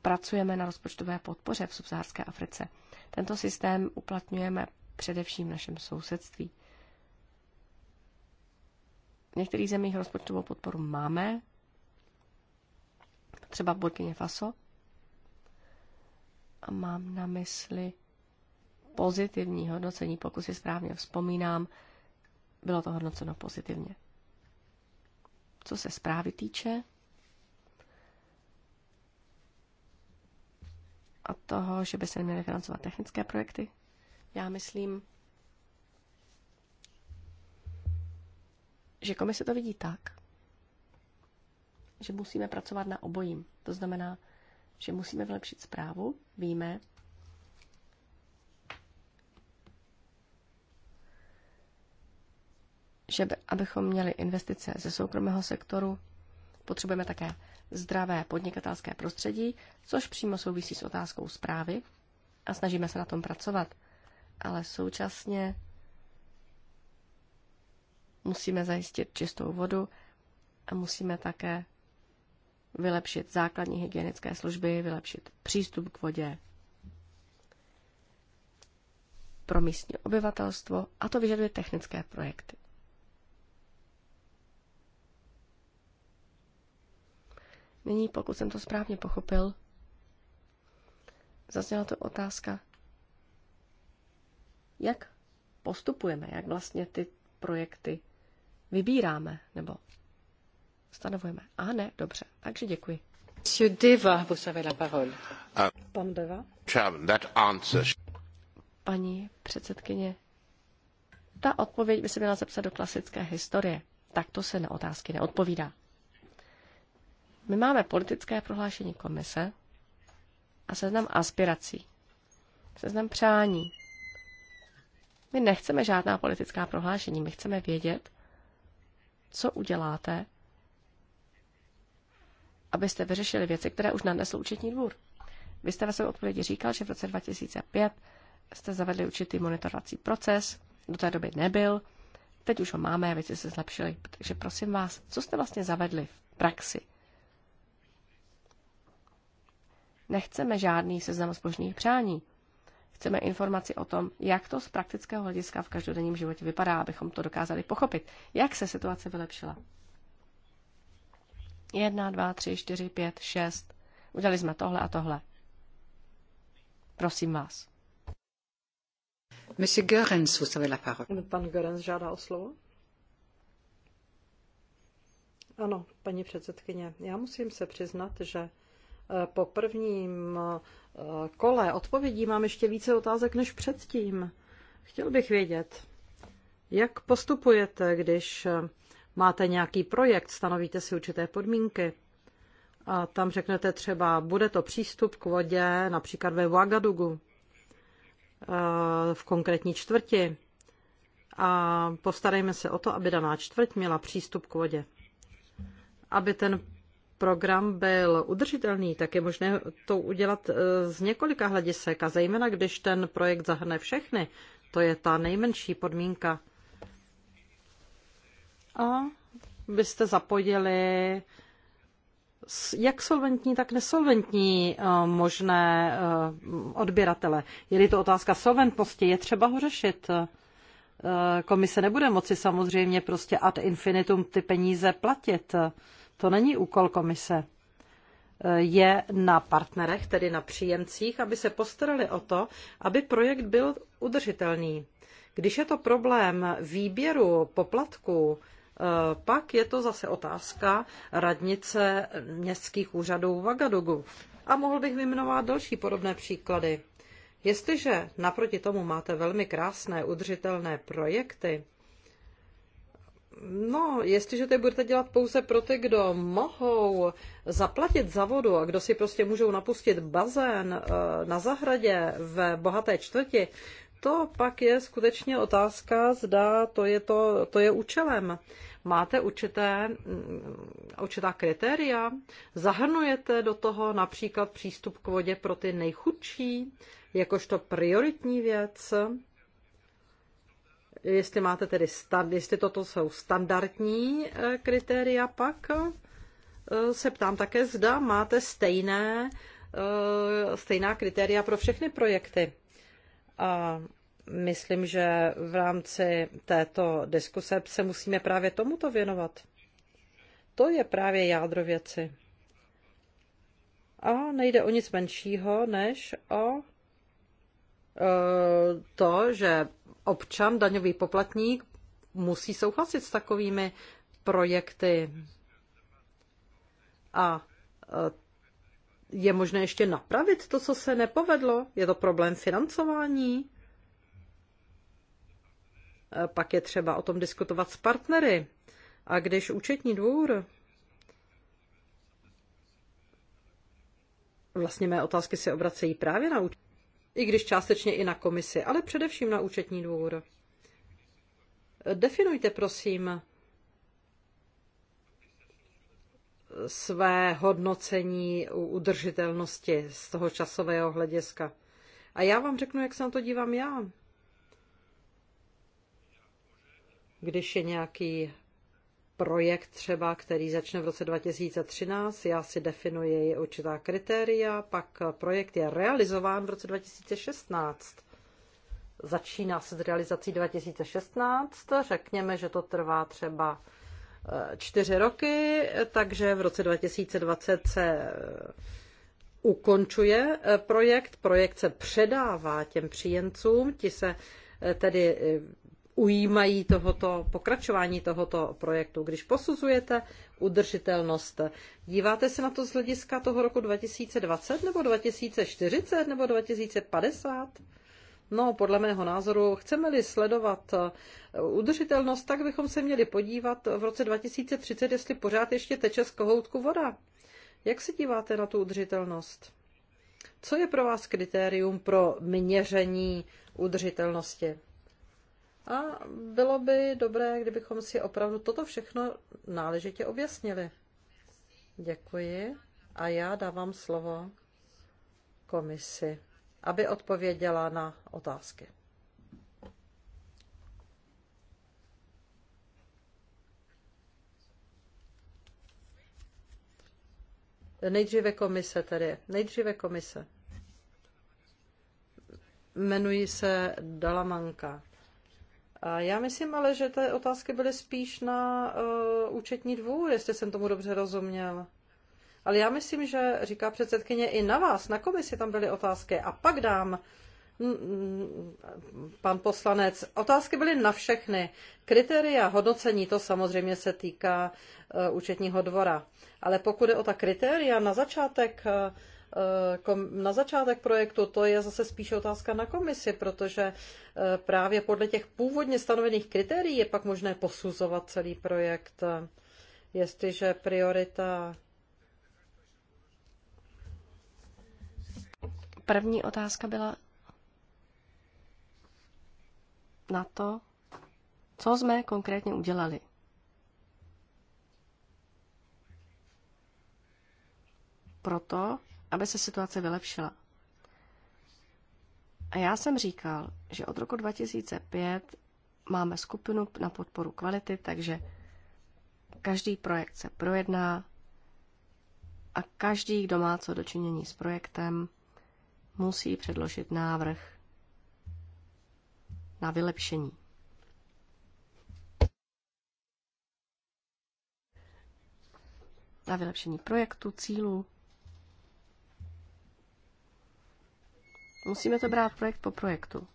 pracujeme na rozpočtové podpoře v subsaharské Africe. Tento systém uplatňujeme především v našem sousedství – v některých zemích rozpočtovou podporu máme, třeba v Burkině Faso. A mám na mysli pozitivní hodnocení, pokud si správně vzpomínám, bylo to hodnoceno pozitivně. Co se zprávy týče, a toho, že by se neměly financovat technické projekty, já myslím, že komise to vidí tak, že musíme pracovat na obojím. To znamená, že musíme vylepšit zprávu, víme, že abychom měli investice ze soukromého sektoru, potřebujeme také zdravé podnikatelské prostředí, což přímo souvisí s otázkou zprávy a snažíme se na tom pracovat. Ale současně Musíme zajistit čistou vodu a musíme také vylepšit základní hygienické služby, vylepšit přístup k vodě pro místní obyvatelstvo a to vyžaduje technické projekty. Nyní, pokud jsem to správně pochopil, zazněla to otázka, jak postupujeme, jak vlastně ty projekty vybíráme nebo stanovujeme. A ne, dobře, takže děkuji. Monsieur Deva, vous avez la parole. Pan Deva. Chairman, that answer. Paní předsedkyně, ta odpověď by se měla zapsat do klasické historie. Tak to se na otázky neodpovídá. My máme politické prohlášení komise a seznam aspirací, seznam přání. My nechceme žádná politická prohlášení, my chceme vědět, co uděláte, abyste vyřešili věci, které už nadnesl účetní dvůr. Vy jste ve své odpovědi říkal, že v roce 2005 jste zavedli určitý monitorovací proces, do té doby nebyl, teď už ho máme a věci se zlepšily. Takže prosím vás, co jste vlastně zavedli v praxi? Nechceme žádný seznam zbožných přání. Chceme informaci o tom, jak to z praktického hlediska v každodenním životě vypadá, abychom to dokázali pochopit, jak se situace vylepšila. 1, 2, 3, 4, 5, 6. Udělali jsme tohle a tohle. Prosím vás. Monsieur Görens, vous avez la parole. Pan Görens žádá o slovo. Ano, paní předsedkyně, já musím se přiznat, že eh, po prvním kole odpovědí mám ještě více otázek než předtím. Chtěl bych vědět, jak postupujete, když eh, máte nějaký projekt, stanovíte si určité podmínky a tam řeknete třeba, bude to přístup k vodě například ve Vagadugu eh, v konkrétní čtvrti a postarejme se o to, aby daná čtvrť měla přístup k vodě. Aby ten program byl udržitelný, tak je možné to udělat e, z několika hledisek a zejména, když ten projekt zahrne všechny. To je ta nejmenší podmínka. A byste zapojili jak solventní, tak nesolventní e, možné e, odběratele. Je-li to otázka solventnosti, je třeba ho řešit. Eh, komise nebude moci samozřejmě prostě ad infinitum ty peníze platit. To není úkol komise. Eh, je na partnerech, tedy na příjemcích, aby se postarali o to, aby projekt byl udržitelný. Když je to problém výběru poplatků, eh, pak je to zase otázka radnice městských úřadů v Vagadugu. A mohl bych vyjmenovat další podobné příklady. Jestliže naproti tomu máte velmi krásné udržitelné projekty, No, jestliže to budete dělat pouze pro ty, kdo mohou zaplatit za vodu a kdo si prostě můžou napustit bazén eh, na zahradě v bohaté čtvrti, to pak je skutečně otázka, zda to je, to, to je účelem. Máte určité, mm, určitá kritéria? Zahrnujete do toho například přístup k vodě pro ty nejchudší? jakožto prioritní věc, jestli máte tedy, jestli toto jsou standardní eh, kritéria, pak eh, se ptám také, zda máte stejné, eh, stejná kritéria pro všechny projekty. A myslím, že v rámci této diskuse se musíme právě tomuto věnovat. To je právě jádro věci. A nejde o nic menšího, než o to, že občan, daňový poplatník, musí souhlasit s takovými projekty. A e, je možné ještě napravit to, co se nepovedlo? Je to problém financování? E, pak je třeba o tom diskutovat s partnery. A když účetní dvůr Vlastně mé otázky se obracejí právě na účetní i když částečně i na komisi, ale především na účetní dvůr. Definujte, prosím, své hodnocení u udržitelnosti z toho časového hlediska. A já vám řeknu, jak se na to dívám já. Když je nějaký projekt třeba, který začne v roce 2013, já si definuji určitá kritéria, pak projekt je realizován v roce 2016. Začíná se s realizací 2016, řekněme, že to trvá třeba eh, čtyři roky, takže v roce 2020 se eh, ukončuje eh, projekt, projekt se předává těm příjemcům, ti se tedy ujímají tohoto pokračování tohoto projektu. Když posuzujete udržitelnost, díváte se na to z hlediska toho roku 2020 nebo 2040 nebo 2050? No, podle mého názoru, chceme-li sledovat eh, udržitelnost, tak bychom se měli podívat v roce 2030, jestli pořád ještě teče z kohoutku voda. Jak se díváte na tu udržitelnost? Co je pro vás kritérium pro měření udržitelnosti? A bylo by dobré, kdybychom si opravdu toto všechno náležitě objasnili. Děkuji. A já dávám slovo komisi, aby odpověděla na otázky. Nejdříve komise tedy. Nejdříve komise. Jmenuji se Dalamanka. Já myslím ale, že ty otázky byly spíš na uh, účetní dvůr, jestli jsem tomu dobře rozuměl. Ale já myslím, že říká předsedkyně i na vás, na komisi tam byly otázky. A pak dám, mm, mm, pan poslanec, otázky byly na všechny. Kritéria hodnocení, to samozřejmě se týká uh, účetního dvora. Ale pokud je o ta kritéria na začátek uh, Eh, na začátek projektu, to je zase spíše otázka na komisi, protože eh, právě podle těch původně stanovených kritérií je pak možné posuzovat celý projekt, jestliže priorita. První otázka byla na to, co jsme konkrétně udělali. proto, aby se situace vylepšila. A já jsem říkal, že od roku 2005 máme skupinu na podporu kvality, takže každý projekt se projedná a každý, kdo má co dočinění s projektem, musí předložit návrh na vylepšení. Na vylepšení projektu, cílu Musíme to brát projekt po projektu.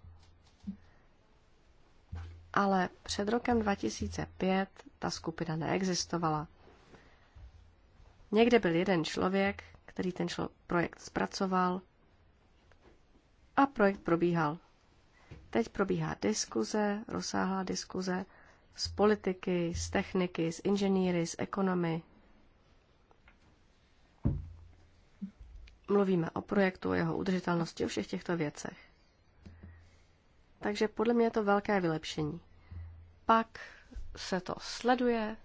Ale před rokem 2005 ta skupina neexistovala. Někde byl jeden člověk, který ten člo- projekt zpracoval a projekt probíhal. Teď probíhá diskuze, rozsáhlá diskuze s politiky, s techniky, s inženýry, s ekonomy, mluvíme o projektu, o jeho udržitelnosti, o všech těchto věcech. Takže podle mě je to velké vylepšení. Pak se to sleduje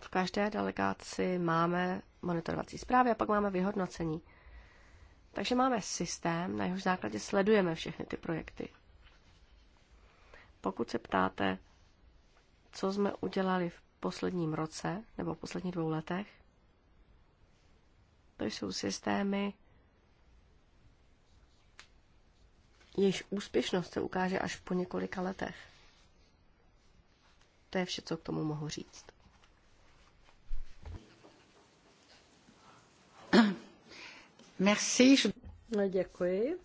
v každé delegaci máme monitorovací zprávy a pak máme vyhodnocení. Takže máme systém, na jehož základě sledujeme všechny ty projekty. Pokud se ptáte, co jsme udělali v posledním roce nebo v posledních dvou letech, to jsou systémy, jejichž úspěšnost se ukáže až po několika letech. To je vše, co k tomu mohu říct. Merci. No, děkuji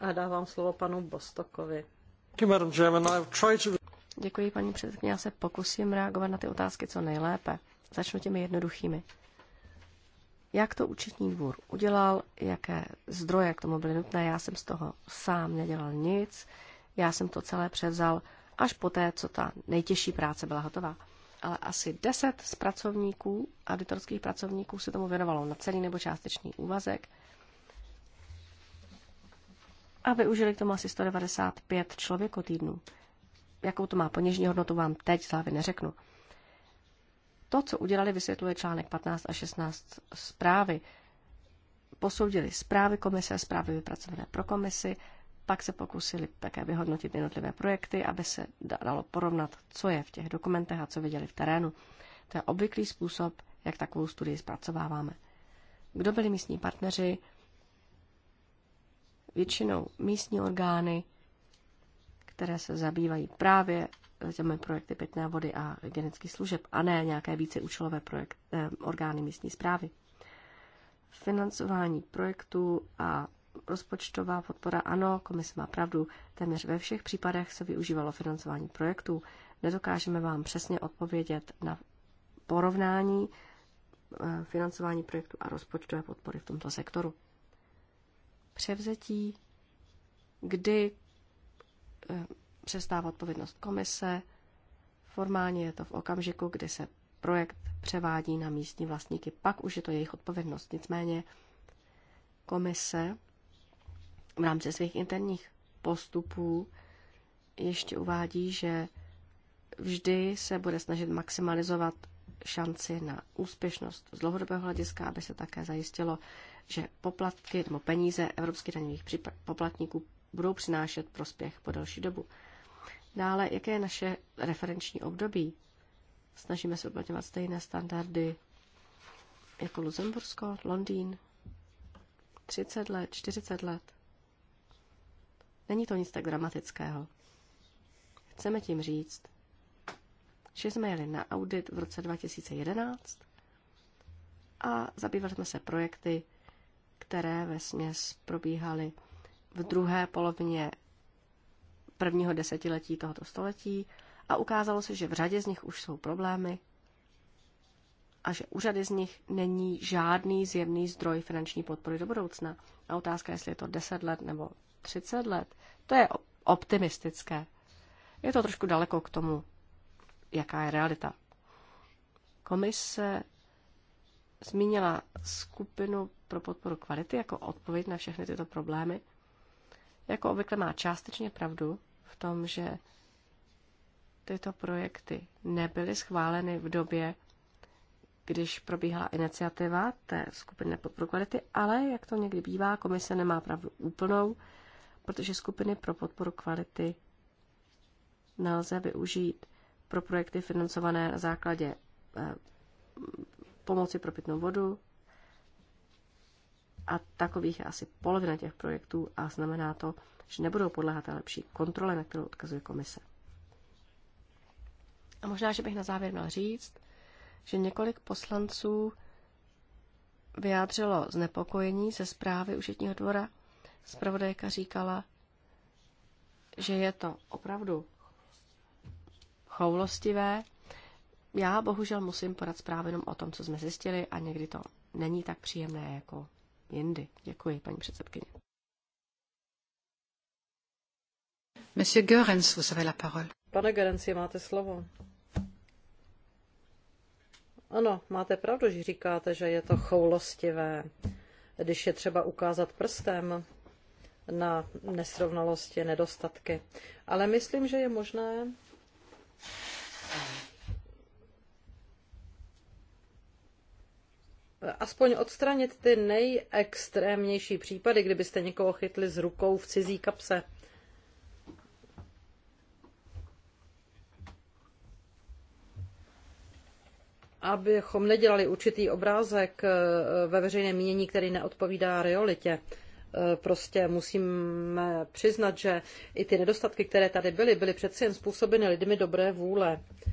a dávám slovo panu Bostokovi. Děkuji, paní předsedkyně. Já se pokusím reagovat na ty otázky co nejlépe. Začnu těmi jednoduchými jak to účetní dvůr udělal, jaké zdroje k tomu byly nutné. Já jsem z toho sám nedělal nic, já jsem to celé převzal až poté, co ta nejtěžší práce byla hotová. Ale asi deset z pracovníků, auditorských pracovníků, se tomu věnovalo na celý nebo částečný úvazek a využili k tomu asi 195 týdnu. Jakou to má poněžní hodnotu, vám teď z hlavy neřeknu. To, co udělali, vysvětluje článek 15 a 16 zprávy. Posoudili zprávy komise, zprávy vypracované pro komisi, pak se pokusili také vyhodnotit jednotlivé projekty, aby se dalo porovnat, co je v těch dokumentech a co viděli v terénu. To je obvyklý způsob, jak takovou studii zpracováváme. Kdo byli místní partneři? Většinou místní orgány, které se zabývají právě těmi projekty pitné vody a hygienických služeb, a ne nějaké účelové projekt, eh, orgány místní zprávy. Financování projektů a rozpočtová podpora, ano, komise má pravdu, téměř ve všech případech se využívalo financování projektů. Nedokážeme vám přesně odpovědět na porovnání eh, financování projektu a rozpočtové podpory v tomto sektoru. Převzetí, kdy eh, přestává odpovědnost komise. Formálně je to v okamžiku, kdy se projekt převádí na místní vlastníky. Pak už je to jejich odpovědnost. Nicméně komise v rámci svých interních postupů ještě uvádí, že vždy se bude snažit maximalizovat šanci na úspěšnost z dlouhodobého hlediska, aby se také zajistilo, že poplatky nebo peníze evropských daňových poplatníků budou přinášet prospěch po delší dobu. Dále, jaké je naše referenční období? Snažíme se uplatňovat stejné standardy jako Luzembursko, Londýn, 30 let, 40 let. Není to nic tak dramatického. Chceme tím říct, že jsme jeli na audit v roce 2011 a zabývali jsme se projekty, které ve směs probíhaly v druhé polovině prvního desetiletí tohoto století a ukázalo se, že v řadě z nich už jsou problémy a že u řady z nich není žádný zjevný zdroj finanční podpory do budoucna. A otázka, jestli je to 10 let nebo 30 let, to je optimistické. Je to trošku daleko k tomu, jaká je realita. Komise zmínila skupinu pro podporu kvality jako odpověď na všechny tyto problémy. Jako obvykle má částečně pravdu, v tom, že tyto projekty nebyly schváleny v době, když probíhala iniciativa té skupiny pro kvality, ale jak to někdy bývá, komise nemá pravdu úplnou, protože skupiny pro podporu kvality nelze využít pro projekty financované na základě eh, pomoci pro pitnou vodu. A takových je asi polovina těch projektů a znamená to, že nebudou podléhat té lepší kontrole, na kterou odkazuje komise. A možná, že bych na závěr měl říct, že několik poslanců vyjádřilo znepokojení ze zprávy Užitního dvora. Zpravodajka říkala, že je to opravdu choulostivé. Já bohužel musím podat zprávu jenom o tom, co jsme zjistili a někdy to není tak příjemné jako jindy. Děkuji, paní předsedkyně. Monsieur vous avez la parole. Pane Gerenci, máte slovo. Ano, máte pravdu, že říkáte, že je to choulostivé, když je třeba ukázat prstem na nesrovnalosti, nedostatky. Ale myslím, že je možné aspoň odstranit ty nejextrémnější případy, kdybyste někoho chytli s rukou v cizí kapse. abychom nedělali určitý obrázek eh, ve veřejném mínění, který neodpovídá realitě. Eh, prostě musíme přiznat, že i ty nedostatky, které tady byly, byly přeci jen způsobeny lidmi dobré vůle. Eh,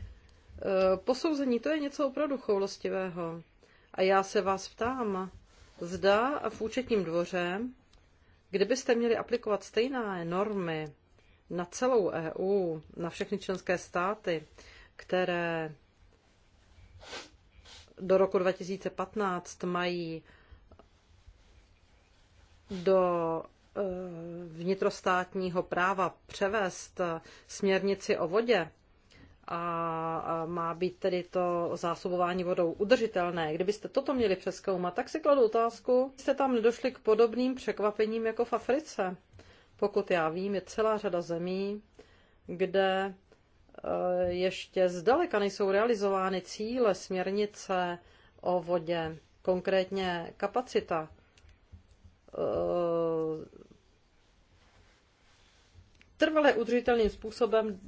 posouzení to je něco opravdu choulostivého. A já se vás ptám, zda v účetním dvoře, kdybyste měli aplikovat stejné normy na celou EU, na všechny členské státy, které do roku 2015 mají do eh, vnitrostátního práva převést eh, směrnici o vodě a má být tedy to zásobování vodou udržitelné. Kdybyste toto měli přeskoumat, tak si kladu otázku, jste tam nedošli k podobným překvapením jako v Africe. Pokud já vím, je celá řada zemí, kde Eh, ještě zdaleka nejsou realizovány cíle směrnice o vodě, konkrétně kapacita eh, trvale udržitelným způsobem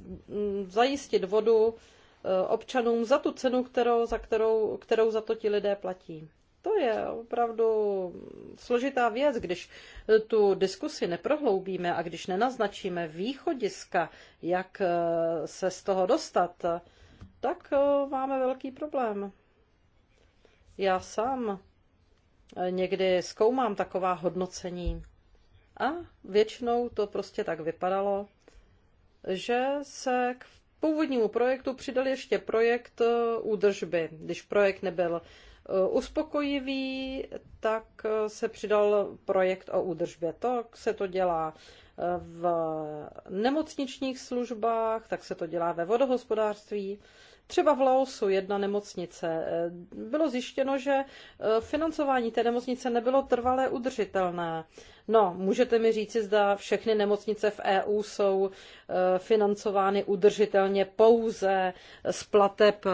zajistit vodu eh, občanům za tu cenu, kterou, za kterou, kterou za to ti lidé platí. To je opravdu složitá věc, když tu diskusi neprohloubíme a když nenaznačíme východiska, jak eh, se z toho dostat, tak eh, máme velký problém. Já sám eh, někdy zkoumám taková hodnocení a většinou to prostě tak vypadalo, že se k původnímu projektu přidal ještě projekt údržby, když projekt nebyl Eh, uspokojivý, tak eh, se přidal projekt o údržbě. To se to dělá eh, v nemocničních službách, tak se to dělá ve vodohospodářství. Třeba v Laosu jedna nemocnice. Eh, bylo zjištěno, že eh, financování té nemocnice nebylo trvalé udržitelné. No, můžete mi říci, zda všechny nemocnice v EU jsou eh, financovány udržitelně pouze z plateb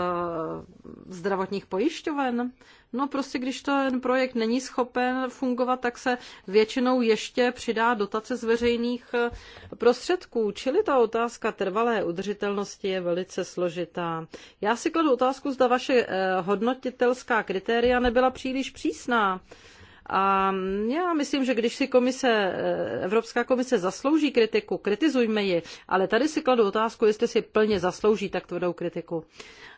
zdravotních pojišťoven? No prostě, když ten projekt není schopen fungovat, tak se většinou ještě přidá dotace z veřejných eh, prostředků. Čili ta otázka trvalé udržitelnosti je velice složitá. Já si kladu otázku, zda vaše eh, hodnotitelská kritéria nebyla příliš přísná. A já myslím, že když si komise, eh, Evropská komise zaslouží kritiku, kritizujme ji, ale tady si kladu otázku, jestli si plně zaslouží tak tvrdou kritiku.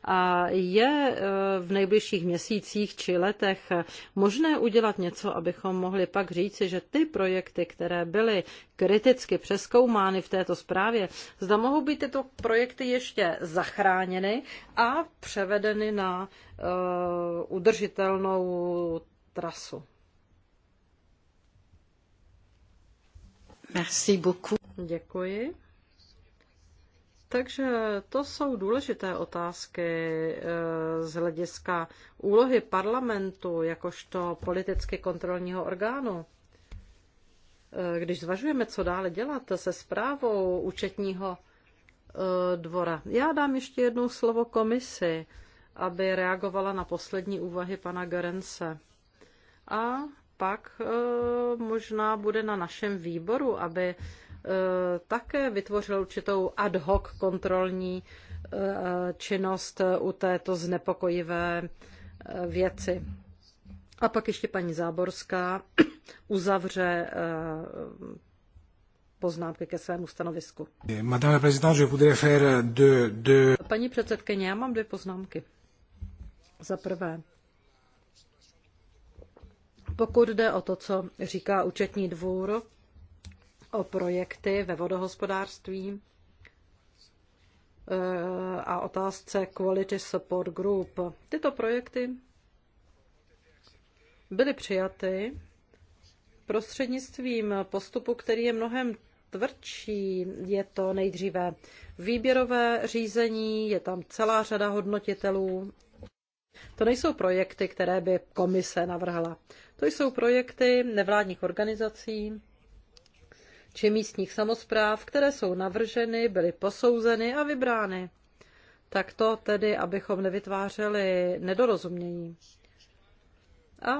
A je eh, v nejbližších měsících či letech možné udělat něco, abychom mohli pak říci, že ty projekty, které byly kriticky přeskoumány v této zprávě, zda mohou být tyto projekty ještě zachráněny a převedeny na eh, udržitelnou trasu. Merci beaucoup. Děkuji. Takže to jsou důležité otázky eh, z hlediska úlohy parlamentu jakožto politicky kontrolního orgánu. Eh, když zvažujeme, co dále dělat se zprávou účetního eh, dvora. Já dám ještě jednou slovo komisi, aby reagovala na poslední úvahy pana Gerence. A pak eh, možná bude na našem výboru, aby eh, také vytvořil určitou ad hoc kontrolní eh, činnost u této znepokojivé věci. A pak ještě paní Záborská uzavře poznámky ke svému stanovisku. Madame la je voudrais faire de, de... Paní předsedkyně, já mám dvě poznámky. Za prvé, pokud jde o to, co říká účetní dvůr o projekty ve vodohospodářství eh, a otázce Quality Support Group, tyto projekty byly přijaty prostřednictvím postupu, který je mnohem tvrdší. Je to nejdříve výběrové řízení, je tam celá řada hodnotitelů. To nejsou projekty, které by komise navrhla. To jsou projekty nevládních organizací či místních samozpráv, které jsou navrženy, byly posouzeny a vybrány. Tak to tedy, abychom nevytvářeli nedorozumění. A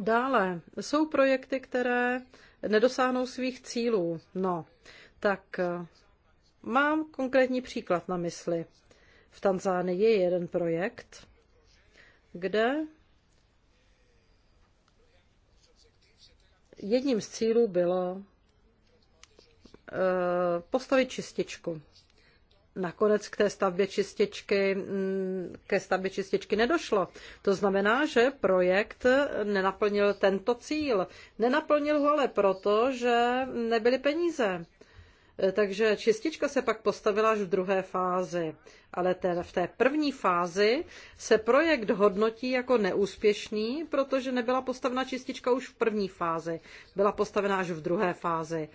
dále jsou projekty, které nedosáhnou svých cílů. No, tak eh, mám konkrétní příklad na mysli. V Tanzánii je jeden projekt, kde jedním z cílů bylo eh, postavit čističku. Nakonec k té stavbě čističky, mm, ke stavbě čističky nedošlo. To znamená, že projekt nenaplnil tento cíl. Nenaplnil ho ale proto, že nebyly peníze. Eh, takže čistička se pak postavila až v druhé fázi. Ale ten, v té první fázi se projekt hodnotí jako neúspěšný, protože nebyla postavena čistička už v první fázi. Byla postavena až v druhé fázi.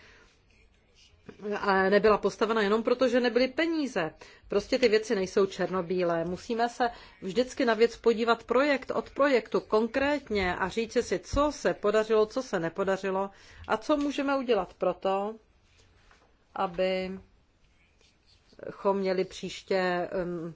A nebyla postavena jenom proto, že nebyly peníze. Prostě ty věci nejsou černobílé. Musíme se vždycky na věc podívat projekt od projektu konkrétně a říct si, co se podařilo, co se nepodařilo a co můžeme udělat proto, abychom měli příště um,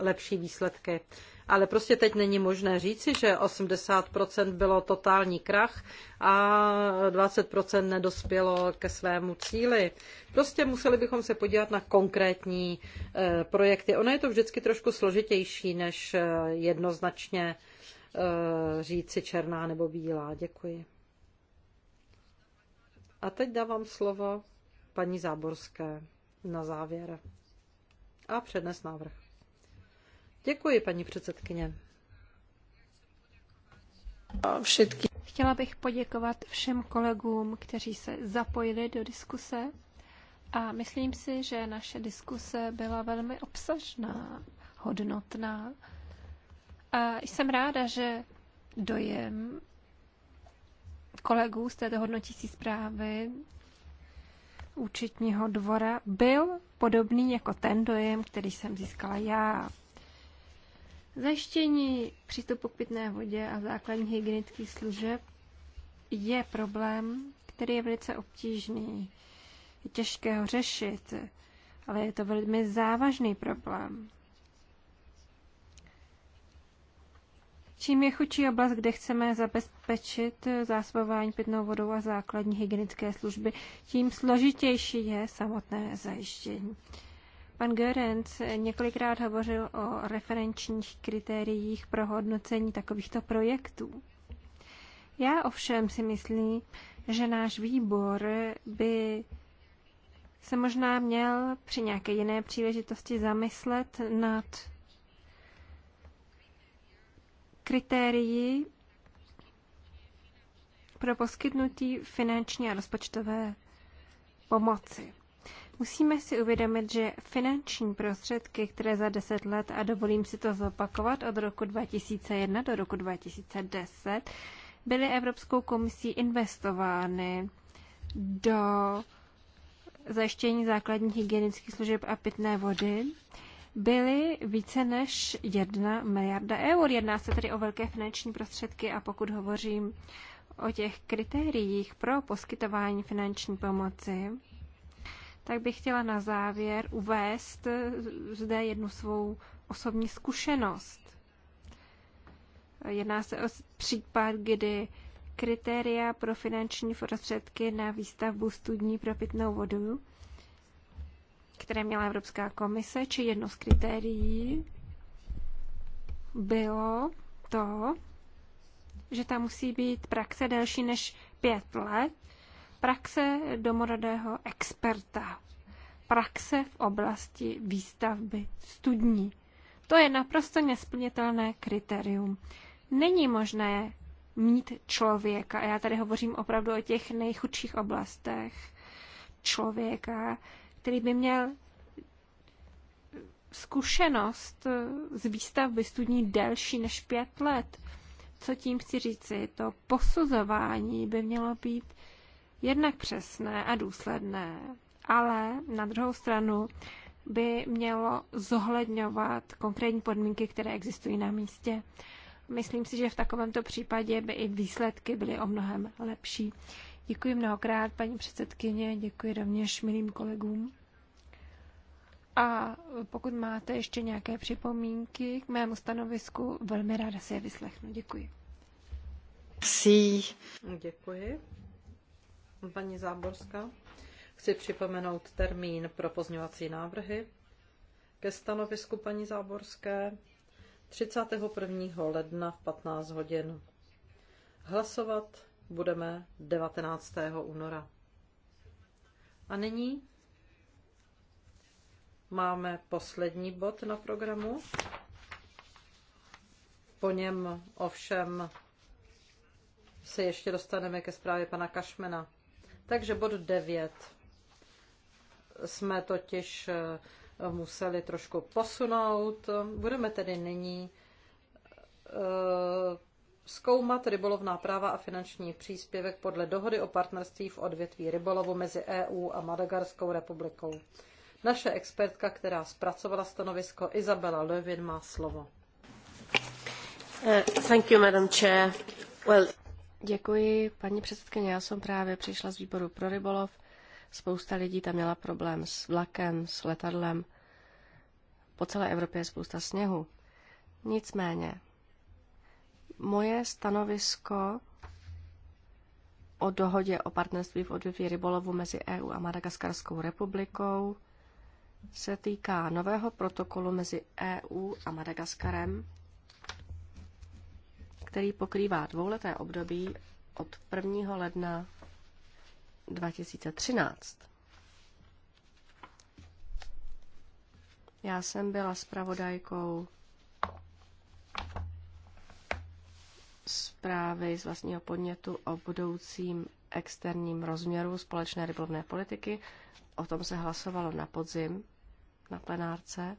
lepší výsledky. Ale prostě teď není možné říci, že 80% bylo totální krach a 20% nedospělo ke svému cíli. Prostě museli bychom se podívat na konkrétní eh, projekty. Ono je to vždycky trošku složitější, než eh, jednoznačně eh, říci černá nebo bílá. Děkuji. A teď dávám slovo paní Záborské na závěr a přednes návrh. Děkuji, paní předsedkyně. Všetky. Chtěla bych poděkovat všem kolegům, kteří se zapojili do diskuse a myslím si, že naše diskuse byla velmi obsažná, hodnotná. A jsem ráda, že dojem kolegů z této hodnotící zprávy účetního dvora byl podobný jako ten dojem, který jsem získala já. Zajištění přístupu k pitné vodě a základní hygienický služeb je problém, který je velice obtížný. Je těžké ho řešit, ale je to velmi závažný problém. Čím je chudší oblast, kde chceme zabezpečit eh, zásobování pitnou vodou a základní hygienické služby, tím složitější je samotné zajištění. Pan Görenc několikrát hovořil o referenčních kritériích pro hodnocení takovýchto projektů. Já ovšem si myslím, že náš výbor by se možná měl při nějaké jiné příležitosti zamyslet nad kritérii pro poskytnutí finanční a rozpočtové pomoci. Musíme si uvědomit, že finanční prostředky, které za 10 let, a dovolím si to zopakovat, od roku 2001 do roku 2010, byly Evropskou komisí investovány do zajištění základních hygienických služeb a pitné vody byly více než 1 miliarda eur. Jedná se tedy o velké finanční prostředky a pokud hovořím o těch kritériích pro poskytování finanční pomoci, tak bych chtěla na závěr uvést zde jednu svou osobní zkušenost. Jedná se o případ, kdy kritéria pro finanční prostředky na výstavbu studní pro pitnou vodu které měla Evropská komise, či jedno z kritérií bylo to, že tam musí být praxe delší než pět let, praxe domorodého experta, praxe v oblasti výstavby studní. To je naprosto nesplnitelné kritérium. Není možné mít člověka, a já tady hovořím opravdu o těch nejchudších oblastech, člověka, který by měl zkušenost z výstavby studní delší než pět let. Co tím chci říci? To posuzování by mělo být jednak přesné a důsledné, ale na druhou stranu by mělo zohledňovat konkrétní podmínky, které existují na místě. Myslím si, že v takovémto případě by i výsledky byly o mnohem lepší. Děkuji mnohokrát, paní předsedkyně, děkuji rovněž milým kolegům. A pokud máte ještě nějaké připomínky k mému stanovisku, velmi ráda si je vyslechnu. Děkuji. Sí. Děkuji. Paní Záborská, chci připomenout termín pro pozňovací návrhy ke stanovisku paní Záborské 31. ledna v 15 hodin. Hlasovat budeme 19. února. A nyní máme poslední bod na programu. Po něm ovšem se ještě dostaneme ke zprávě pana Kašmena. Takže bod 9. Jsme totiž eh, museli trošku posunout. Budeme tedy nyní eh, zkoumat rybolovná práva a finanční příspěvek podle dohody o partnerství v odvětví rybolovu mezi EU a Madagarskou republikou. Naše expertka, která zpracovala stanovisko, Izabela Lövin, má slovo. Uh, thank you, Madam Chair. Well... Děkuji, paní předsedkyně. Já jsem právě přišla z výboru pro rybolov. Spousta lidí tam měla problém s vlakem, s letadlem. Po celé Evropě je spousta sněhu. Nicméně, Moje stanovisko o dohodě o partnerství v odvětví rybolovu mezi EU a Madagaskarskou republikou se týká nového protokolu mezi EU a Madagaskarem, který pokrývá dvouleté období od 1. ledna 2013. Já jsem byla zpravodajkou zprávy z vlastního podnětu o budoucím externím rozměru společné rybolovné politiky. O tom se hlasovalo na podzim na plenárce.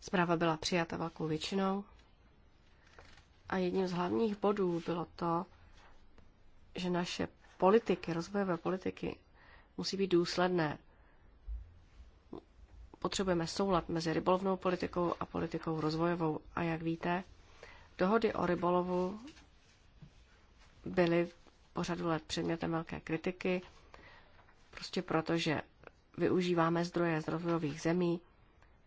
Zpráva byla přijata velkou většinou. A jedním z hlavních bodů bylo to, že naše politiky, rozvojové politiky, musí být důsledné. Potřebujeme soulad mezi rybolovnou politikou a politikou rozvojovou. A jak víte, Dohody o rybolovu byly po řadu let předmětem velké kritiky, prostě proto, že využíváme zdroje z rozvojových zemí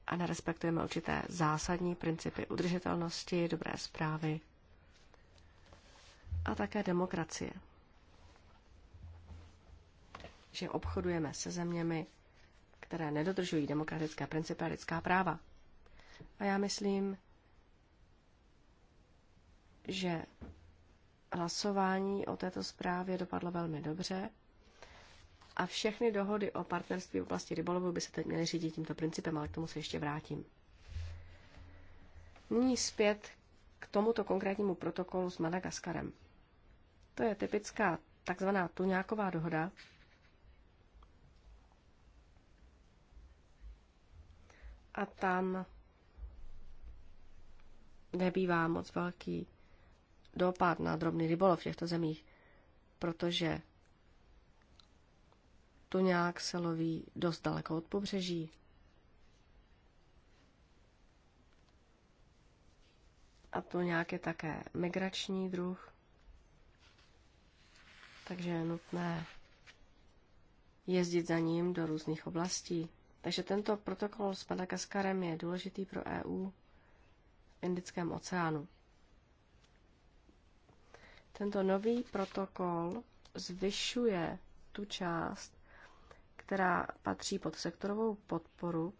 a nerespektujeme určité zásadní principy udržitelnosti, dobré zprávy a také demokracie. Že obchodujeme se zeměmi, které nedodržují demokratické principy a lidská práva. A já myslím, že hlasování o této zprávě dopadlo velmi dobře a všechny dohody o partnerství v oblasti rybolovu by se teď měly řídit tímto principem, ale k tomu se ještě vrátím. Nyní zpět k tomuto konkrétnímu protokolu s Madagaskarem. To je typická takzvaná tuňáková dohoda. A tam nebývá moc velký dopad na drobný rybolov v těchto zemích, protože tu nějak se loví dost daleko od pobřeží. A tu nějak je také migrační druh, takže je nutné jezdit za ním do různých oblastí. Takže tento protokol s Madagaskarem je důležitý pro EU v Indickém oceánu. Tento nový protokol zvyšuje tu část, která patří pod sektorovou podporu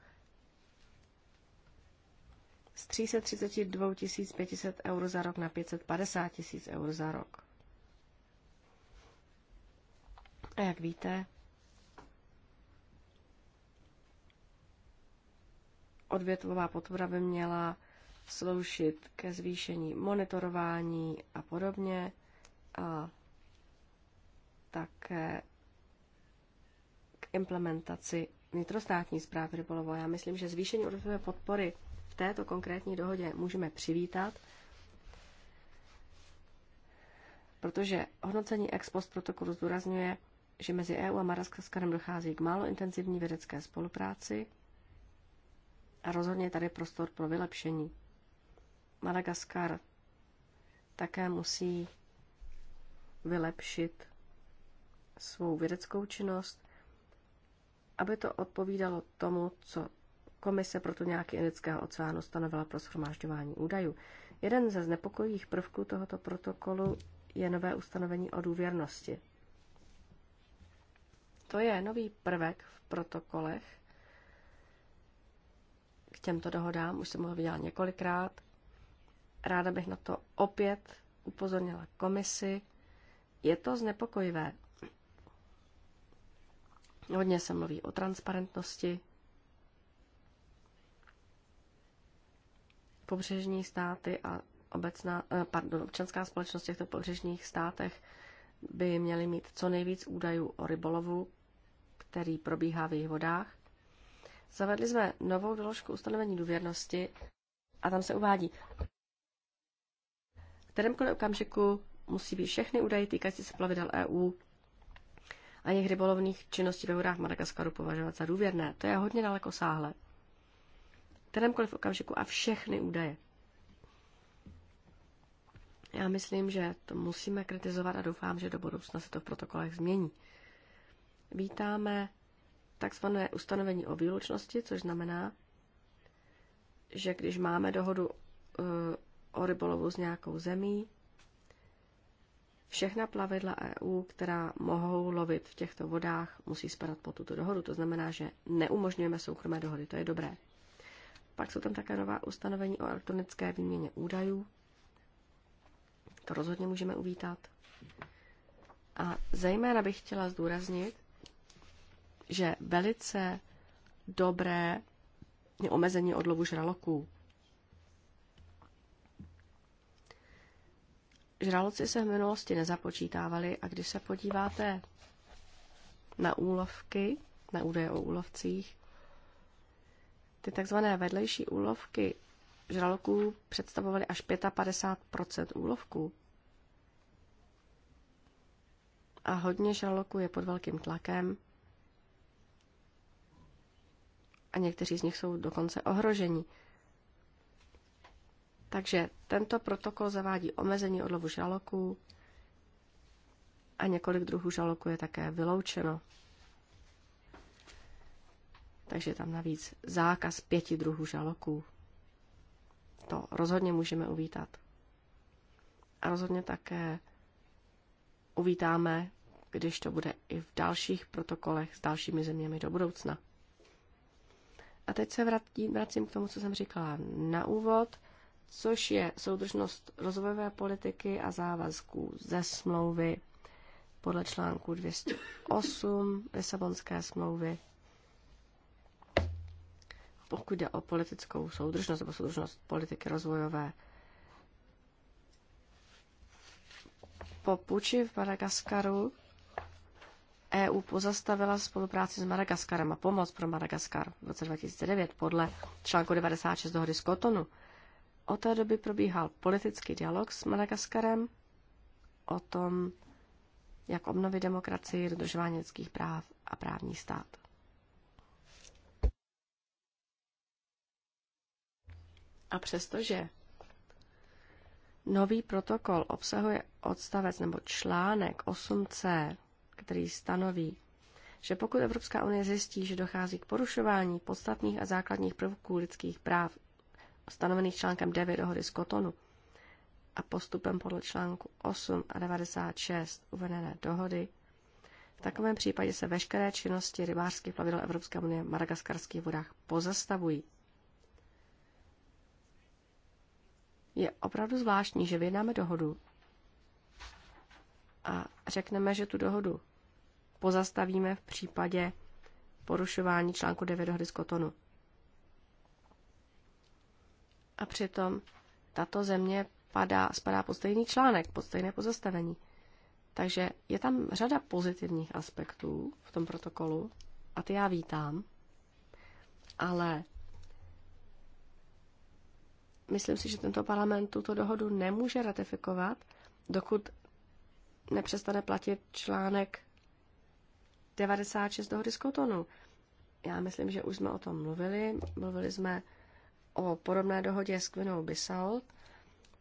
z 332 500 eur za rok na 550 000 eur za rok. A jak víte, odvětvová podpora by měla sloužit ke zvýšení monitorování a podobně a také k implementaci vnitrostátní zprávy rybolovu. Já myslím, že zvýšení odvětvové podpory v této konkrétní dohodě můžeme přivítat, protože hodnocení ex post protokolu zdůrazňuje, že mezi EU a Maraskaskarem dochází k málo intenzivní vědecké spolupráci a rozhodně je tady prostor pro vylepšení. Madagaskar také musí vylepšit svou vědeckou činnost, aby to odpovídalo tomu, co Komise pro tu nějaký Indického oceánu stanovila pro schromážďování údajů. Jeden ze znepokojivých prvků tohoto protokolu je nové ustanovení o důvěrnosti. To je nový prvek v protokolech k těmto dohodám, už jsem ho viděla několikrát. Ráda bych na to opět upozornila komisi je to znepokojivé. Hodně se mluví o transparentnosti. Pobřežní státy a obecná, eh, pardon, občanská společnost v těchto pobřežních státech by měly mít co nejvíc údajů o rybolovu, který probíhá v jejich vodách. Zavedli jsme novou doložku ustanovení důvěrnosti a tam se uvádí. V kterémkoliv okamžiku musí být všechny údaje týkající se plavidel EU a jejich rybolovných činností ve vodách Madagaskaru považovat za důvěrné. To je hodně daleko sáhle. Kterémkoliv okamžiku a všechny údaje. Já myslím, že to musíme kritizovat a doufám, že do budoucna se to v protokolech změní. Vítáme takzvané ustanovení o výlučnosti, což znamená, že když máme dohodu eh, o rybolovu s nějakou zemí, Všechna plavidla EU, která mohou lovit v těchto vodách, musí spadat po tuto dohodu. To znamená, že neumožňujeme soukromé dohody. To je dobré. Pak jsou tam také nová ustanovení o elektronické výměně údajů. To rozhodně můžeme uvítat. A zejména bych chtěla zdůraznit, že velice dobré je omezení odlovu žraloků. Žraloci se v minulosti nezapočítávali a když se podíváte na úlovky, na údaje o úlovcích, ty takzvané vedlejší úlovky žraloků představovaly až 55 úlovků. A hodně žraloků je pod velkým tlakem a někteří z nich jsou dokonce ohroženi. Takže tento protokol zavádí omezení odlovu žaloků a několik druhů žaloků je také vyloučeno. Takže tam navíc zákaz pěti druhů žaloků. To rozhodně můžeme uvítat. A rozhodně také uvítáme, když to bude i v dalších protokolech s dalšími zeměmi do budoucna. A teď se vrátím, vracím k tomu, co jsem říkala na úvod – což je soudržnost rozvojové politiky a závazků ze smlouvy podle článku 208 Lisabonské smlouvy, pokud jde o politickou soudržnost nebo soudržnost politiky rozvojové. Po puči v Madagaskaru EU pozastavila spolupráci s Madagaskarem a pomoc pro Madagaskar v roce 2009 podle článku 96 dohody z Kotonu. Od té doby probíhal politický dialog s Madagaskarem o tom, jak obnovit demokracii, dodržování lidských práv a právní stát. A přestože nový protokol obsahuje odstavec nebo článek 8c, který stanoví, že pokud Evropská unie zjistí, že dochází k porušování podstatných a základních prvků lidských práv stanovených článkem 9 dohody z Kotonu a postupem podle článku 8 a 96 uvedené dohody, v takovém případě se veškeré činnosti rybářských plavidel Evropské unie v madagaskarských vodách pozastavují. Je opravdu zvláštní, že vyjednáme dohodu a řekneme, že tu dohodu pozastavíme v případě porušování článku 9 dohody z Kotonu. A přitom tato země padá, spadá pod stejný článek, pod stejné pozastavení. Takže je tam řada pozitivních aspektů v tom protokolu a ty já vítám, ale myslím si, že tento parlament tuto dohodu nemůže ratifikovat, dokud nepřestane platit článek 96 dohody z Kotonu. Já myslím, že už jsme o tom mluvili. Mluvili jsme o podobné dohodě s Kvinou Bissau.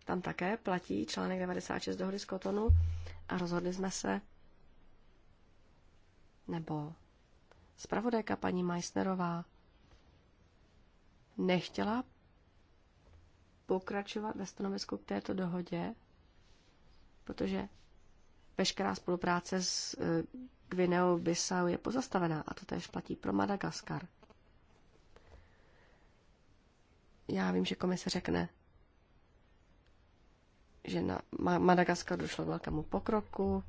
Tam také platí článek 96 dohody z Kotonu a rozhodli jsme se, nebo zpravodajka paní Meissnerová nechtěla pokračovat ve stanovisku k této dohodě, protože veškerá spolupráce s eh, Gvineou Bissau je pozastavená a to též platí pro Madagaskar. Já vím, že komise řekne, že na Madagaskaru došlo k velkému pokroku.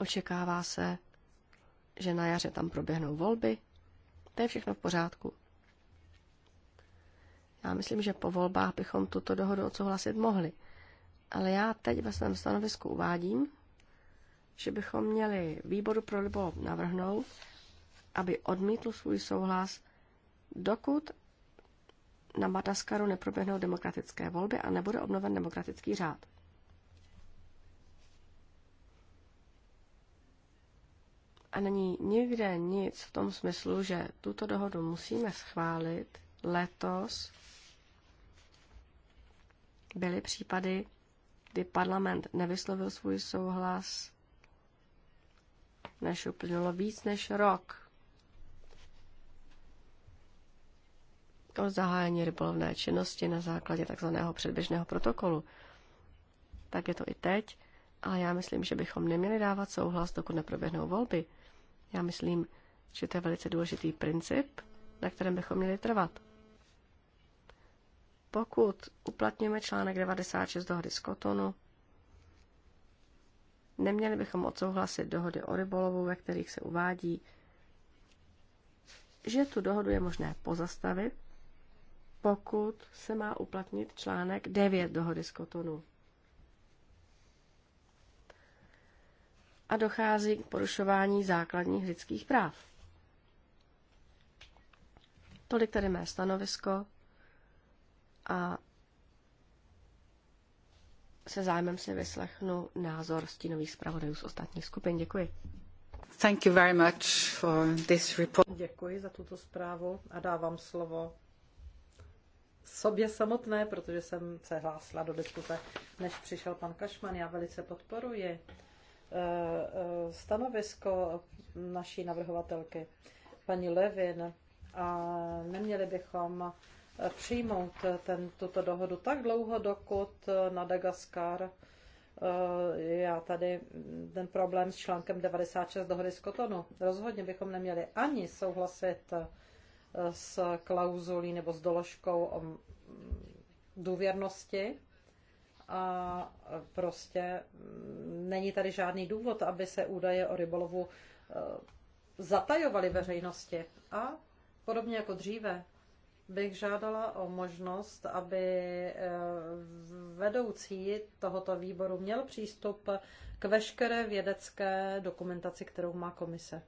Očekává se, že na jaře tam proběhnou volby. To je všechno v pořádku. Já myslím, že po volbách bychom tuto dohodu odsouhlasit mohli. Ale já teď ve svém stanovisku uvádím, že bychom měli výboru pro libo navrhnout, aby odmítl svůj souhlas dokud na Madagaskaru neproběhnou demokratické volby a nebude obnoven demokratický řád. A není nikde nic v tom smyslu, že tuto dohodu musíme schválit letos. Byly případy, kdy parlament nevyslovil svůj souhlas, než uplynulo víc než rok o zahájení rybolovné činnosti na základě takzvaného předběžného protokolu. Tak je to i teď, ale já myslím, že bychom neměli dávat souhlas, dokud neproběhnou volby. Já myslím, že to je velice důležitý princip, na kterém bychom měli trvat. Pokud uplatníme článek 96 dohody z Kotonu, neměli bychom odsouhlasit dohody o rybolovu, ve kterých se uvádí, že tu dohodu je možné pozastavit pokud se má uplatnit článek 9 dohody z Kotonu. A dochází k porušování základních lidských práv. Tolik tedy mé stanovisko a se zájmem si vyslechnu názor stínových zpravodajů z ostatních skupin. Děkuji. Thank you very much for this report. Děkuji za tuto zprávu a dávám slovo sobě samotné, protože jsem se hlásila do diskuze, než přišel pan Kašman. Já velice podporuji eh, eh, stanovisko naší navrhovatelky, paní Levin, a neměli bychom eh, přijmout ten, tuto dohodu tak dlouho, dokud Madagaskar já tady mm, ten problém s článkem 96 dohody z Kotonu. Rozhodně bychom neměli ani souhlasit s klauzulí nebo s doložkou o důvěrnosti a prostě není tady žádný důvod, aby se údaje o rybolovu e, zatajovaly veřejnosti. A podobně jako dříve bych žádala o možnost, aby e, vedoucí tohoto výboru měl přístup k veškeré vědecké dokumentaci, kterou má komise.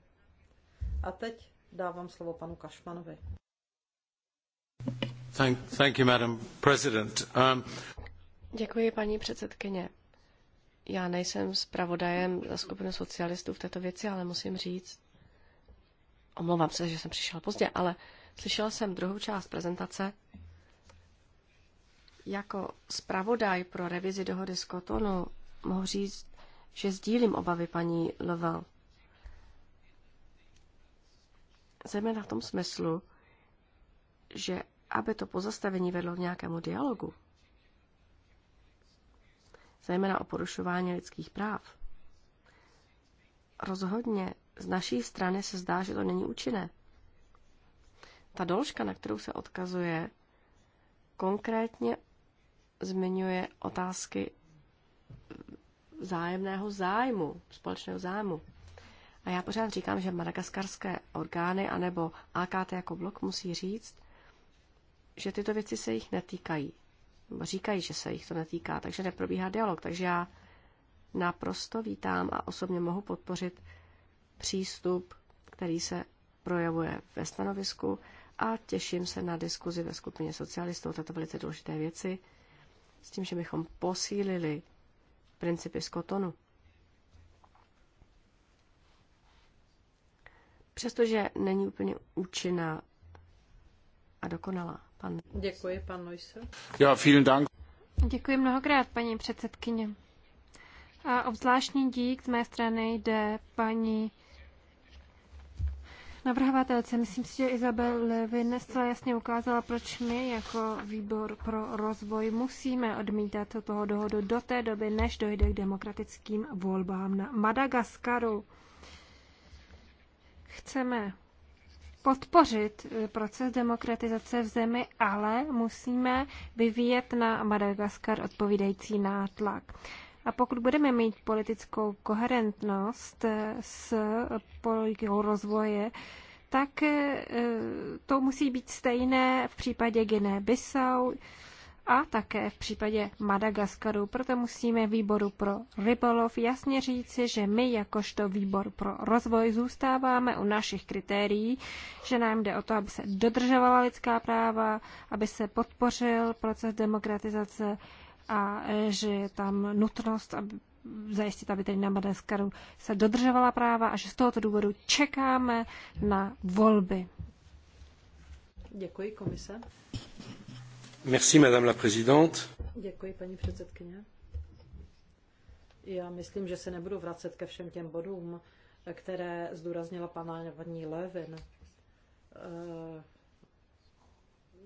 A teď dávám slovo panu Kašmanovi. Thank, thank you, Madam President. Um... Děkuji, paní předsedkyně. Já nejsem zpravodajem za skupinu socialistů v této věci, ale musím říct, omlouvám se, že jsem přišel pozdě, ale slyšel jsem druhou část prezentace. Jako zpravodaj pro revizi dohody z Kotonu mohu říct, že sdílím obavy paní Lovell. Zejména v tom smyslu, že aby to pozastavení vedlo k nějakému dialogu, zejména o porušování lidských práv, rozhodně z naší strany se zdá, že to není účinné. Ta doložka, na kterou se odkazuje, konkrétně zmiňuje otázky vzájemného zájmu, společného zájmu. A já pořád říkám, že madagaskarské orgány anebo AKT jako blok musí říct, že tyto věci se jich netýkají. Nebo Říkají, že se jich to netýká, takže neprobíhá dialog. Takže já naprosto vítám a osobně mohu podpořit přístup, který se projevuje ve stanovisku a těším se na diskuzi ve skupině socialistů o této velice důležité věci, s tím, že bychom posílili principy z kotonu. přestože není úplně účinná a dokonalá. Pan. Děkuji, pan Neusser. Ja, vielen Dank. Děkuji mnohokrát, paní předsedkyně. A obzvláštní dík z mé strany jde paní navrhovatelce. Myslím si, že Izabel Levin zcela jasně ukázala, proč my jako výbor pro rozvoj musíme odmítat toho dohodu do té doby, než dojde k demokratickým volbám na Madagaskaru chceme podpořit eh, proces demokratizace v zemi, ale musíme vyvíjet na Madagaskar odpovídající nátlak. A pokud budeme mít politickou koherentnost eh, s politikou rozvoje, tak eh, to musí být stejné v případě Guinea-Bissau, a také v případě Madagaskaru. Proto musíme výboru pro rybolov jasně říci, že my jakožto výbor pro rozvoj zůstáváme u našich kritérií, že nám jde o to, aby se dodržovala lidská práva, aby se podpořil proces demokratizace a že je tam nutnost, aby zajistit, aby tady na Madagaskaru se dodržovala práva a že z tohoto důvodu čekáme na volby. Děkuji, komise. Děkuji, paní předsedkyně. Já myslím, že se nebudu vracet ke všem těm bodům, které zdůraznila paní Levin. Eh,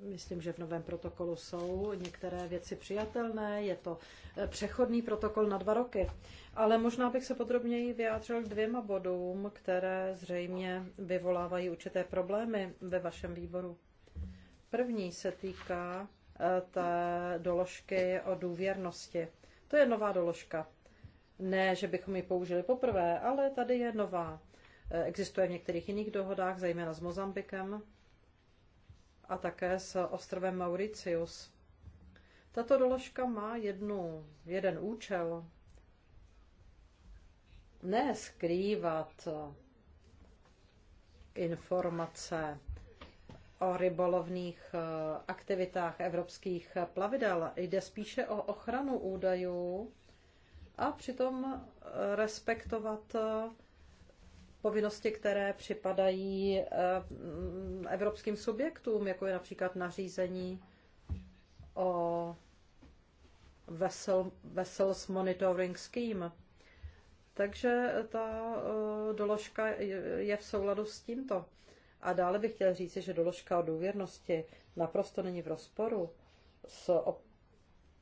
myslím, že v novém protokolu jsou některé věci přijatelné, je to eh, přechodný protokol na dva roky. Ale možná bych se podrobněji vyjádřil k dvěma bodům, které zřejmě vyvolávají určité problémy ve vašem výboru. První se týká té doložky o důvěrnosti. To je nová doložka. Ne, že bychom ji použili poprvé, ale tady je nová. E, existuje v některých jiných dohodách, zejména s Mozambikem a také s ostrovem Mauritius. Tato doložka má jednu, jeden účel. Ne skrývat informace o rybolovných eh, aktivitách evropských plavidel. Jde spíše o ochranu údajů a přitom eh, respektovat eh, povinnosti, které připadají evropským subjektům, jako je například nařízení o vessel, Vessels Monitoring Scheme. Takže ta doložka je v souladu s tímto. A dále bych chtěl říct, že doložka o důvěrnosti naprosto není v rozporu s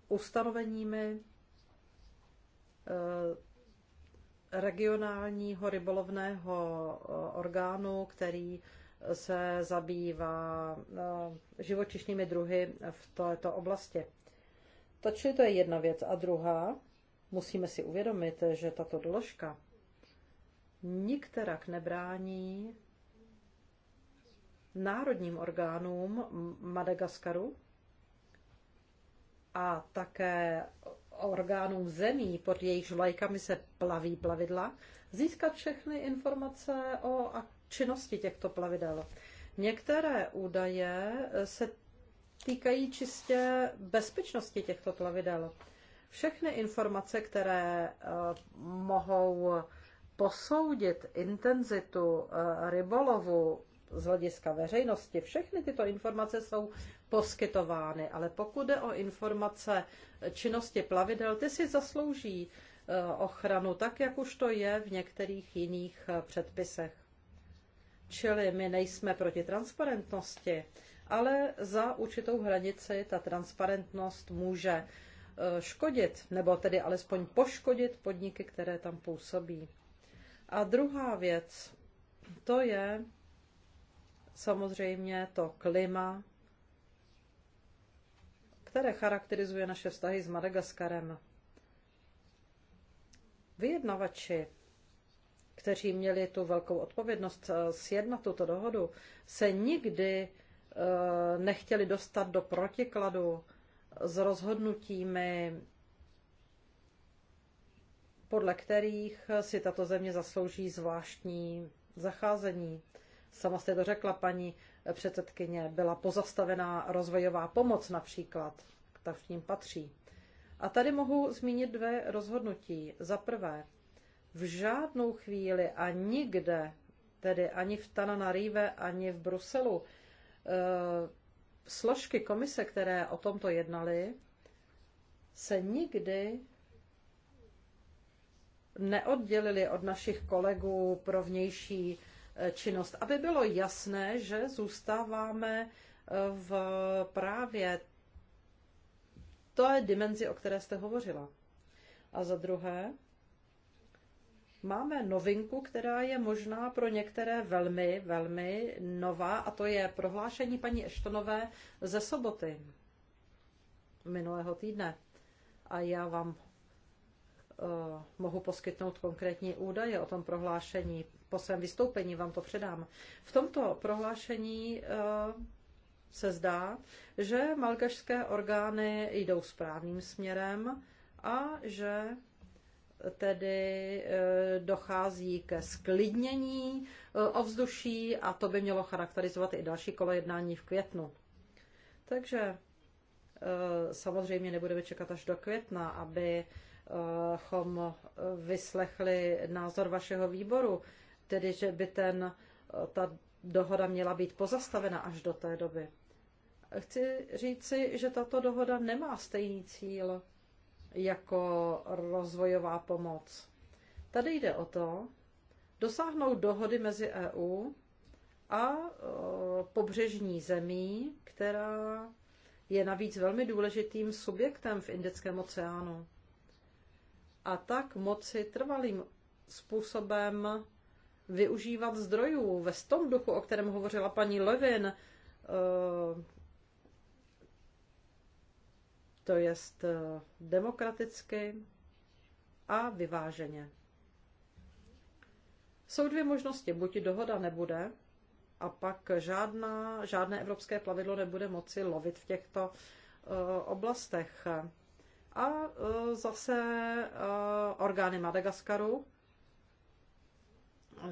ustanoveními eh, regionálního rybolovného eh, orgánu, který se zabývá eh, živočišnými druhy v této oblasti. To, čili to je jedna věc. A druhá, musíme si uvědomit, že tato doložka nikterak nebrání národním orgánům Madagaskaru a také orgánům zemí, pod jejichž vlajkami se plaví plavidla, získat všechny informace o činnosti těchto plavidel. Některé údaje se týkají čistě bezpečnosti těchto plavidel. Všechny informace, které eh, mohou posoudit intenzitu eh, rybolovu z hlediska veřejnosti. Všechny tyto informace jsou poskytovány, ale pokud jde o informace činnosti plavidel, ty si zaslouží eh, ochranu, tak jak už to je v některých jiných eh, předpisech. Čili my nejsme proti transparentnosti, ale za určitou hranici ta transparentnost může eh, škodit, nebo tedy alespoň poškodit podniky, které tam působí. A druhá věc, to je samozřejmě to klima, které charakterizuje naše vztahy s Madagaskarem. Vyjednavači, kteří měli tu velkou odpovědnost eh, sjednat tuto dohodu, se nikdy eh, nechtěli dostat do protikladu s rozhodnutími, podle kterých si tato země zaslouží zvláštní zacházení sama jste to řekla, paní předsedkyně, byla pozastavená rozvojová pomoc například, ta v ním patří. A tady mohu zmínit dvě rozhodnutí. Za prvé, v žádnou chvíli a nikde, tedy ani v Tananarive, ani v Bruselu, eh, složky komise, které o tomto jednaly, se nikdy neoddělili od našich kolegů pro vnější činnost, aby bylo jasné, že zůstáváme eh, v právě té dimenzi, o které jste hovořila. A za druhé, máme novinku, která je možná pro některé velmi, velmi nová, a to je prohlášení paní Eštonové ze soboty minulého týdne. A já vám uh, mohu poskytnout konkrétní údaje o tom prohlášení po svém vystoupení vám to předám. V tomto prohlášení eh, se zdá, že malgašské orgány jdou správným směrem a že tedy eh, dochází ke sklidnění eh, ovzduší a to by mělo charakterizovat i další kolo jednání v květnu. Takže samozřejmě nebudeme čekat až do května, abychom vyslechli názor vašeho výboru tedy že by ten, ta dohoda měla být pozastavena až do té doby. Chci říci, že tato dohoda nemá stejný cíl jako rozvojová pomoc. Tady jde o to, dosáhnout dohody mezi EU a pobřežní zemí, která je navíc velmi důležitým subjektem v Indickém oceánu. A tak moci trvalým způsobem využívat zdrojů ve tom duchu, o kterém hovořila paní Levin, eh, to jest eh, demokraticky a vyváženě. Jsou dvě možnosti. Buď dohoda nebude, a pak žádná, žádné evropské plavidlo nebude moci lovit v těchto eh, oblastech. A zase orgány Madagaskaru Eh,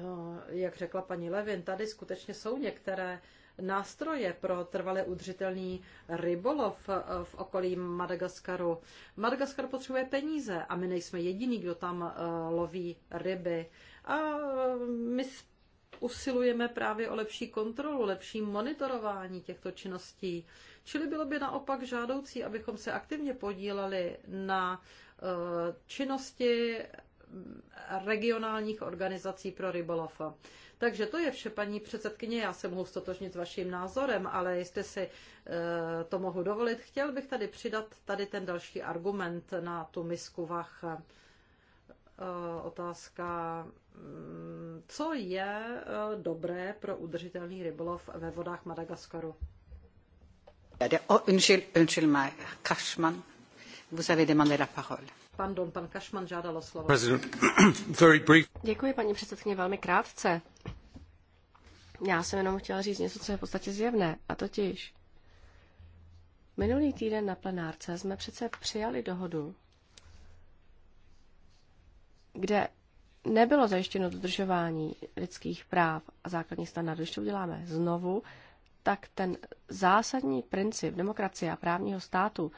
jak řekla paní Levin, tady skutečně jsou některé nástroje pro trvalé udržitelný rybolov eh, v okolí Madagaskaru. Madagaskar potřebuje peníze a my nejsme jediný, kdo tam eh, loví ryby. A my usilujeme právě o lepší kontrolu, lepší monitorování těchto činností. Čili bylo by naopak žádoucí, abychom se aktivně podíleli na činnosti regionálních organizací pro rybolov. Takže to je vše, paní předsedkyně. Já se mohu stotožnit s vaším názorem, ale jestli si eh, to mohu dovolit, chtěl bych tady přidat tady ten další argument na tu misku vach. Eh, otázka, mm, co je eh, dobré pro udržitelný rybolov ve vodách Madagaskaru? o Unchil mig, Cashman, vous avez demandé la parole. Pardon, pan Kašman žádal o slovo. Děkuji, paní předsedkyně, velmi krátce. Já jsem jenom chtěla říct něco, co je v podstatě zjevné, a totiž minulý týden na plenárce jsme přece přijali dohodu, kde nebylo zajištěno dodržování lidských práv a základních standardů. Když to uděláme znovu, tak ten zásadní princip demokracie a právního státu,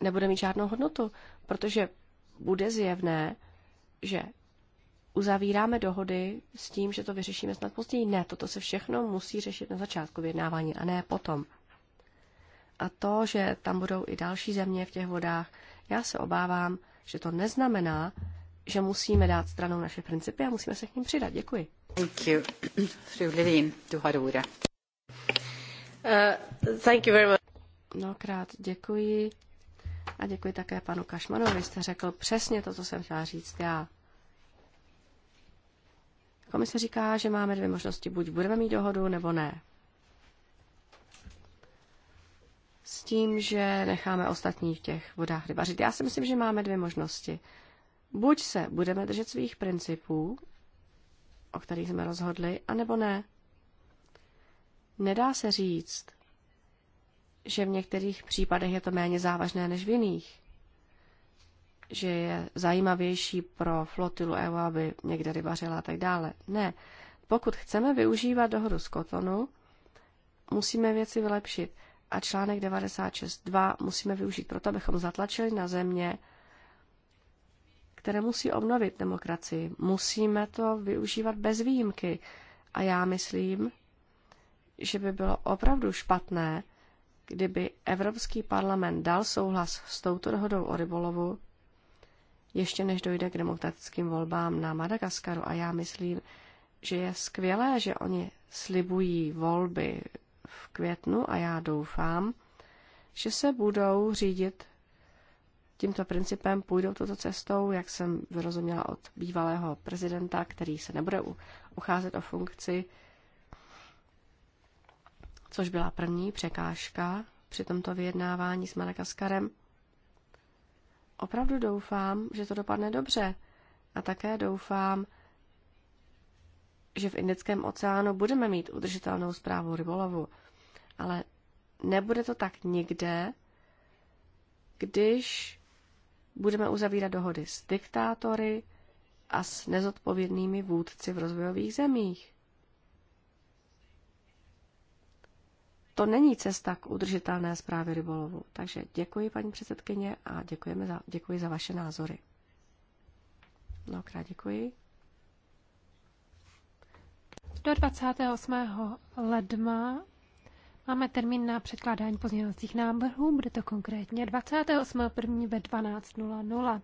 nebude mít žádnou hodnotu, protože bude zjevné, že uzavíráme dohody s tím, že to vyřešíme snad později. Ne, toto se všechno musí řešit na začátku vyjednávání a ne potom. A to, že tam budou i další země v těch vodách, já se obávám, že to neznamená, že musíme dát stranou naše principy a musíme se k ním přidat. Děkuji. Thank you. Fru Levin, Uh, thank you very much. Mnohokrát děkuji. A děkuji také panu Kašmanovi, jste řekl přesně to, co jsem chtěla říct já. Komise říká, že máme dvě možnosti. Buď budeme mít dohodu, nebo ne. S tím, že necháme ostatní v těch vodách rybařit. Já si myslím, že máme dvě možnosti. Buď se budeme držet svých principů, o kterých jsme rozhodli, anebo ne. Nedá se říct, že v některých případech je to méně závažné než v jiných. Že je zajímavější pro flotilu EU, aby někde rybařila a tak dále. Ne. Pokud chceme využívat dohodu z kotonu, musíme věci vylepšit. A článek 96.2 musíme využít proto, abychom zatlačili na země, které musí obnovit demokracii. Musíme to využívat bez výjimky. A já myslím, že by bylo opravdu špatné, kdyby Evropský parlament dal souhlas s touto dohodou o rybolovu, ještě než dojde k demokratickým volbám na Madagaskaru. A já myslím, že je skvělé, že oni slibují volby v květnu a já doufám, že se budou řídit tímto principem, půjdou touto cestou, jak jsem vyrozuměla od bývalého prezidenta, který se nebude ucházet o funkci, což byla první překážka při tomto vyjednávání s Madagaskarem. Opravdu doufám, že to dopadne dobře a také doufám, že v Indickém oceánu budeme mít udržitelnou zprávu rybolovu, ale nebude to tak nikde, když budeme uzavírat dohody s diktátory a s nezodpovědnými vůdci v rozvojových zemích. to není cesta k udržitelné zprávě rybolovu. Takže děkuji, paní předsedkyně, a děkujeme za, děkuji za vaše názory. Mnohokrát děkuji. Do 28. ledna máme termín na předkládání pozměňovacích návrhů, bude to konkrétně 28.1. ve 12.00.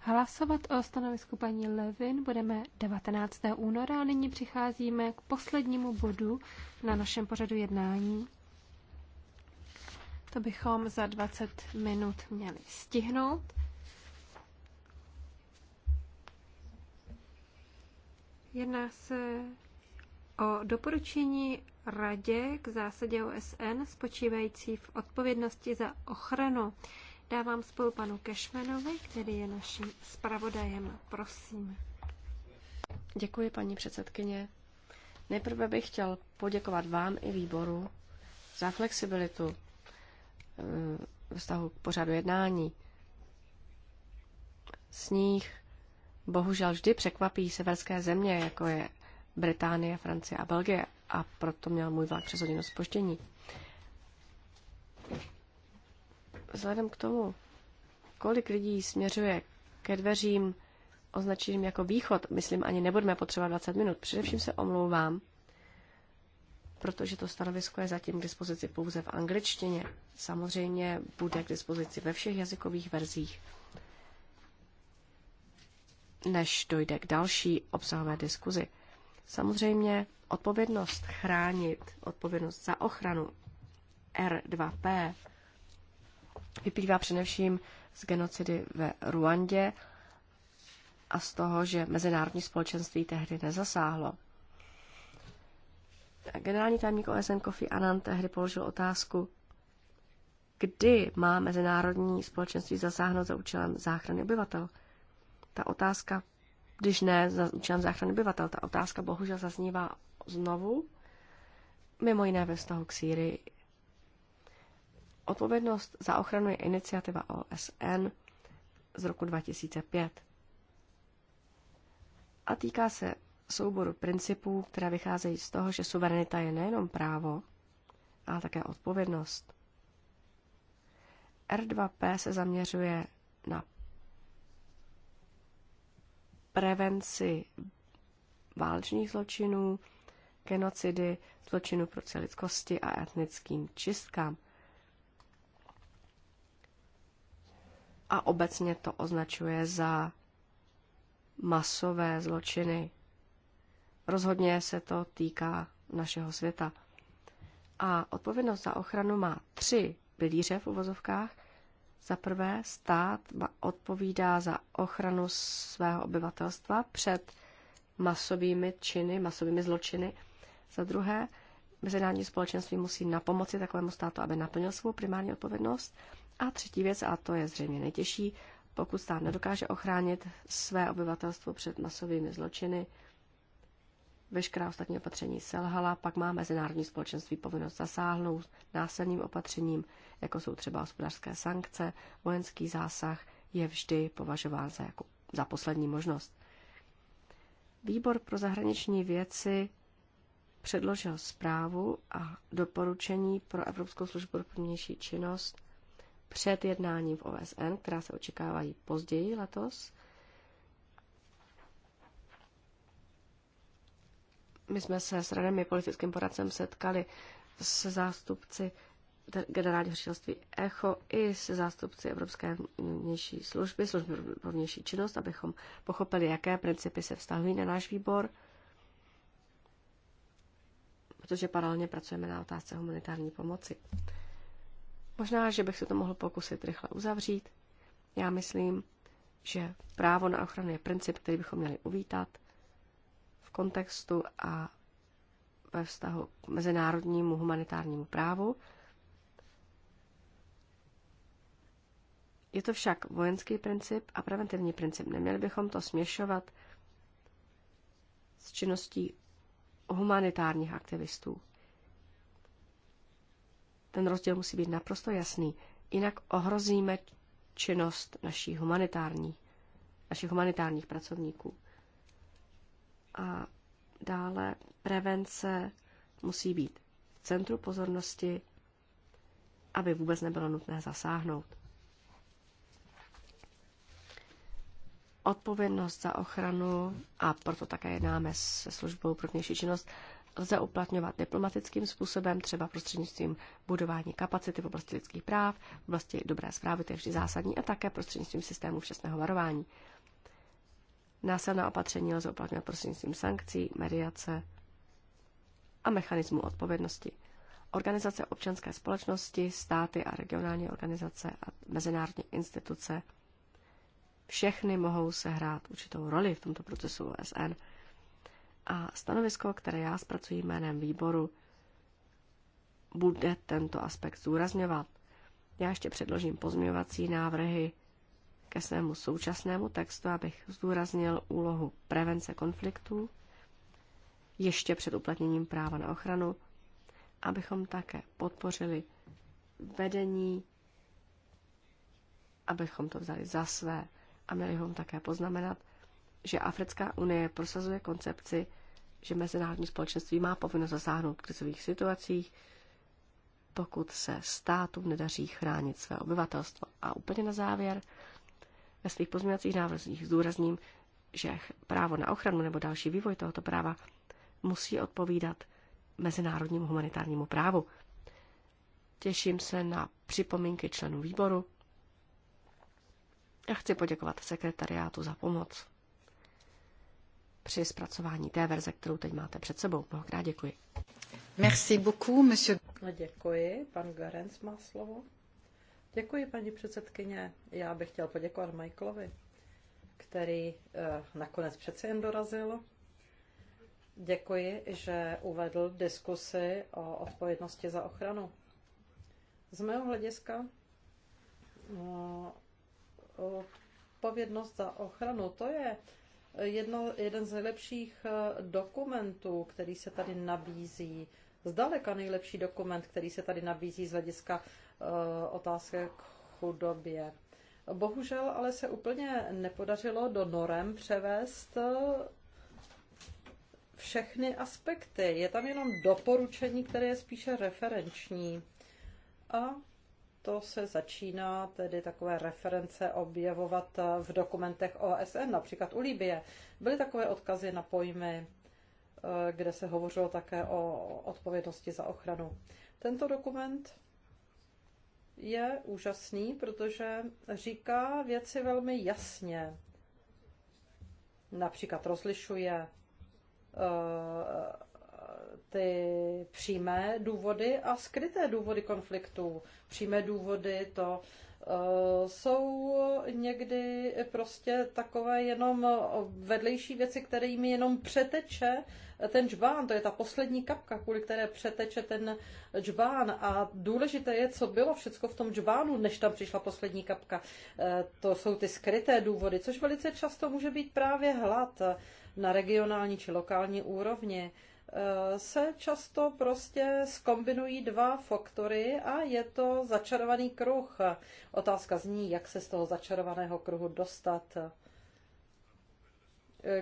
Hlasovat o stanovisku paní Levin budeme 19. února a nyní přicházíme k poslednímu bodu na našem pořadu jednání. To bychom za 20 minut měli stihnout. Jedná se o doporučení Radě k zásadě OSN spočívající v odpovědnosti za ochranu. Dávám spolu panu Kešmenovi, který je naším zpravodajem. Prosím. Děkuji, paní předsedkyně. Nejprve bych chtěl poděkovat vám i výboru za flexibilitu, vztahu k pořadu jednání. Sníh bohužel vždy překvapí severské země, jako je Británie, Francie a Belgie, a proto měl můj vlak přes hodinu spoždění. Vzhledem k tomu, kolik lidí směřuje ke dveřím označeným jako východ, myslím, ani nebudeme potřebovat 20 minut. Především se omlouvám protože to stanovisko je zatím k dispozici pouze v angličtině. Samozřejmě bude k dispozici ve všech jazykových verzích, než dojde k další obsahové diskuzi. Samozřejmě odpovědnost chránit, odpovědnost za ochranu R2P vyplývá především z genocidy ve Ruandě a z toho, že mezinárodní společenství tehdy nezasáhlo. Generální tajemník OSN Kofi Annan tehdy položil otázku, kdy má mezinárodní společenství zasáhnout za účelem záchrany obyvatel. Ta otázka, když ne za účelem záchrany obyvatel, ta otázka bohužel zaznívá znovu, mimo jiné ve vztahu k Sýrii. Odpovědnost za ochranu je iniciativa OSN z roku 2005 a týká se souboru principů, které vycházejí z toho, že suverenita je nejenom právo, ale také odpovědnost. R2P se zaměřuje na prevenci válečných zločinů, genocidy, zločinů proti lidskosti a etnickým čistkám. A obecně to označuje za masové zločiny Rozhodně se to týká našeho světa. A odpovědnost za ochranu má tři pilíře v uvozovkách. Za prvé, stát odpovídá za ochranu svého obyvatelstva před masovými činy, masovými zločiny. Za druhé, mezinárodní společenství musí na pomoci takovému státu, aby naplnil svou primární odpovědnost. A třetí věc, a to je zřejmě nejtěžší, pokud stát nedokáže ochránit své obyvatelstvo před masovými zločiny, veškerá ostatní opatření selhala, pak má mezinárodní společenství povinnost zasáhnout násilným opatřením, jako jsou třeba hospodářské sankce, vojenský zásah, je vždy považován za, jako, za poslední možnost. Výbor pro zahraniční věci předložil zprávu a doporučení pro Evropskou službu pro vnější činnost před jednáním v OSN, která se očekávají později letos – My jsme se s Renem i politickým poradcem setkali se zástupci generálního ředitelství ECHO i se zástupci Evropské vnější služby, služby pro vnější činnost, abychom pochopili, jaké principy se vztahují na náš výbor, protože paralelně pracujeme na otázce humanitární pomoci. Možná, že bych se to mohl pokusit rychle uzavřít. Já myslím, že právo na ochranu je princip, který bychom měli uvítat – kontextu a ve vztahu k mezinárodnímu humanitárnímu právu. Je to však vojenský princip a preventivní princip. Neměli bychom to směšovat s činností humanitárních aktivistů. Ten rozdíl musí být naprosto jasný, jinak ohrozíme činnost naší humanitární, našich humanitárních pracovníků. A dále prevence musí být v centru pozornosti, aby vůbec nebylo nutné zasáhnout. Odpovědnost za ochranu, a proto také jednáme se službou pro vnější činnost, lze uplatňovat diplomatickým způsobem, třeba prostřednictvím budování kapacity v oblasti lidských práv, v oblasti dobré zprávy, to je vždy zásadní, a také prostřednictvím systému včasného varování. Násilná opatření lze uplatňovat prostřednictvím sankcí, mediace a mechanismu odpovědnosti. Organizace občanské společnosti, státy a regionální organizace a mezinárodní instituce všechny mohou sehrát určitou roli v tomto procesu OSN. A stanovisko, které já zpracuji jménem výboru, bude tento aspekt zúrazňovat. Já ještě předložím pozměňovací návrhy ke svému současnému textu, abych zdůraznil úlohu prevence konfliktů ještě před uplatněním práva na ochranu, abychom také podpořili vedení, abychom to vzali za své a měli ho také poznamenat, že Africká unie prosazuje koncepci, že mezinárodní společenství má povinnost zasáhnout v krizových situacích, pokud se státům nedaří chránit své obyvatelstvo. A úplně na závěr ve svých pozměňovacích návrzích zdůrazním, že právo na ochranu nebo další vývoj tohoto práva musí odpovídat mezinárodnímu humanitárnímu právu. Těším se na připomínky členů výboru a chci poděkovat sekretariátu za pomoc při zpracování té verze, kterou teď máte před sebou. Mnohokrát děkuji. Merci beaucoup, monsieur. Děkuji. Pan Garenc má slovo. Děkuji, paní předsedkyně. Já bych chtěl poděkovat Michaelovi, který eh, nakonec přece jen dorazil. Děkuji, že uvedl diskusy o odpovědnosti za ochranu. Z mého hlediska eh, odpovědnost za ochranu, to je jedno, jeden z nejlepších eh, dokumentů, který se tady nabízí zdaleka nejlepší dokument, který se tady nabízí z hlediska Eh, otázky k chudobě. Bohužel ale se úplně nepodařilo do norem převést eh, všechny aspekty. Je tam jenom doporučení, které je spíše referenční. A to se začíná tedy takové reference objevovat eh, v dokumentech OSN, například u Libie. Byly takové odkazy na pojmy, kde se hovořilo také o odpovědnosti za ochranu. Tento dokument je úžasný, protože říká věci velmi jasně. Například rozlišuje eh, ty přímé důvody a skryté důvody konfliktů. Přímé důvody to Eh, jsou někdy prostě takové jenom vedlejší věci, kterými jenom přeteče ten džbán. To je ta poslední kapka, kvůli které přeteče ten džbán. A důležité je, co bylo všechno v tom džbánu, než tam přišla poslední kapka. Eh, to jsou ty skryté důvody, což velice často může být právě hlad na regionální či lokální úrovni Eh, se často prostě skombinují dva faktory a je to začarovaný kruh. Otázka zní, jak se z toho začarovaného kruhu dostat. Eh,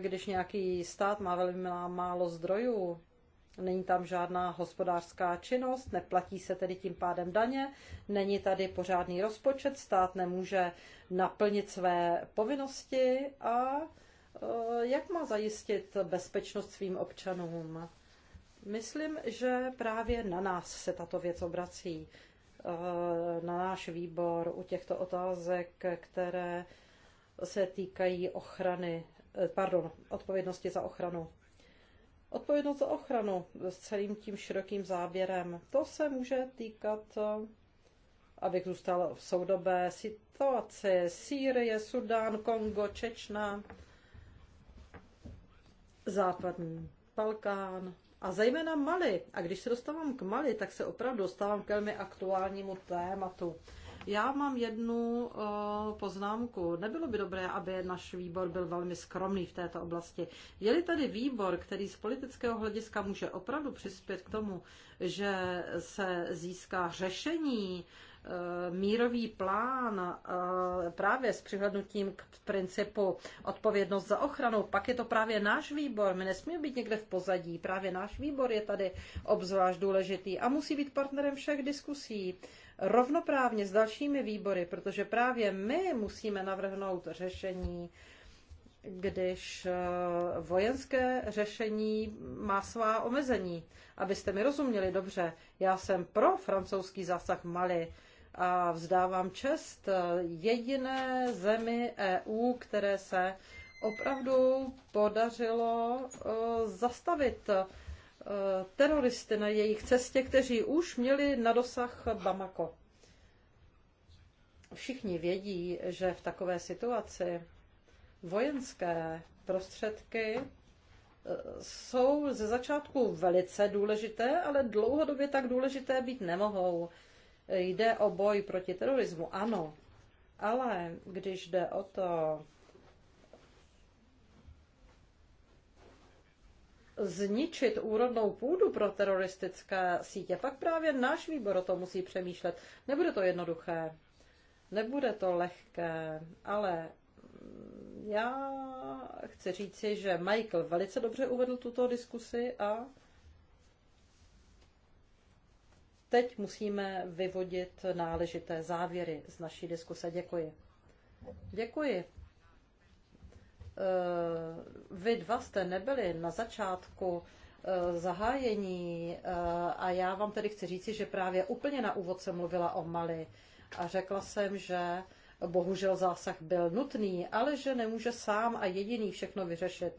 když nějaký stát má velmi málo zdrojů, není tam žádná hospodářská činnost, neplatí se tedy tím pádem daně, není tady pořádný rozpočet, stát nemůže naplnit své povinnosti a eh, jak má zajistit bezpečnost svým občanům? Myslím, že právě na nás se tato věc obrací, eh, na náš výbor u těchto otázek, které se týkají ochrany, eh, pardon, odpovědnosti za ochranu. Odpovědnost za ochranu s celým tím širokým záběrem, to se může týkat, eh, abych zůstal v soudobé situaci, Sýrie, Sudán, Kongo, Čečna, Západní Balkán, a zejména Mali. A když se dostávám k Mali, tak se opravdu dostávám k velmi aktuálnímu tématu. Já mám jednu uh, poznámku. Nebylo by dobré, aby náš výbor byl velmi skromný v této oblasti. Je-li tady výbor, který z politického hlediska může opravdu přispět k tomu, že se získá řešení uh, Eh, mírový plán eh, právě s přihlednutím k principu odpovědnost za ochranu, pak je to právě náš výbor. My nesmíme být někde v pozadí. Právě náš výbor je tady obzvlášť důležitý a musí být partnerem všech diskusí rovnoprávně s dalšími výbory, protože právě my musíme navrhnout řešení, když eh, vojenské řešení má svá omezení. Abyste mi rozuměli dobře, já jsem pro francouzský zásah Mali, a vzdávám čest jediné zemi EU, které se opravdu podařilo e, zastavit e, teroristy na jejich cestě, kteří už měli na dosah Bamako. Všichni vědí, že v takové situaci vojenské prostředky e, jsou ze začátku velice důležité, ale dlouhodobě tak důležité být nemohou. Jde o boj proti terorismu, ano, ale když jde o to zničit úrodnou půdu pro teroristické sítě, pak právě náš výbor o to musí přemýšlet. Nebude to jednoduché, nebude to lehké, ale já chci říci, že Michael velice dobře uvedl tuto diskusi a teď musíme vyvodit náležité závěry z naší diskuse. Děkuji. Děkuji. Eh, vy dva jste nebyli na začátku eh, zahájení eh, a já vám tedy chci říci, že právě úplně na úvod jsem mluvila o Mali a řekla jsem, že bohužel zásah byl nutný, ale že nemůže sám a jediný všechno vyřešit.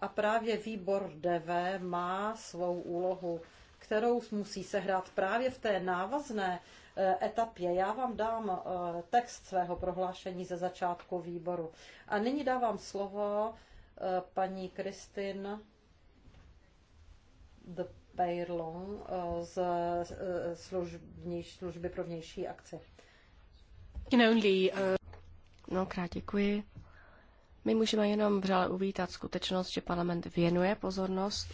A právě výbor DV má svou úlohu kterou musí sehrát právě v té návazné eh, etapě. Já vám dám eh, text svého prohlášení ze začátku výboru. A nyní dávám slovo eh, paní Kristin de Peirlon z služby, služby pro vnější akci. krát děkuji. My můžeme jenom vřele uvítat skutečnost, že parlament věnuje pozornost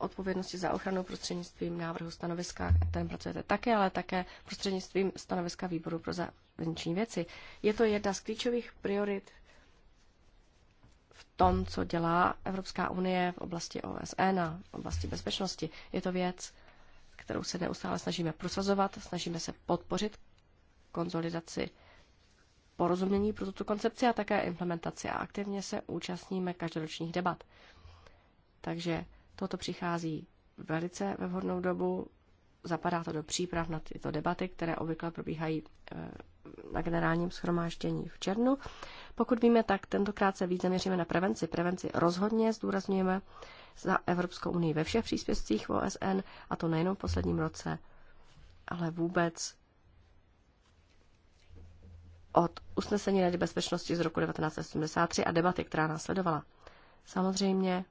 odpovědnosti za ochranu prostřednictvím návrhu stanoviska, ten pracujete také, ale také prostřednictvím stanoviska výboru pro zahraniční věci. Je to jedna z klíčových priorit v tom, co dělá Evropská unie v oblasti OSN a v oblasti bezpečnosti. Je to věc, kterou se neustále snažíme prosazovat, snažíme se podpořit konzolidaci porozumění pro tuto koncepci a také implementaci a aktivně se účastníme každoročních debat. Takže Toto přichází velice ve vhodnou dobu, zapadá to do příprav na tyto debaty, které obvykle probíhají eh, na generálním schromáždění v červnu. Pokud víme, tak tentokrát se víc zaměříme na prevenci. Prevenci rozhodně zdůrazňujeme za Evropskou unii ve všech příspěvcích v OSN, a to nejenom v posledním roce, ale vůbec od usnesení Rady bezpečnosti z roku 1973 a debaty, která následovala. Samozřejmě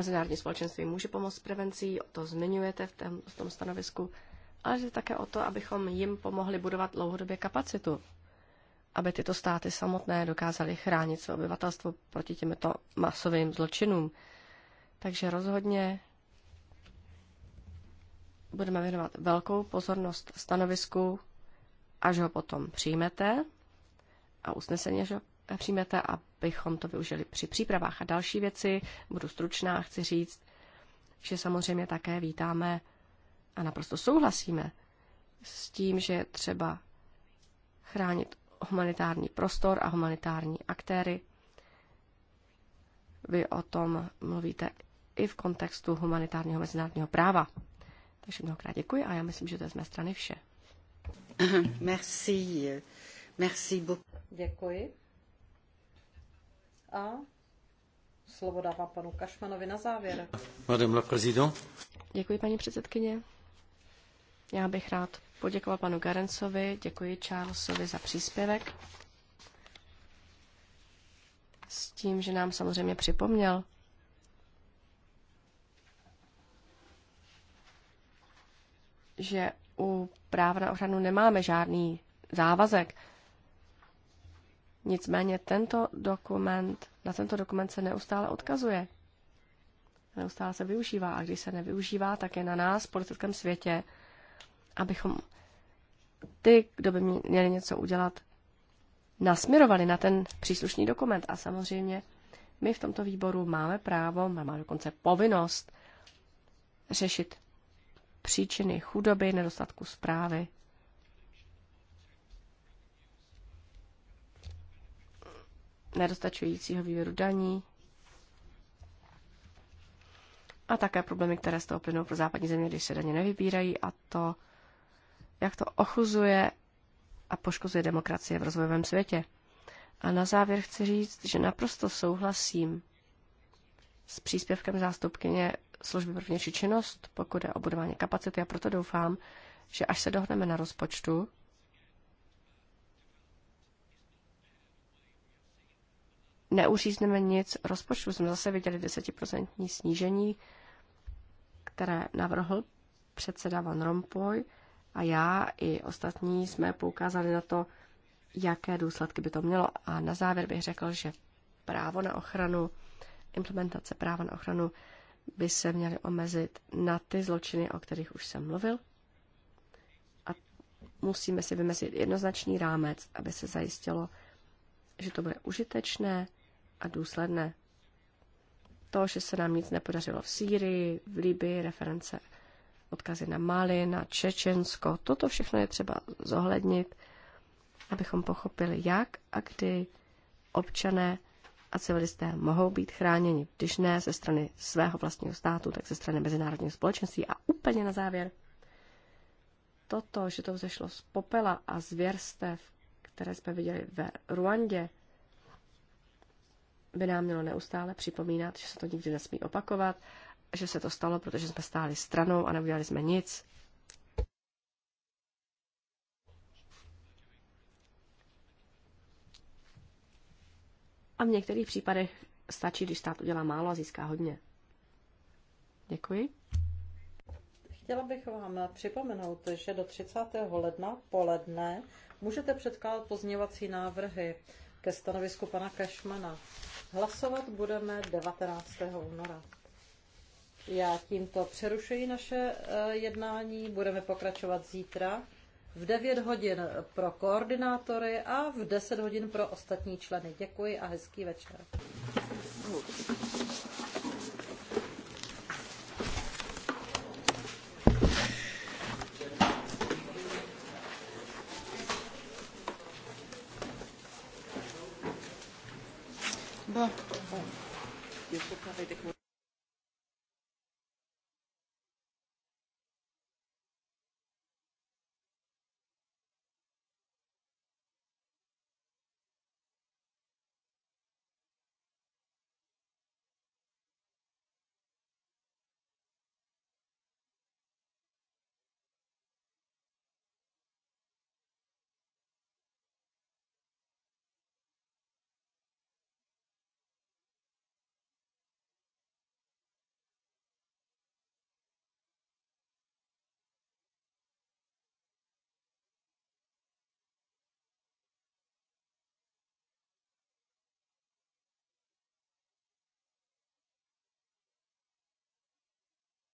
mezinárodní společenství může pomoct s prevencí, to zmiňujete v tom, v tom stanovisku, ale že také o to, abychom jim pomohli budovat dlouhodobě kapacitu, aby tyto státy samotné dokázaly chránit své obyvatelstvo proti těmito masovým zločinům. Takže rozhodně budeme věnovat velkou pozornost stanovisku, až ho potom přijmete a usnesení, že ho přijmete, abychom to využili při přípravách. A další věci, budu stručná, chci říct, že samozřejmě také vítáme a naprosto souhlasíme s tím, že třeba chránit humanitární prostor a humanitární aktéry. Vy o tom mluvíte i v kontextu humanitárního mezinárodního práva. Takže mnohokrát děkuji a já myslím, že to je z mé strany vše. Merci. Merci beaucoup. Děkuji. A slovo dávám panu Kašmanovi na závěr. Madame la président. Děkuji, paní předsedkyně. Já bych rád poděkoval panu Garencovi, děkuji Charlesovi za příspěvek. S tím, že nám samozřejmě připomněl, že u práva na ochranu nemáme žádný závazek. Nicméně tento dokument, na tento dokument se neustále odkazuje. Neustále se využívá a když se nevyužívá, tak je na nás, politickém světě, abychom ty, kdo by měli něco udělat, nasměrovali na ten příslušný dokument. A samozřejmě my v tomto výboru máme právo, máme dokonce povinnost řešit příčiny chudoby, nedostatku zprávy nedostačujícího výběru daní a také problémy, které z toho plynou pro západní země, když se daně nevybírají a to, jak to ochuzuje a poškozuje demokracie v rozvojovém světě. A na závěr chci říct, že naprosto souhlasím s příspěvkem zástupkyně služby pro vnější činnost, pokud je o budování kapacity a proto doufám, že až se dohneme na rozpočtu, neuřízneme nic rozpočtu. Jsme zase viděli desetiprocentní snížení, které navrhl předseda Van Rompuy a já i ostatní jsme poukázali na to, jaké důsledky by to mělo. A na závěr bych řekl, že právo na ochranu, implementace práva na ochranu by se měly omezit na ty zločiny, o kterých už jsem mluvil. A musíme si vymezit jednoznačný rámec, aby se zajistilo, že to bude užitečné, a důsledné. To, že se nám nic nepodařilo v Sýrii, v Libii, reference odkazy na Mali, na Čečensko, toto všechno je třeba zohlednit, abychom pochopili, jak a kdy občané a civilisté mohou být chráněni, když ne ze strany svého vlastního státu, tak ze strany mezinárodního společenství. A úplně na závěr, toto, že to vzešlo z popela a zvěrstev, které jsme viděli ve Ruandě, by nám mělo neustále připomínat, že se to nikdy nesmí opakovat, že se to stalo, protože jsme stáli stranou a neudělali jsme nic. A v některých případech stačí, když stát udělá málo a získá hodně. Děkuji. Chtěla bych vám připomenout, že do 30. ledna poledne můžete předkládat pozměňovací návrhy ke stanovisku pana Kašmana. Hlasovat budeme 19. února. Já tímto přerušuji naše eh, jednání, budeme pokračovat zítra v 9 hodin pro koordinátory a v 10 hodin pro ostatní členy. Děkuji a hezký večer.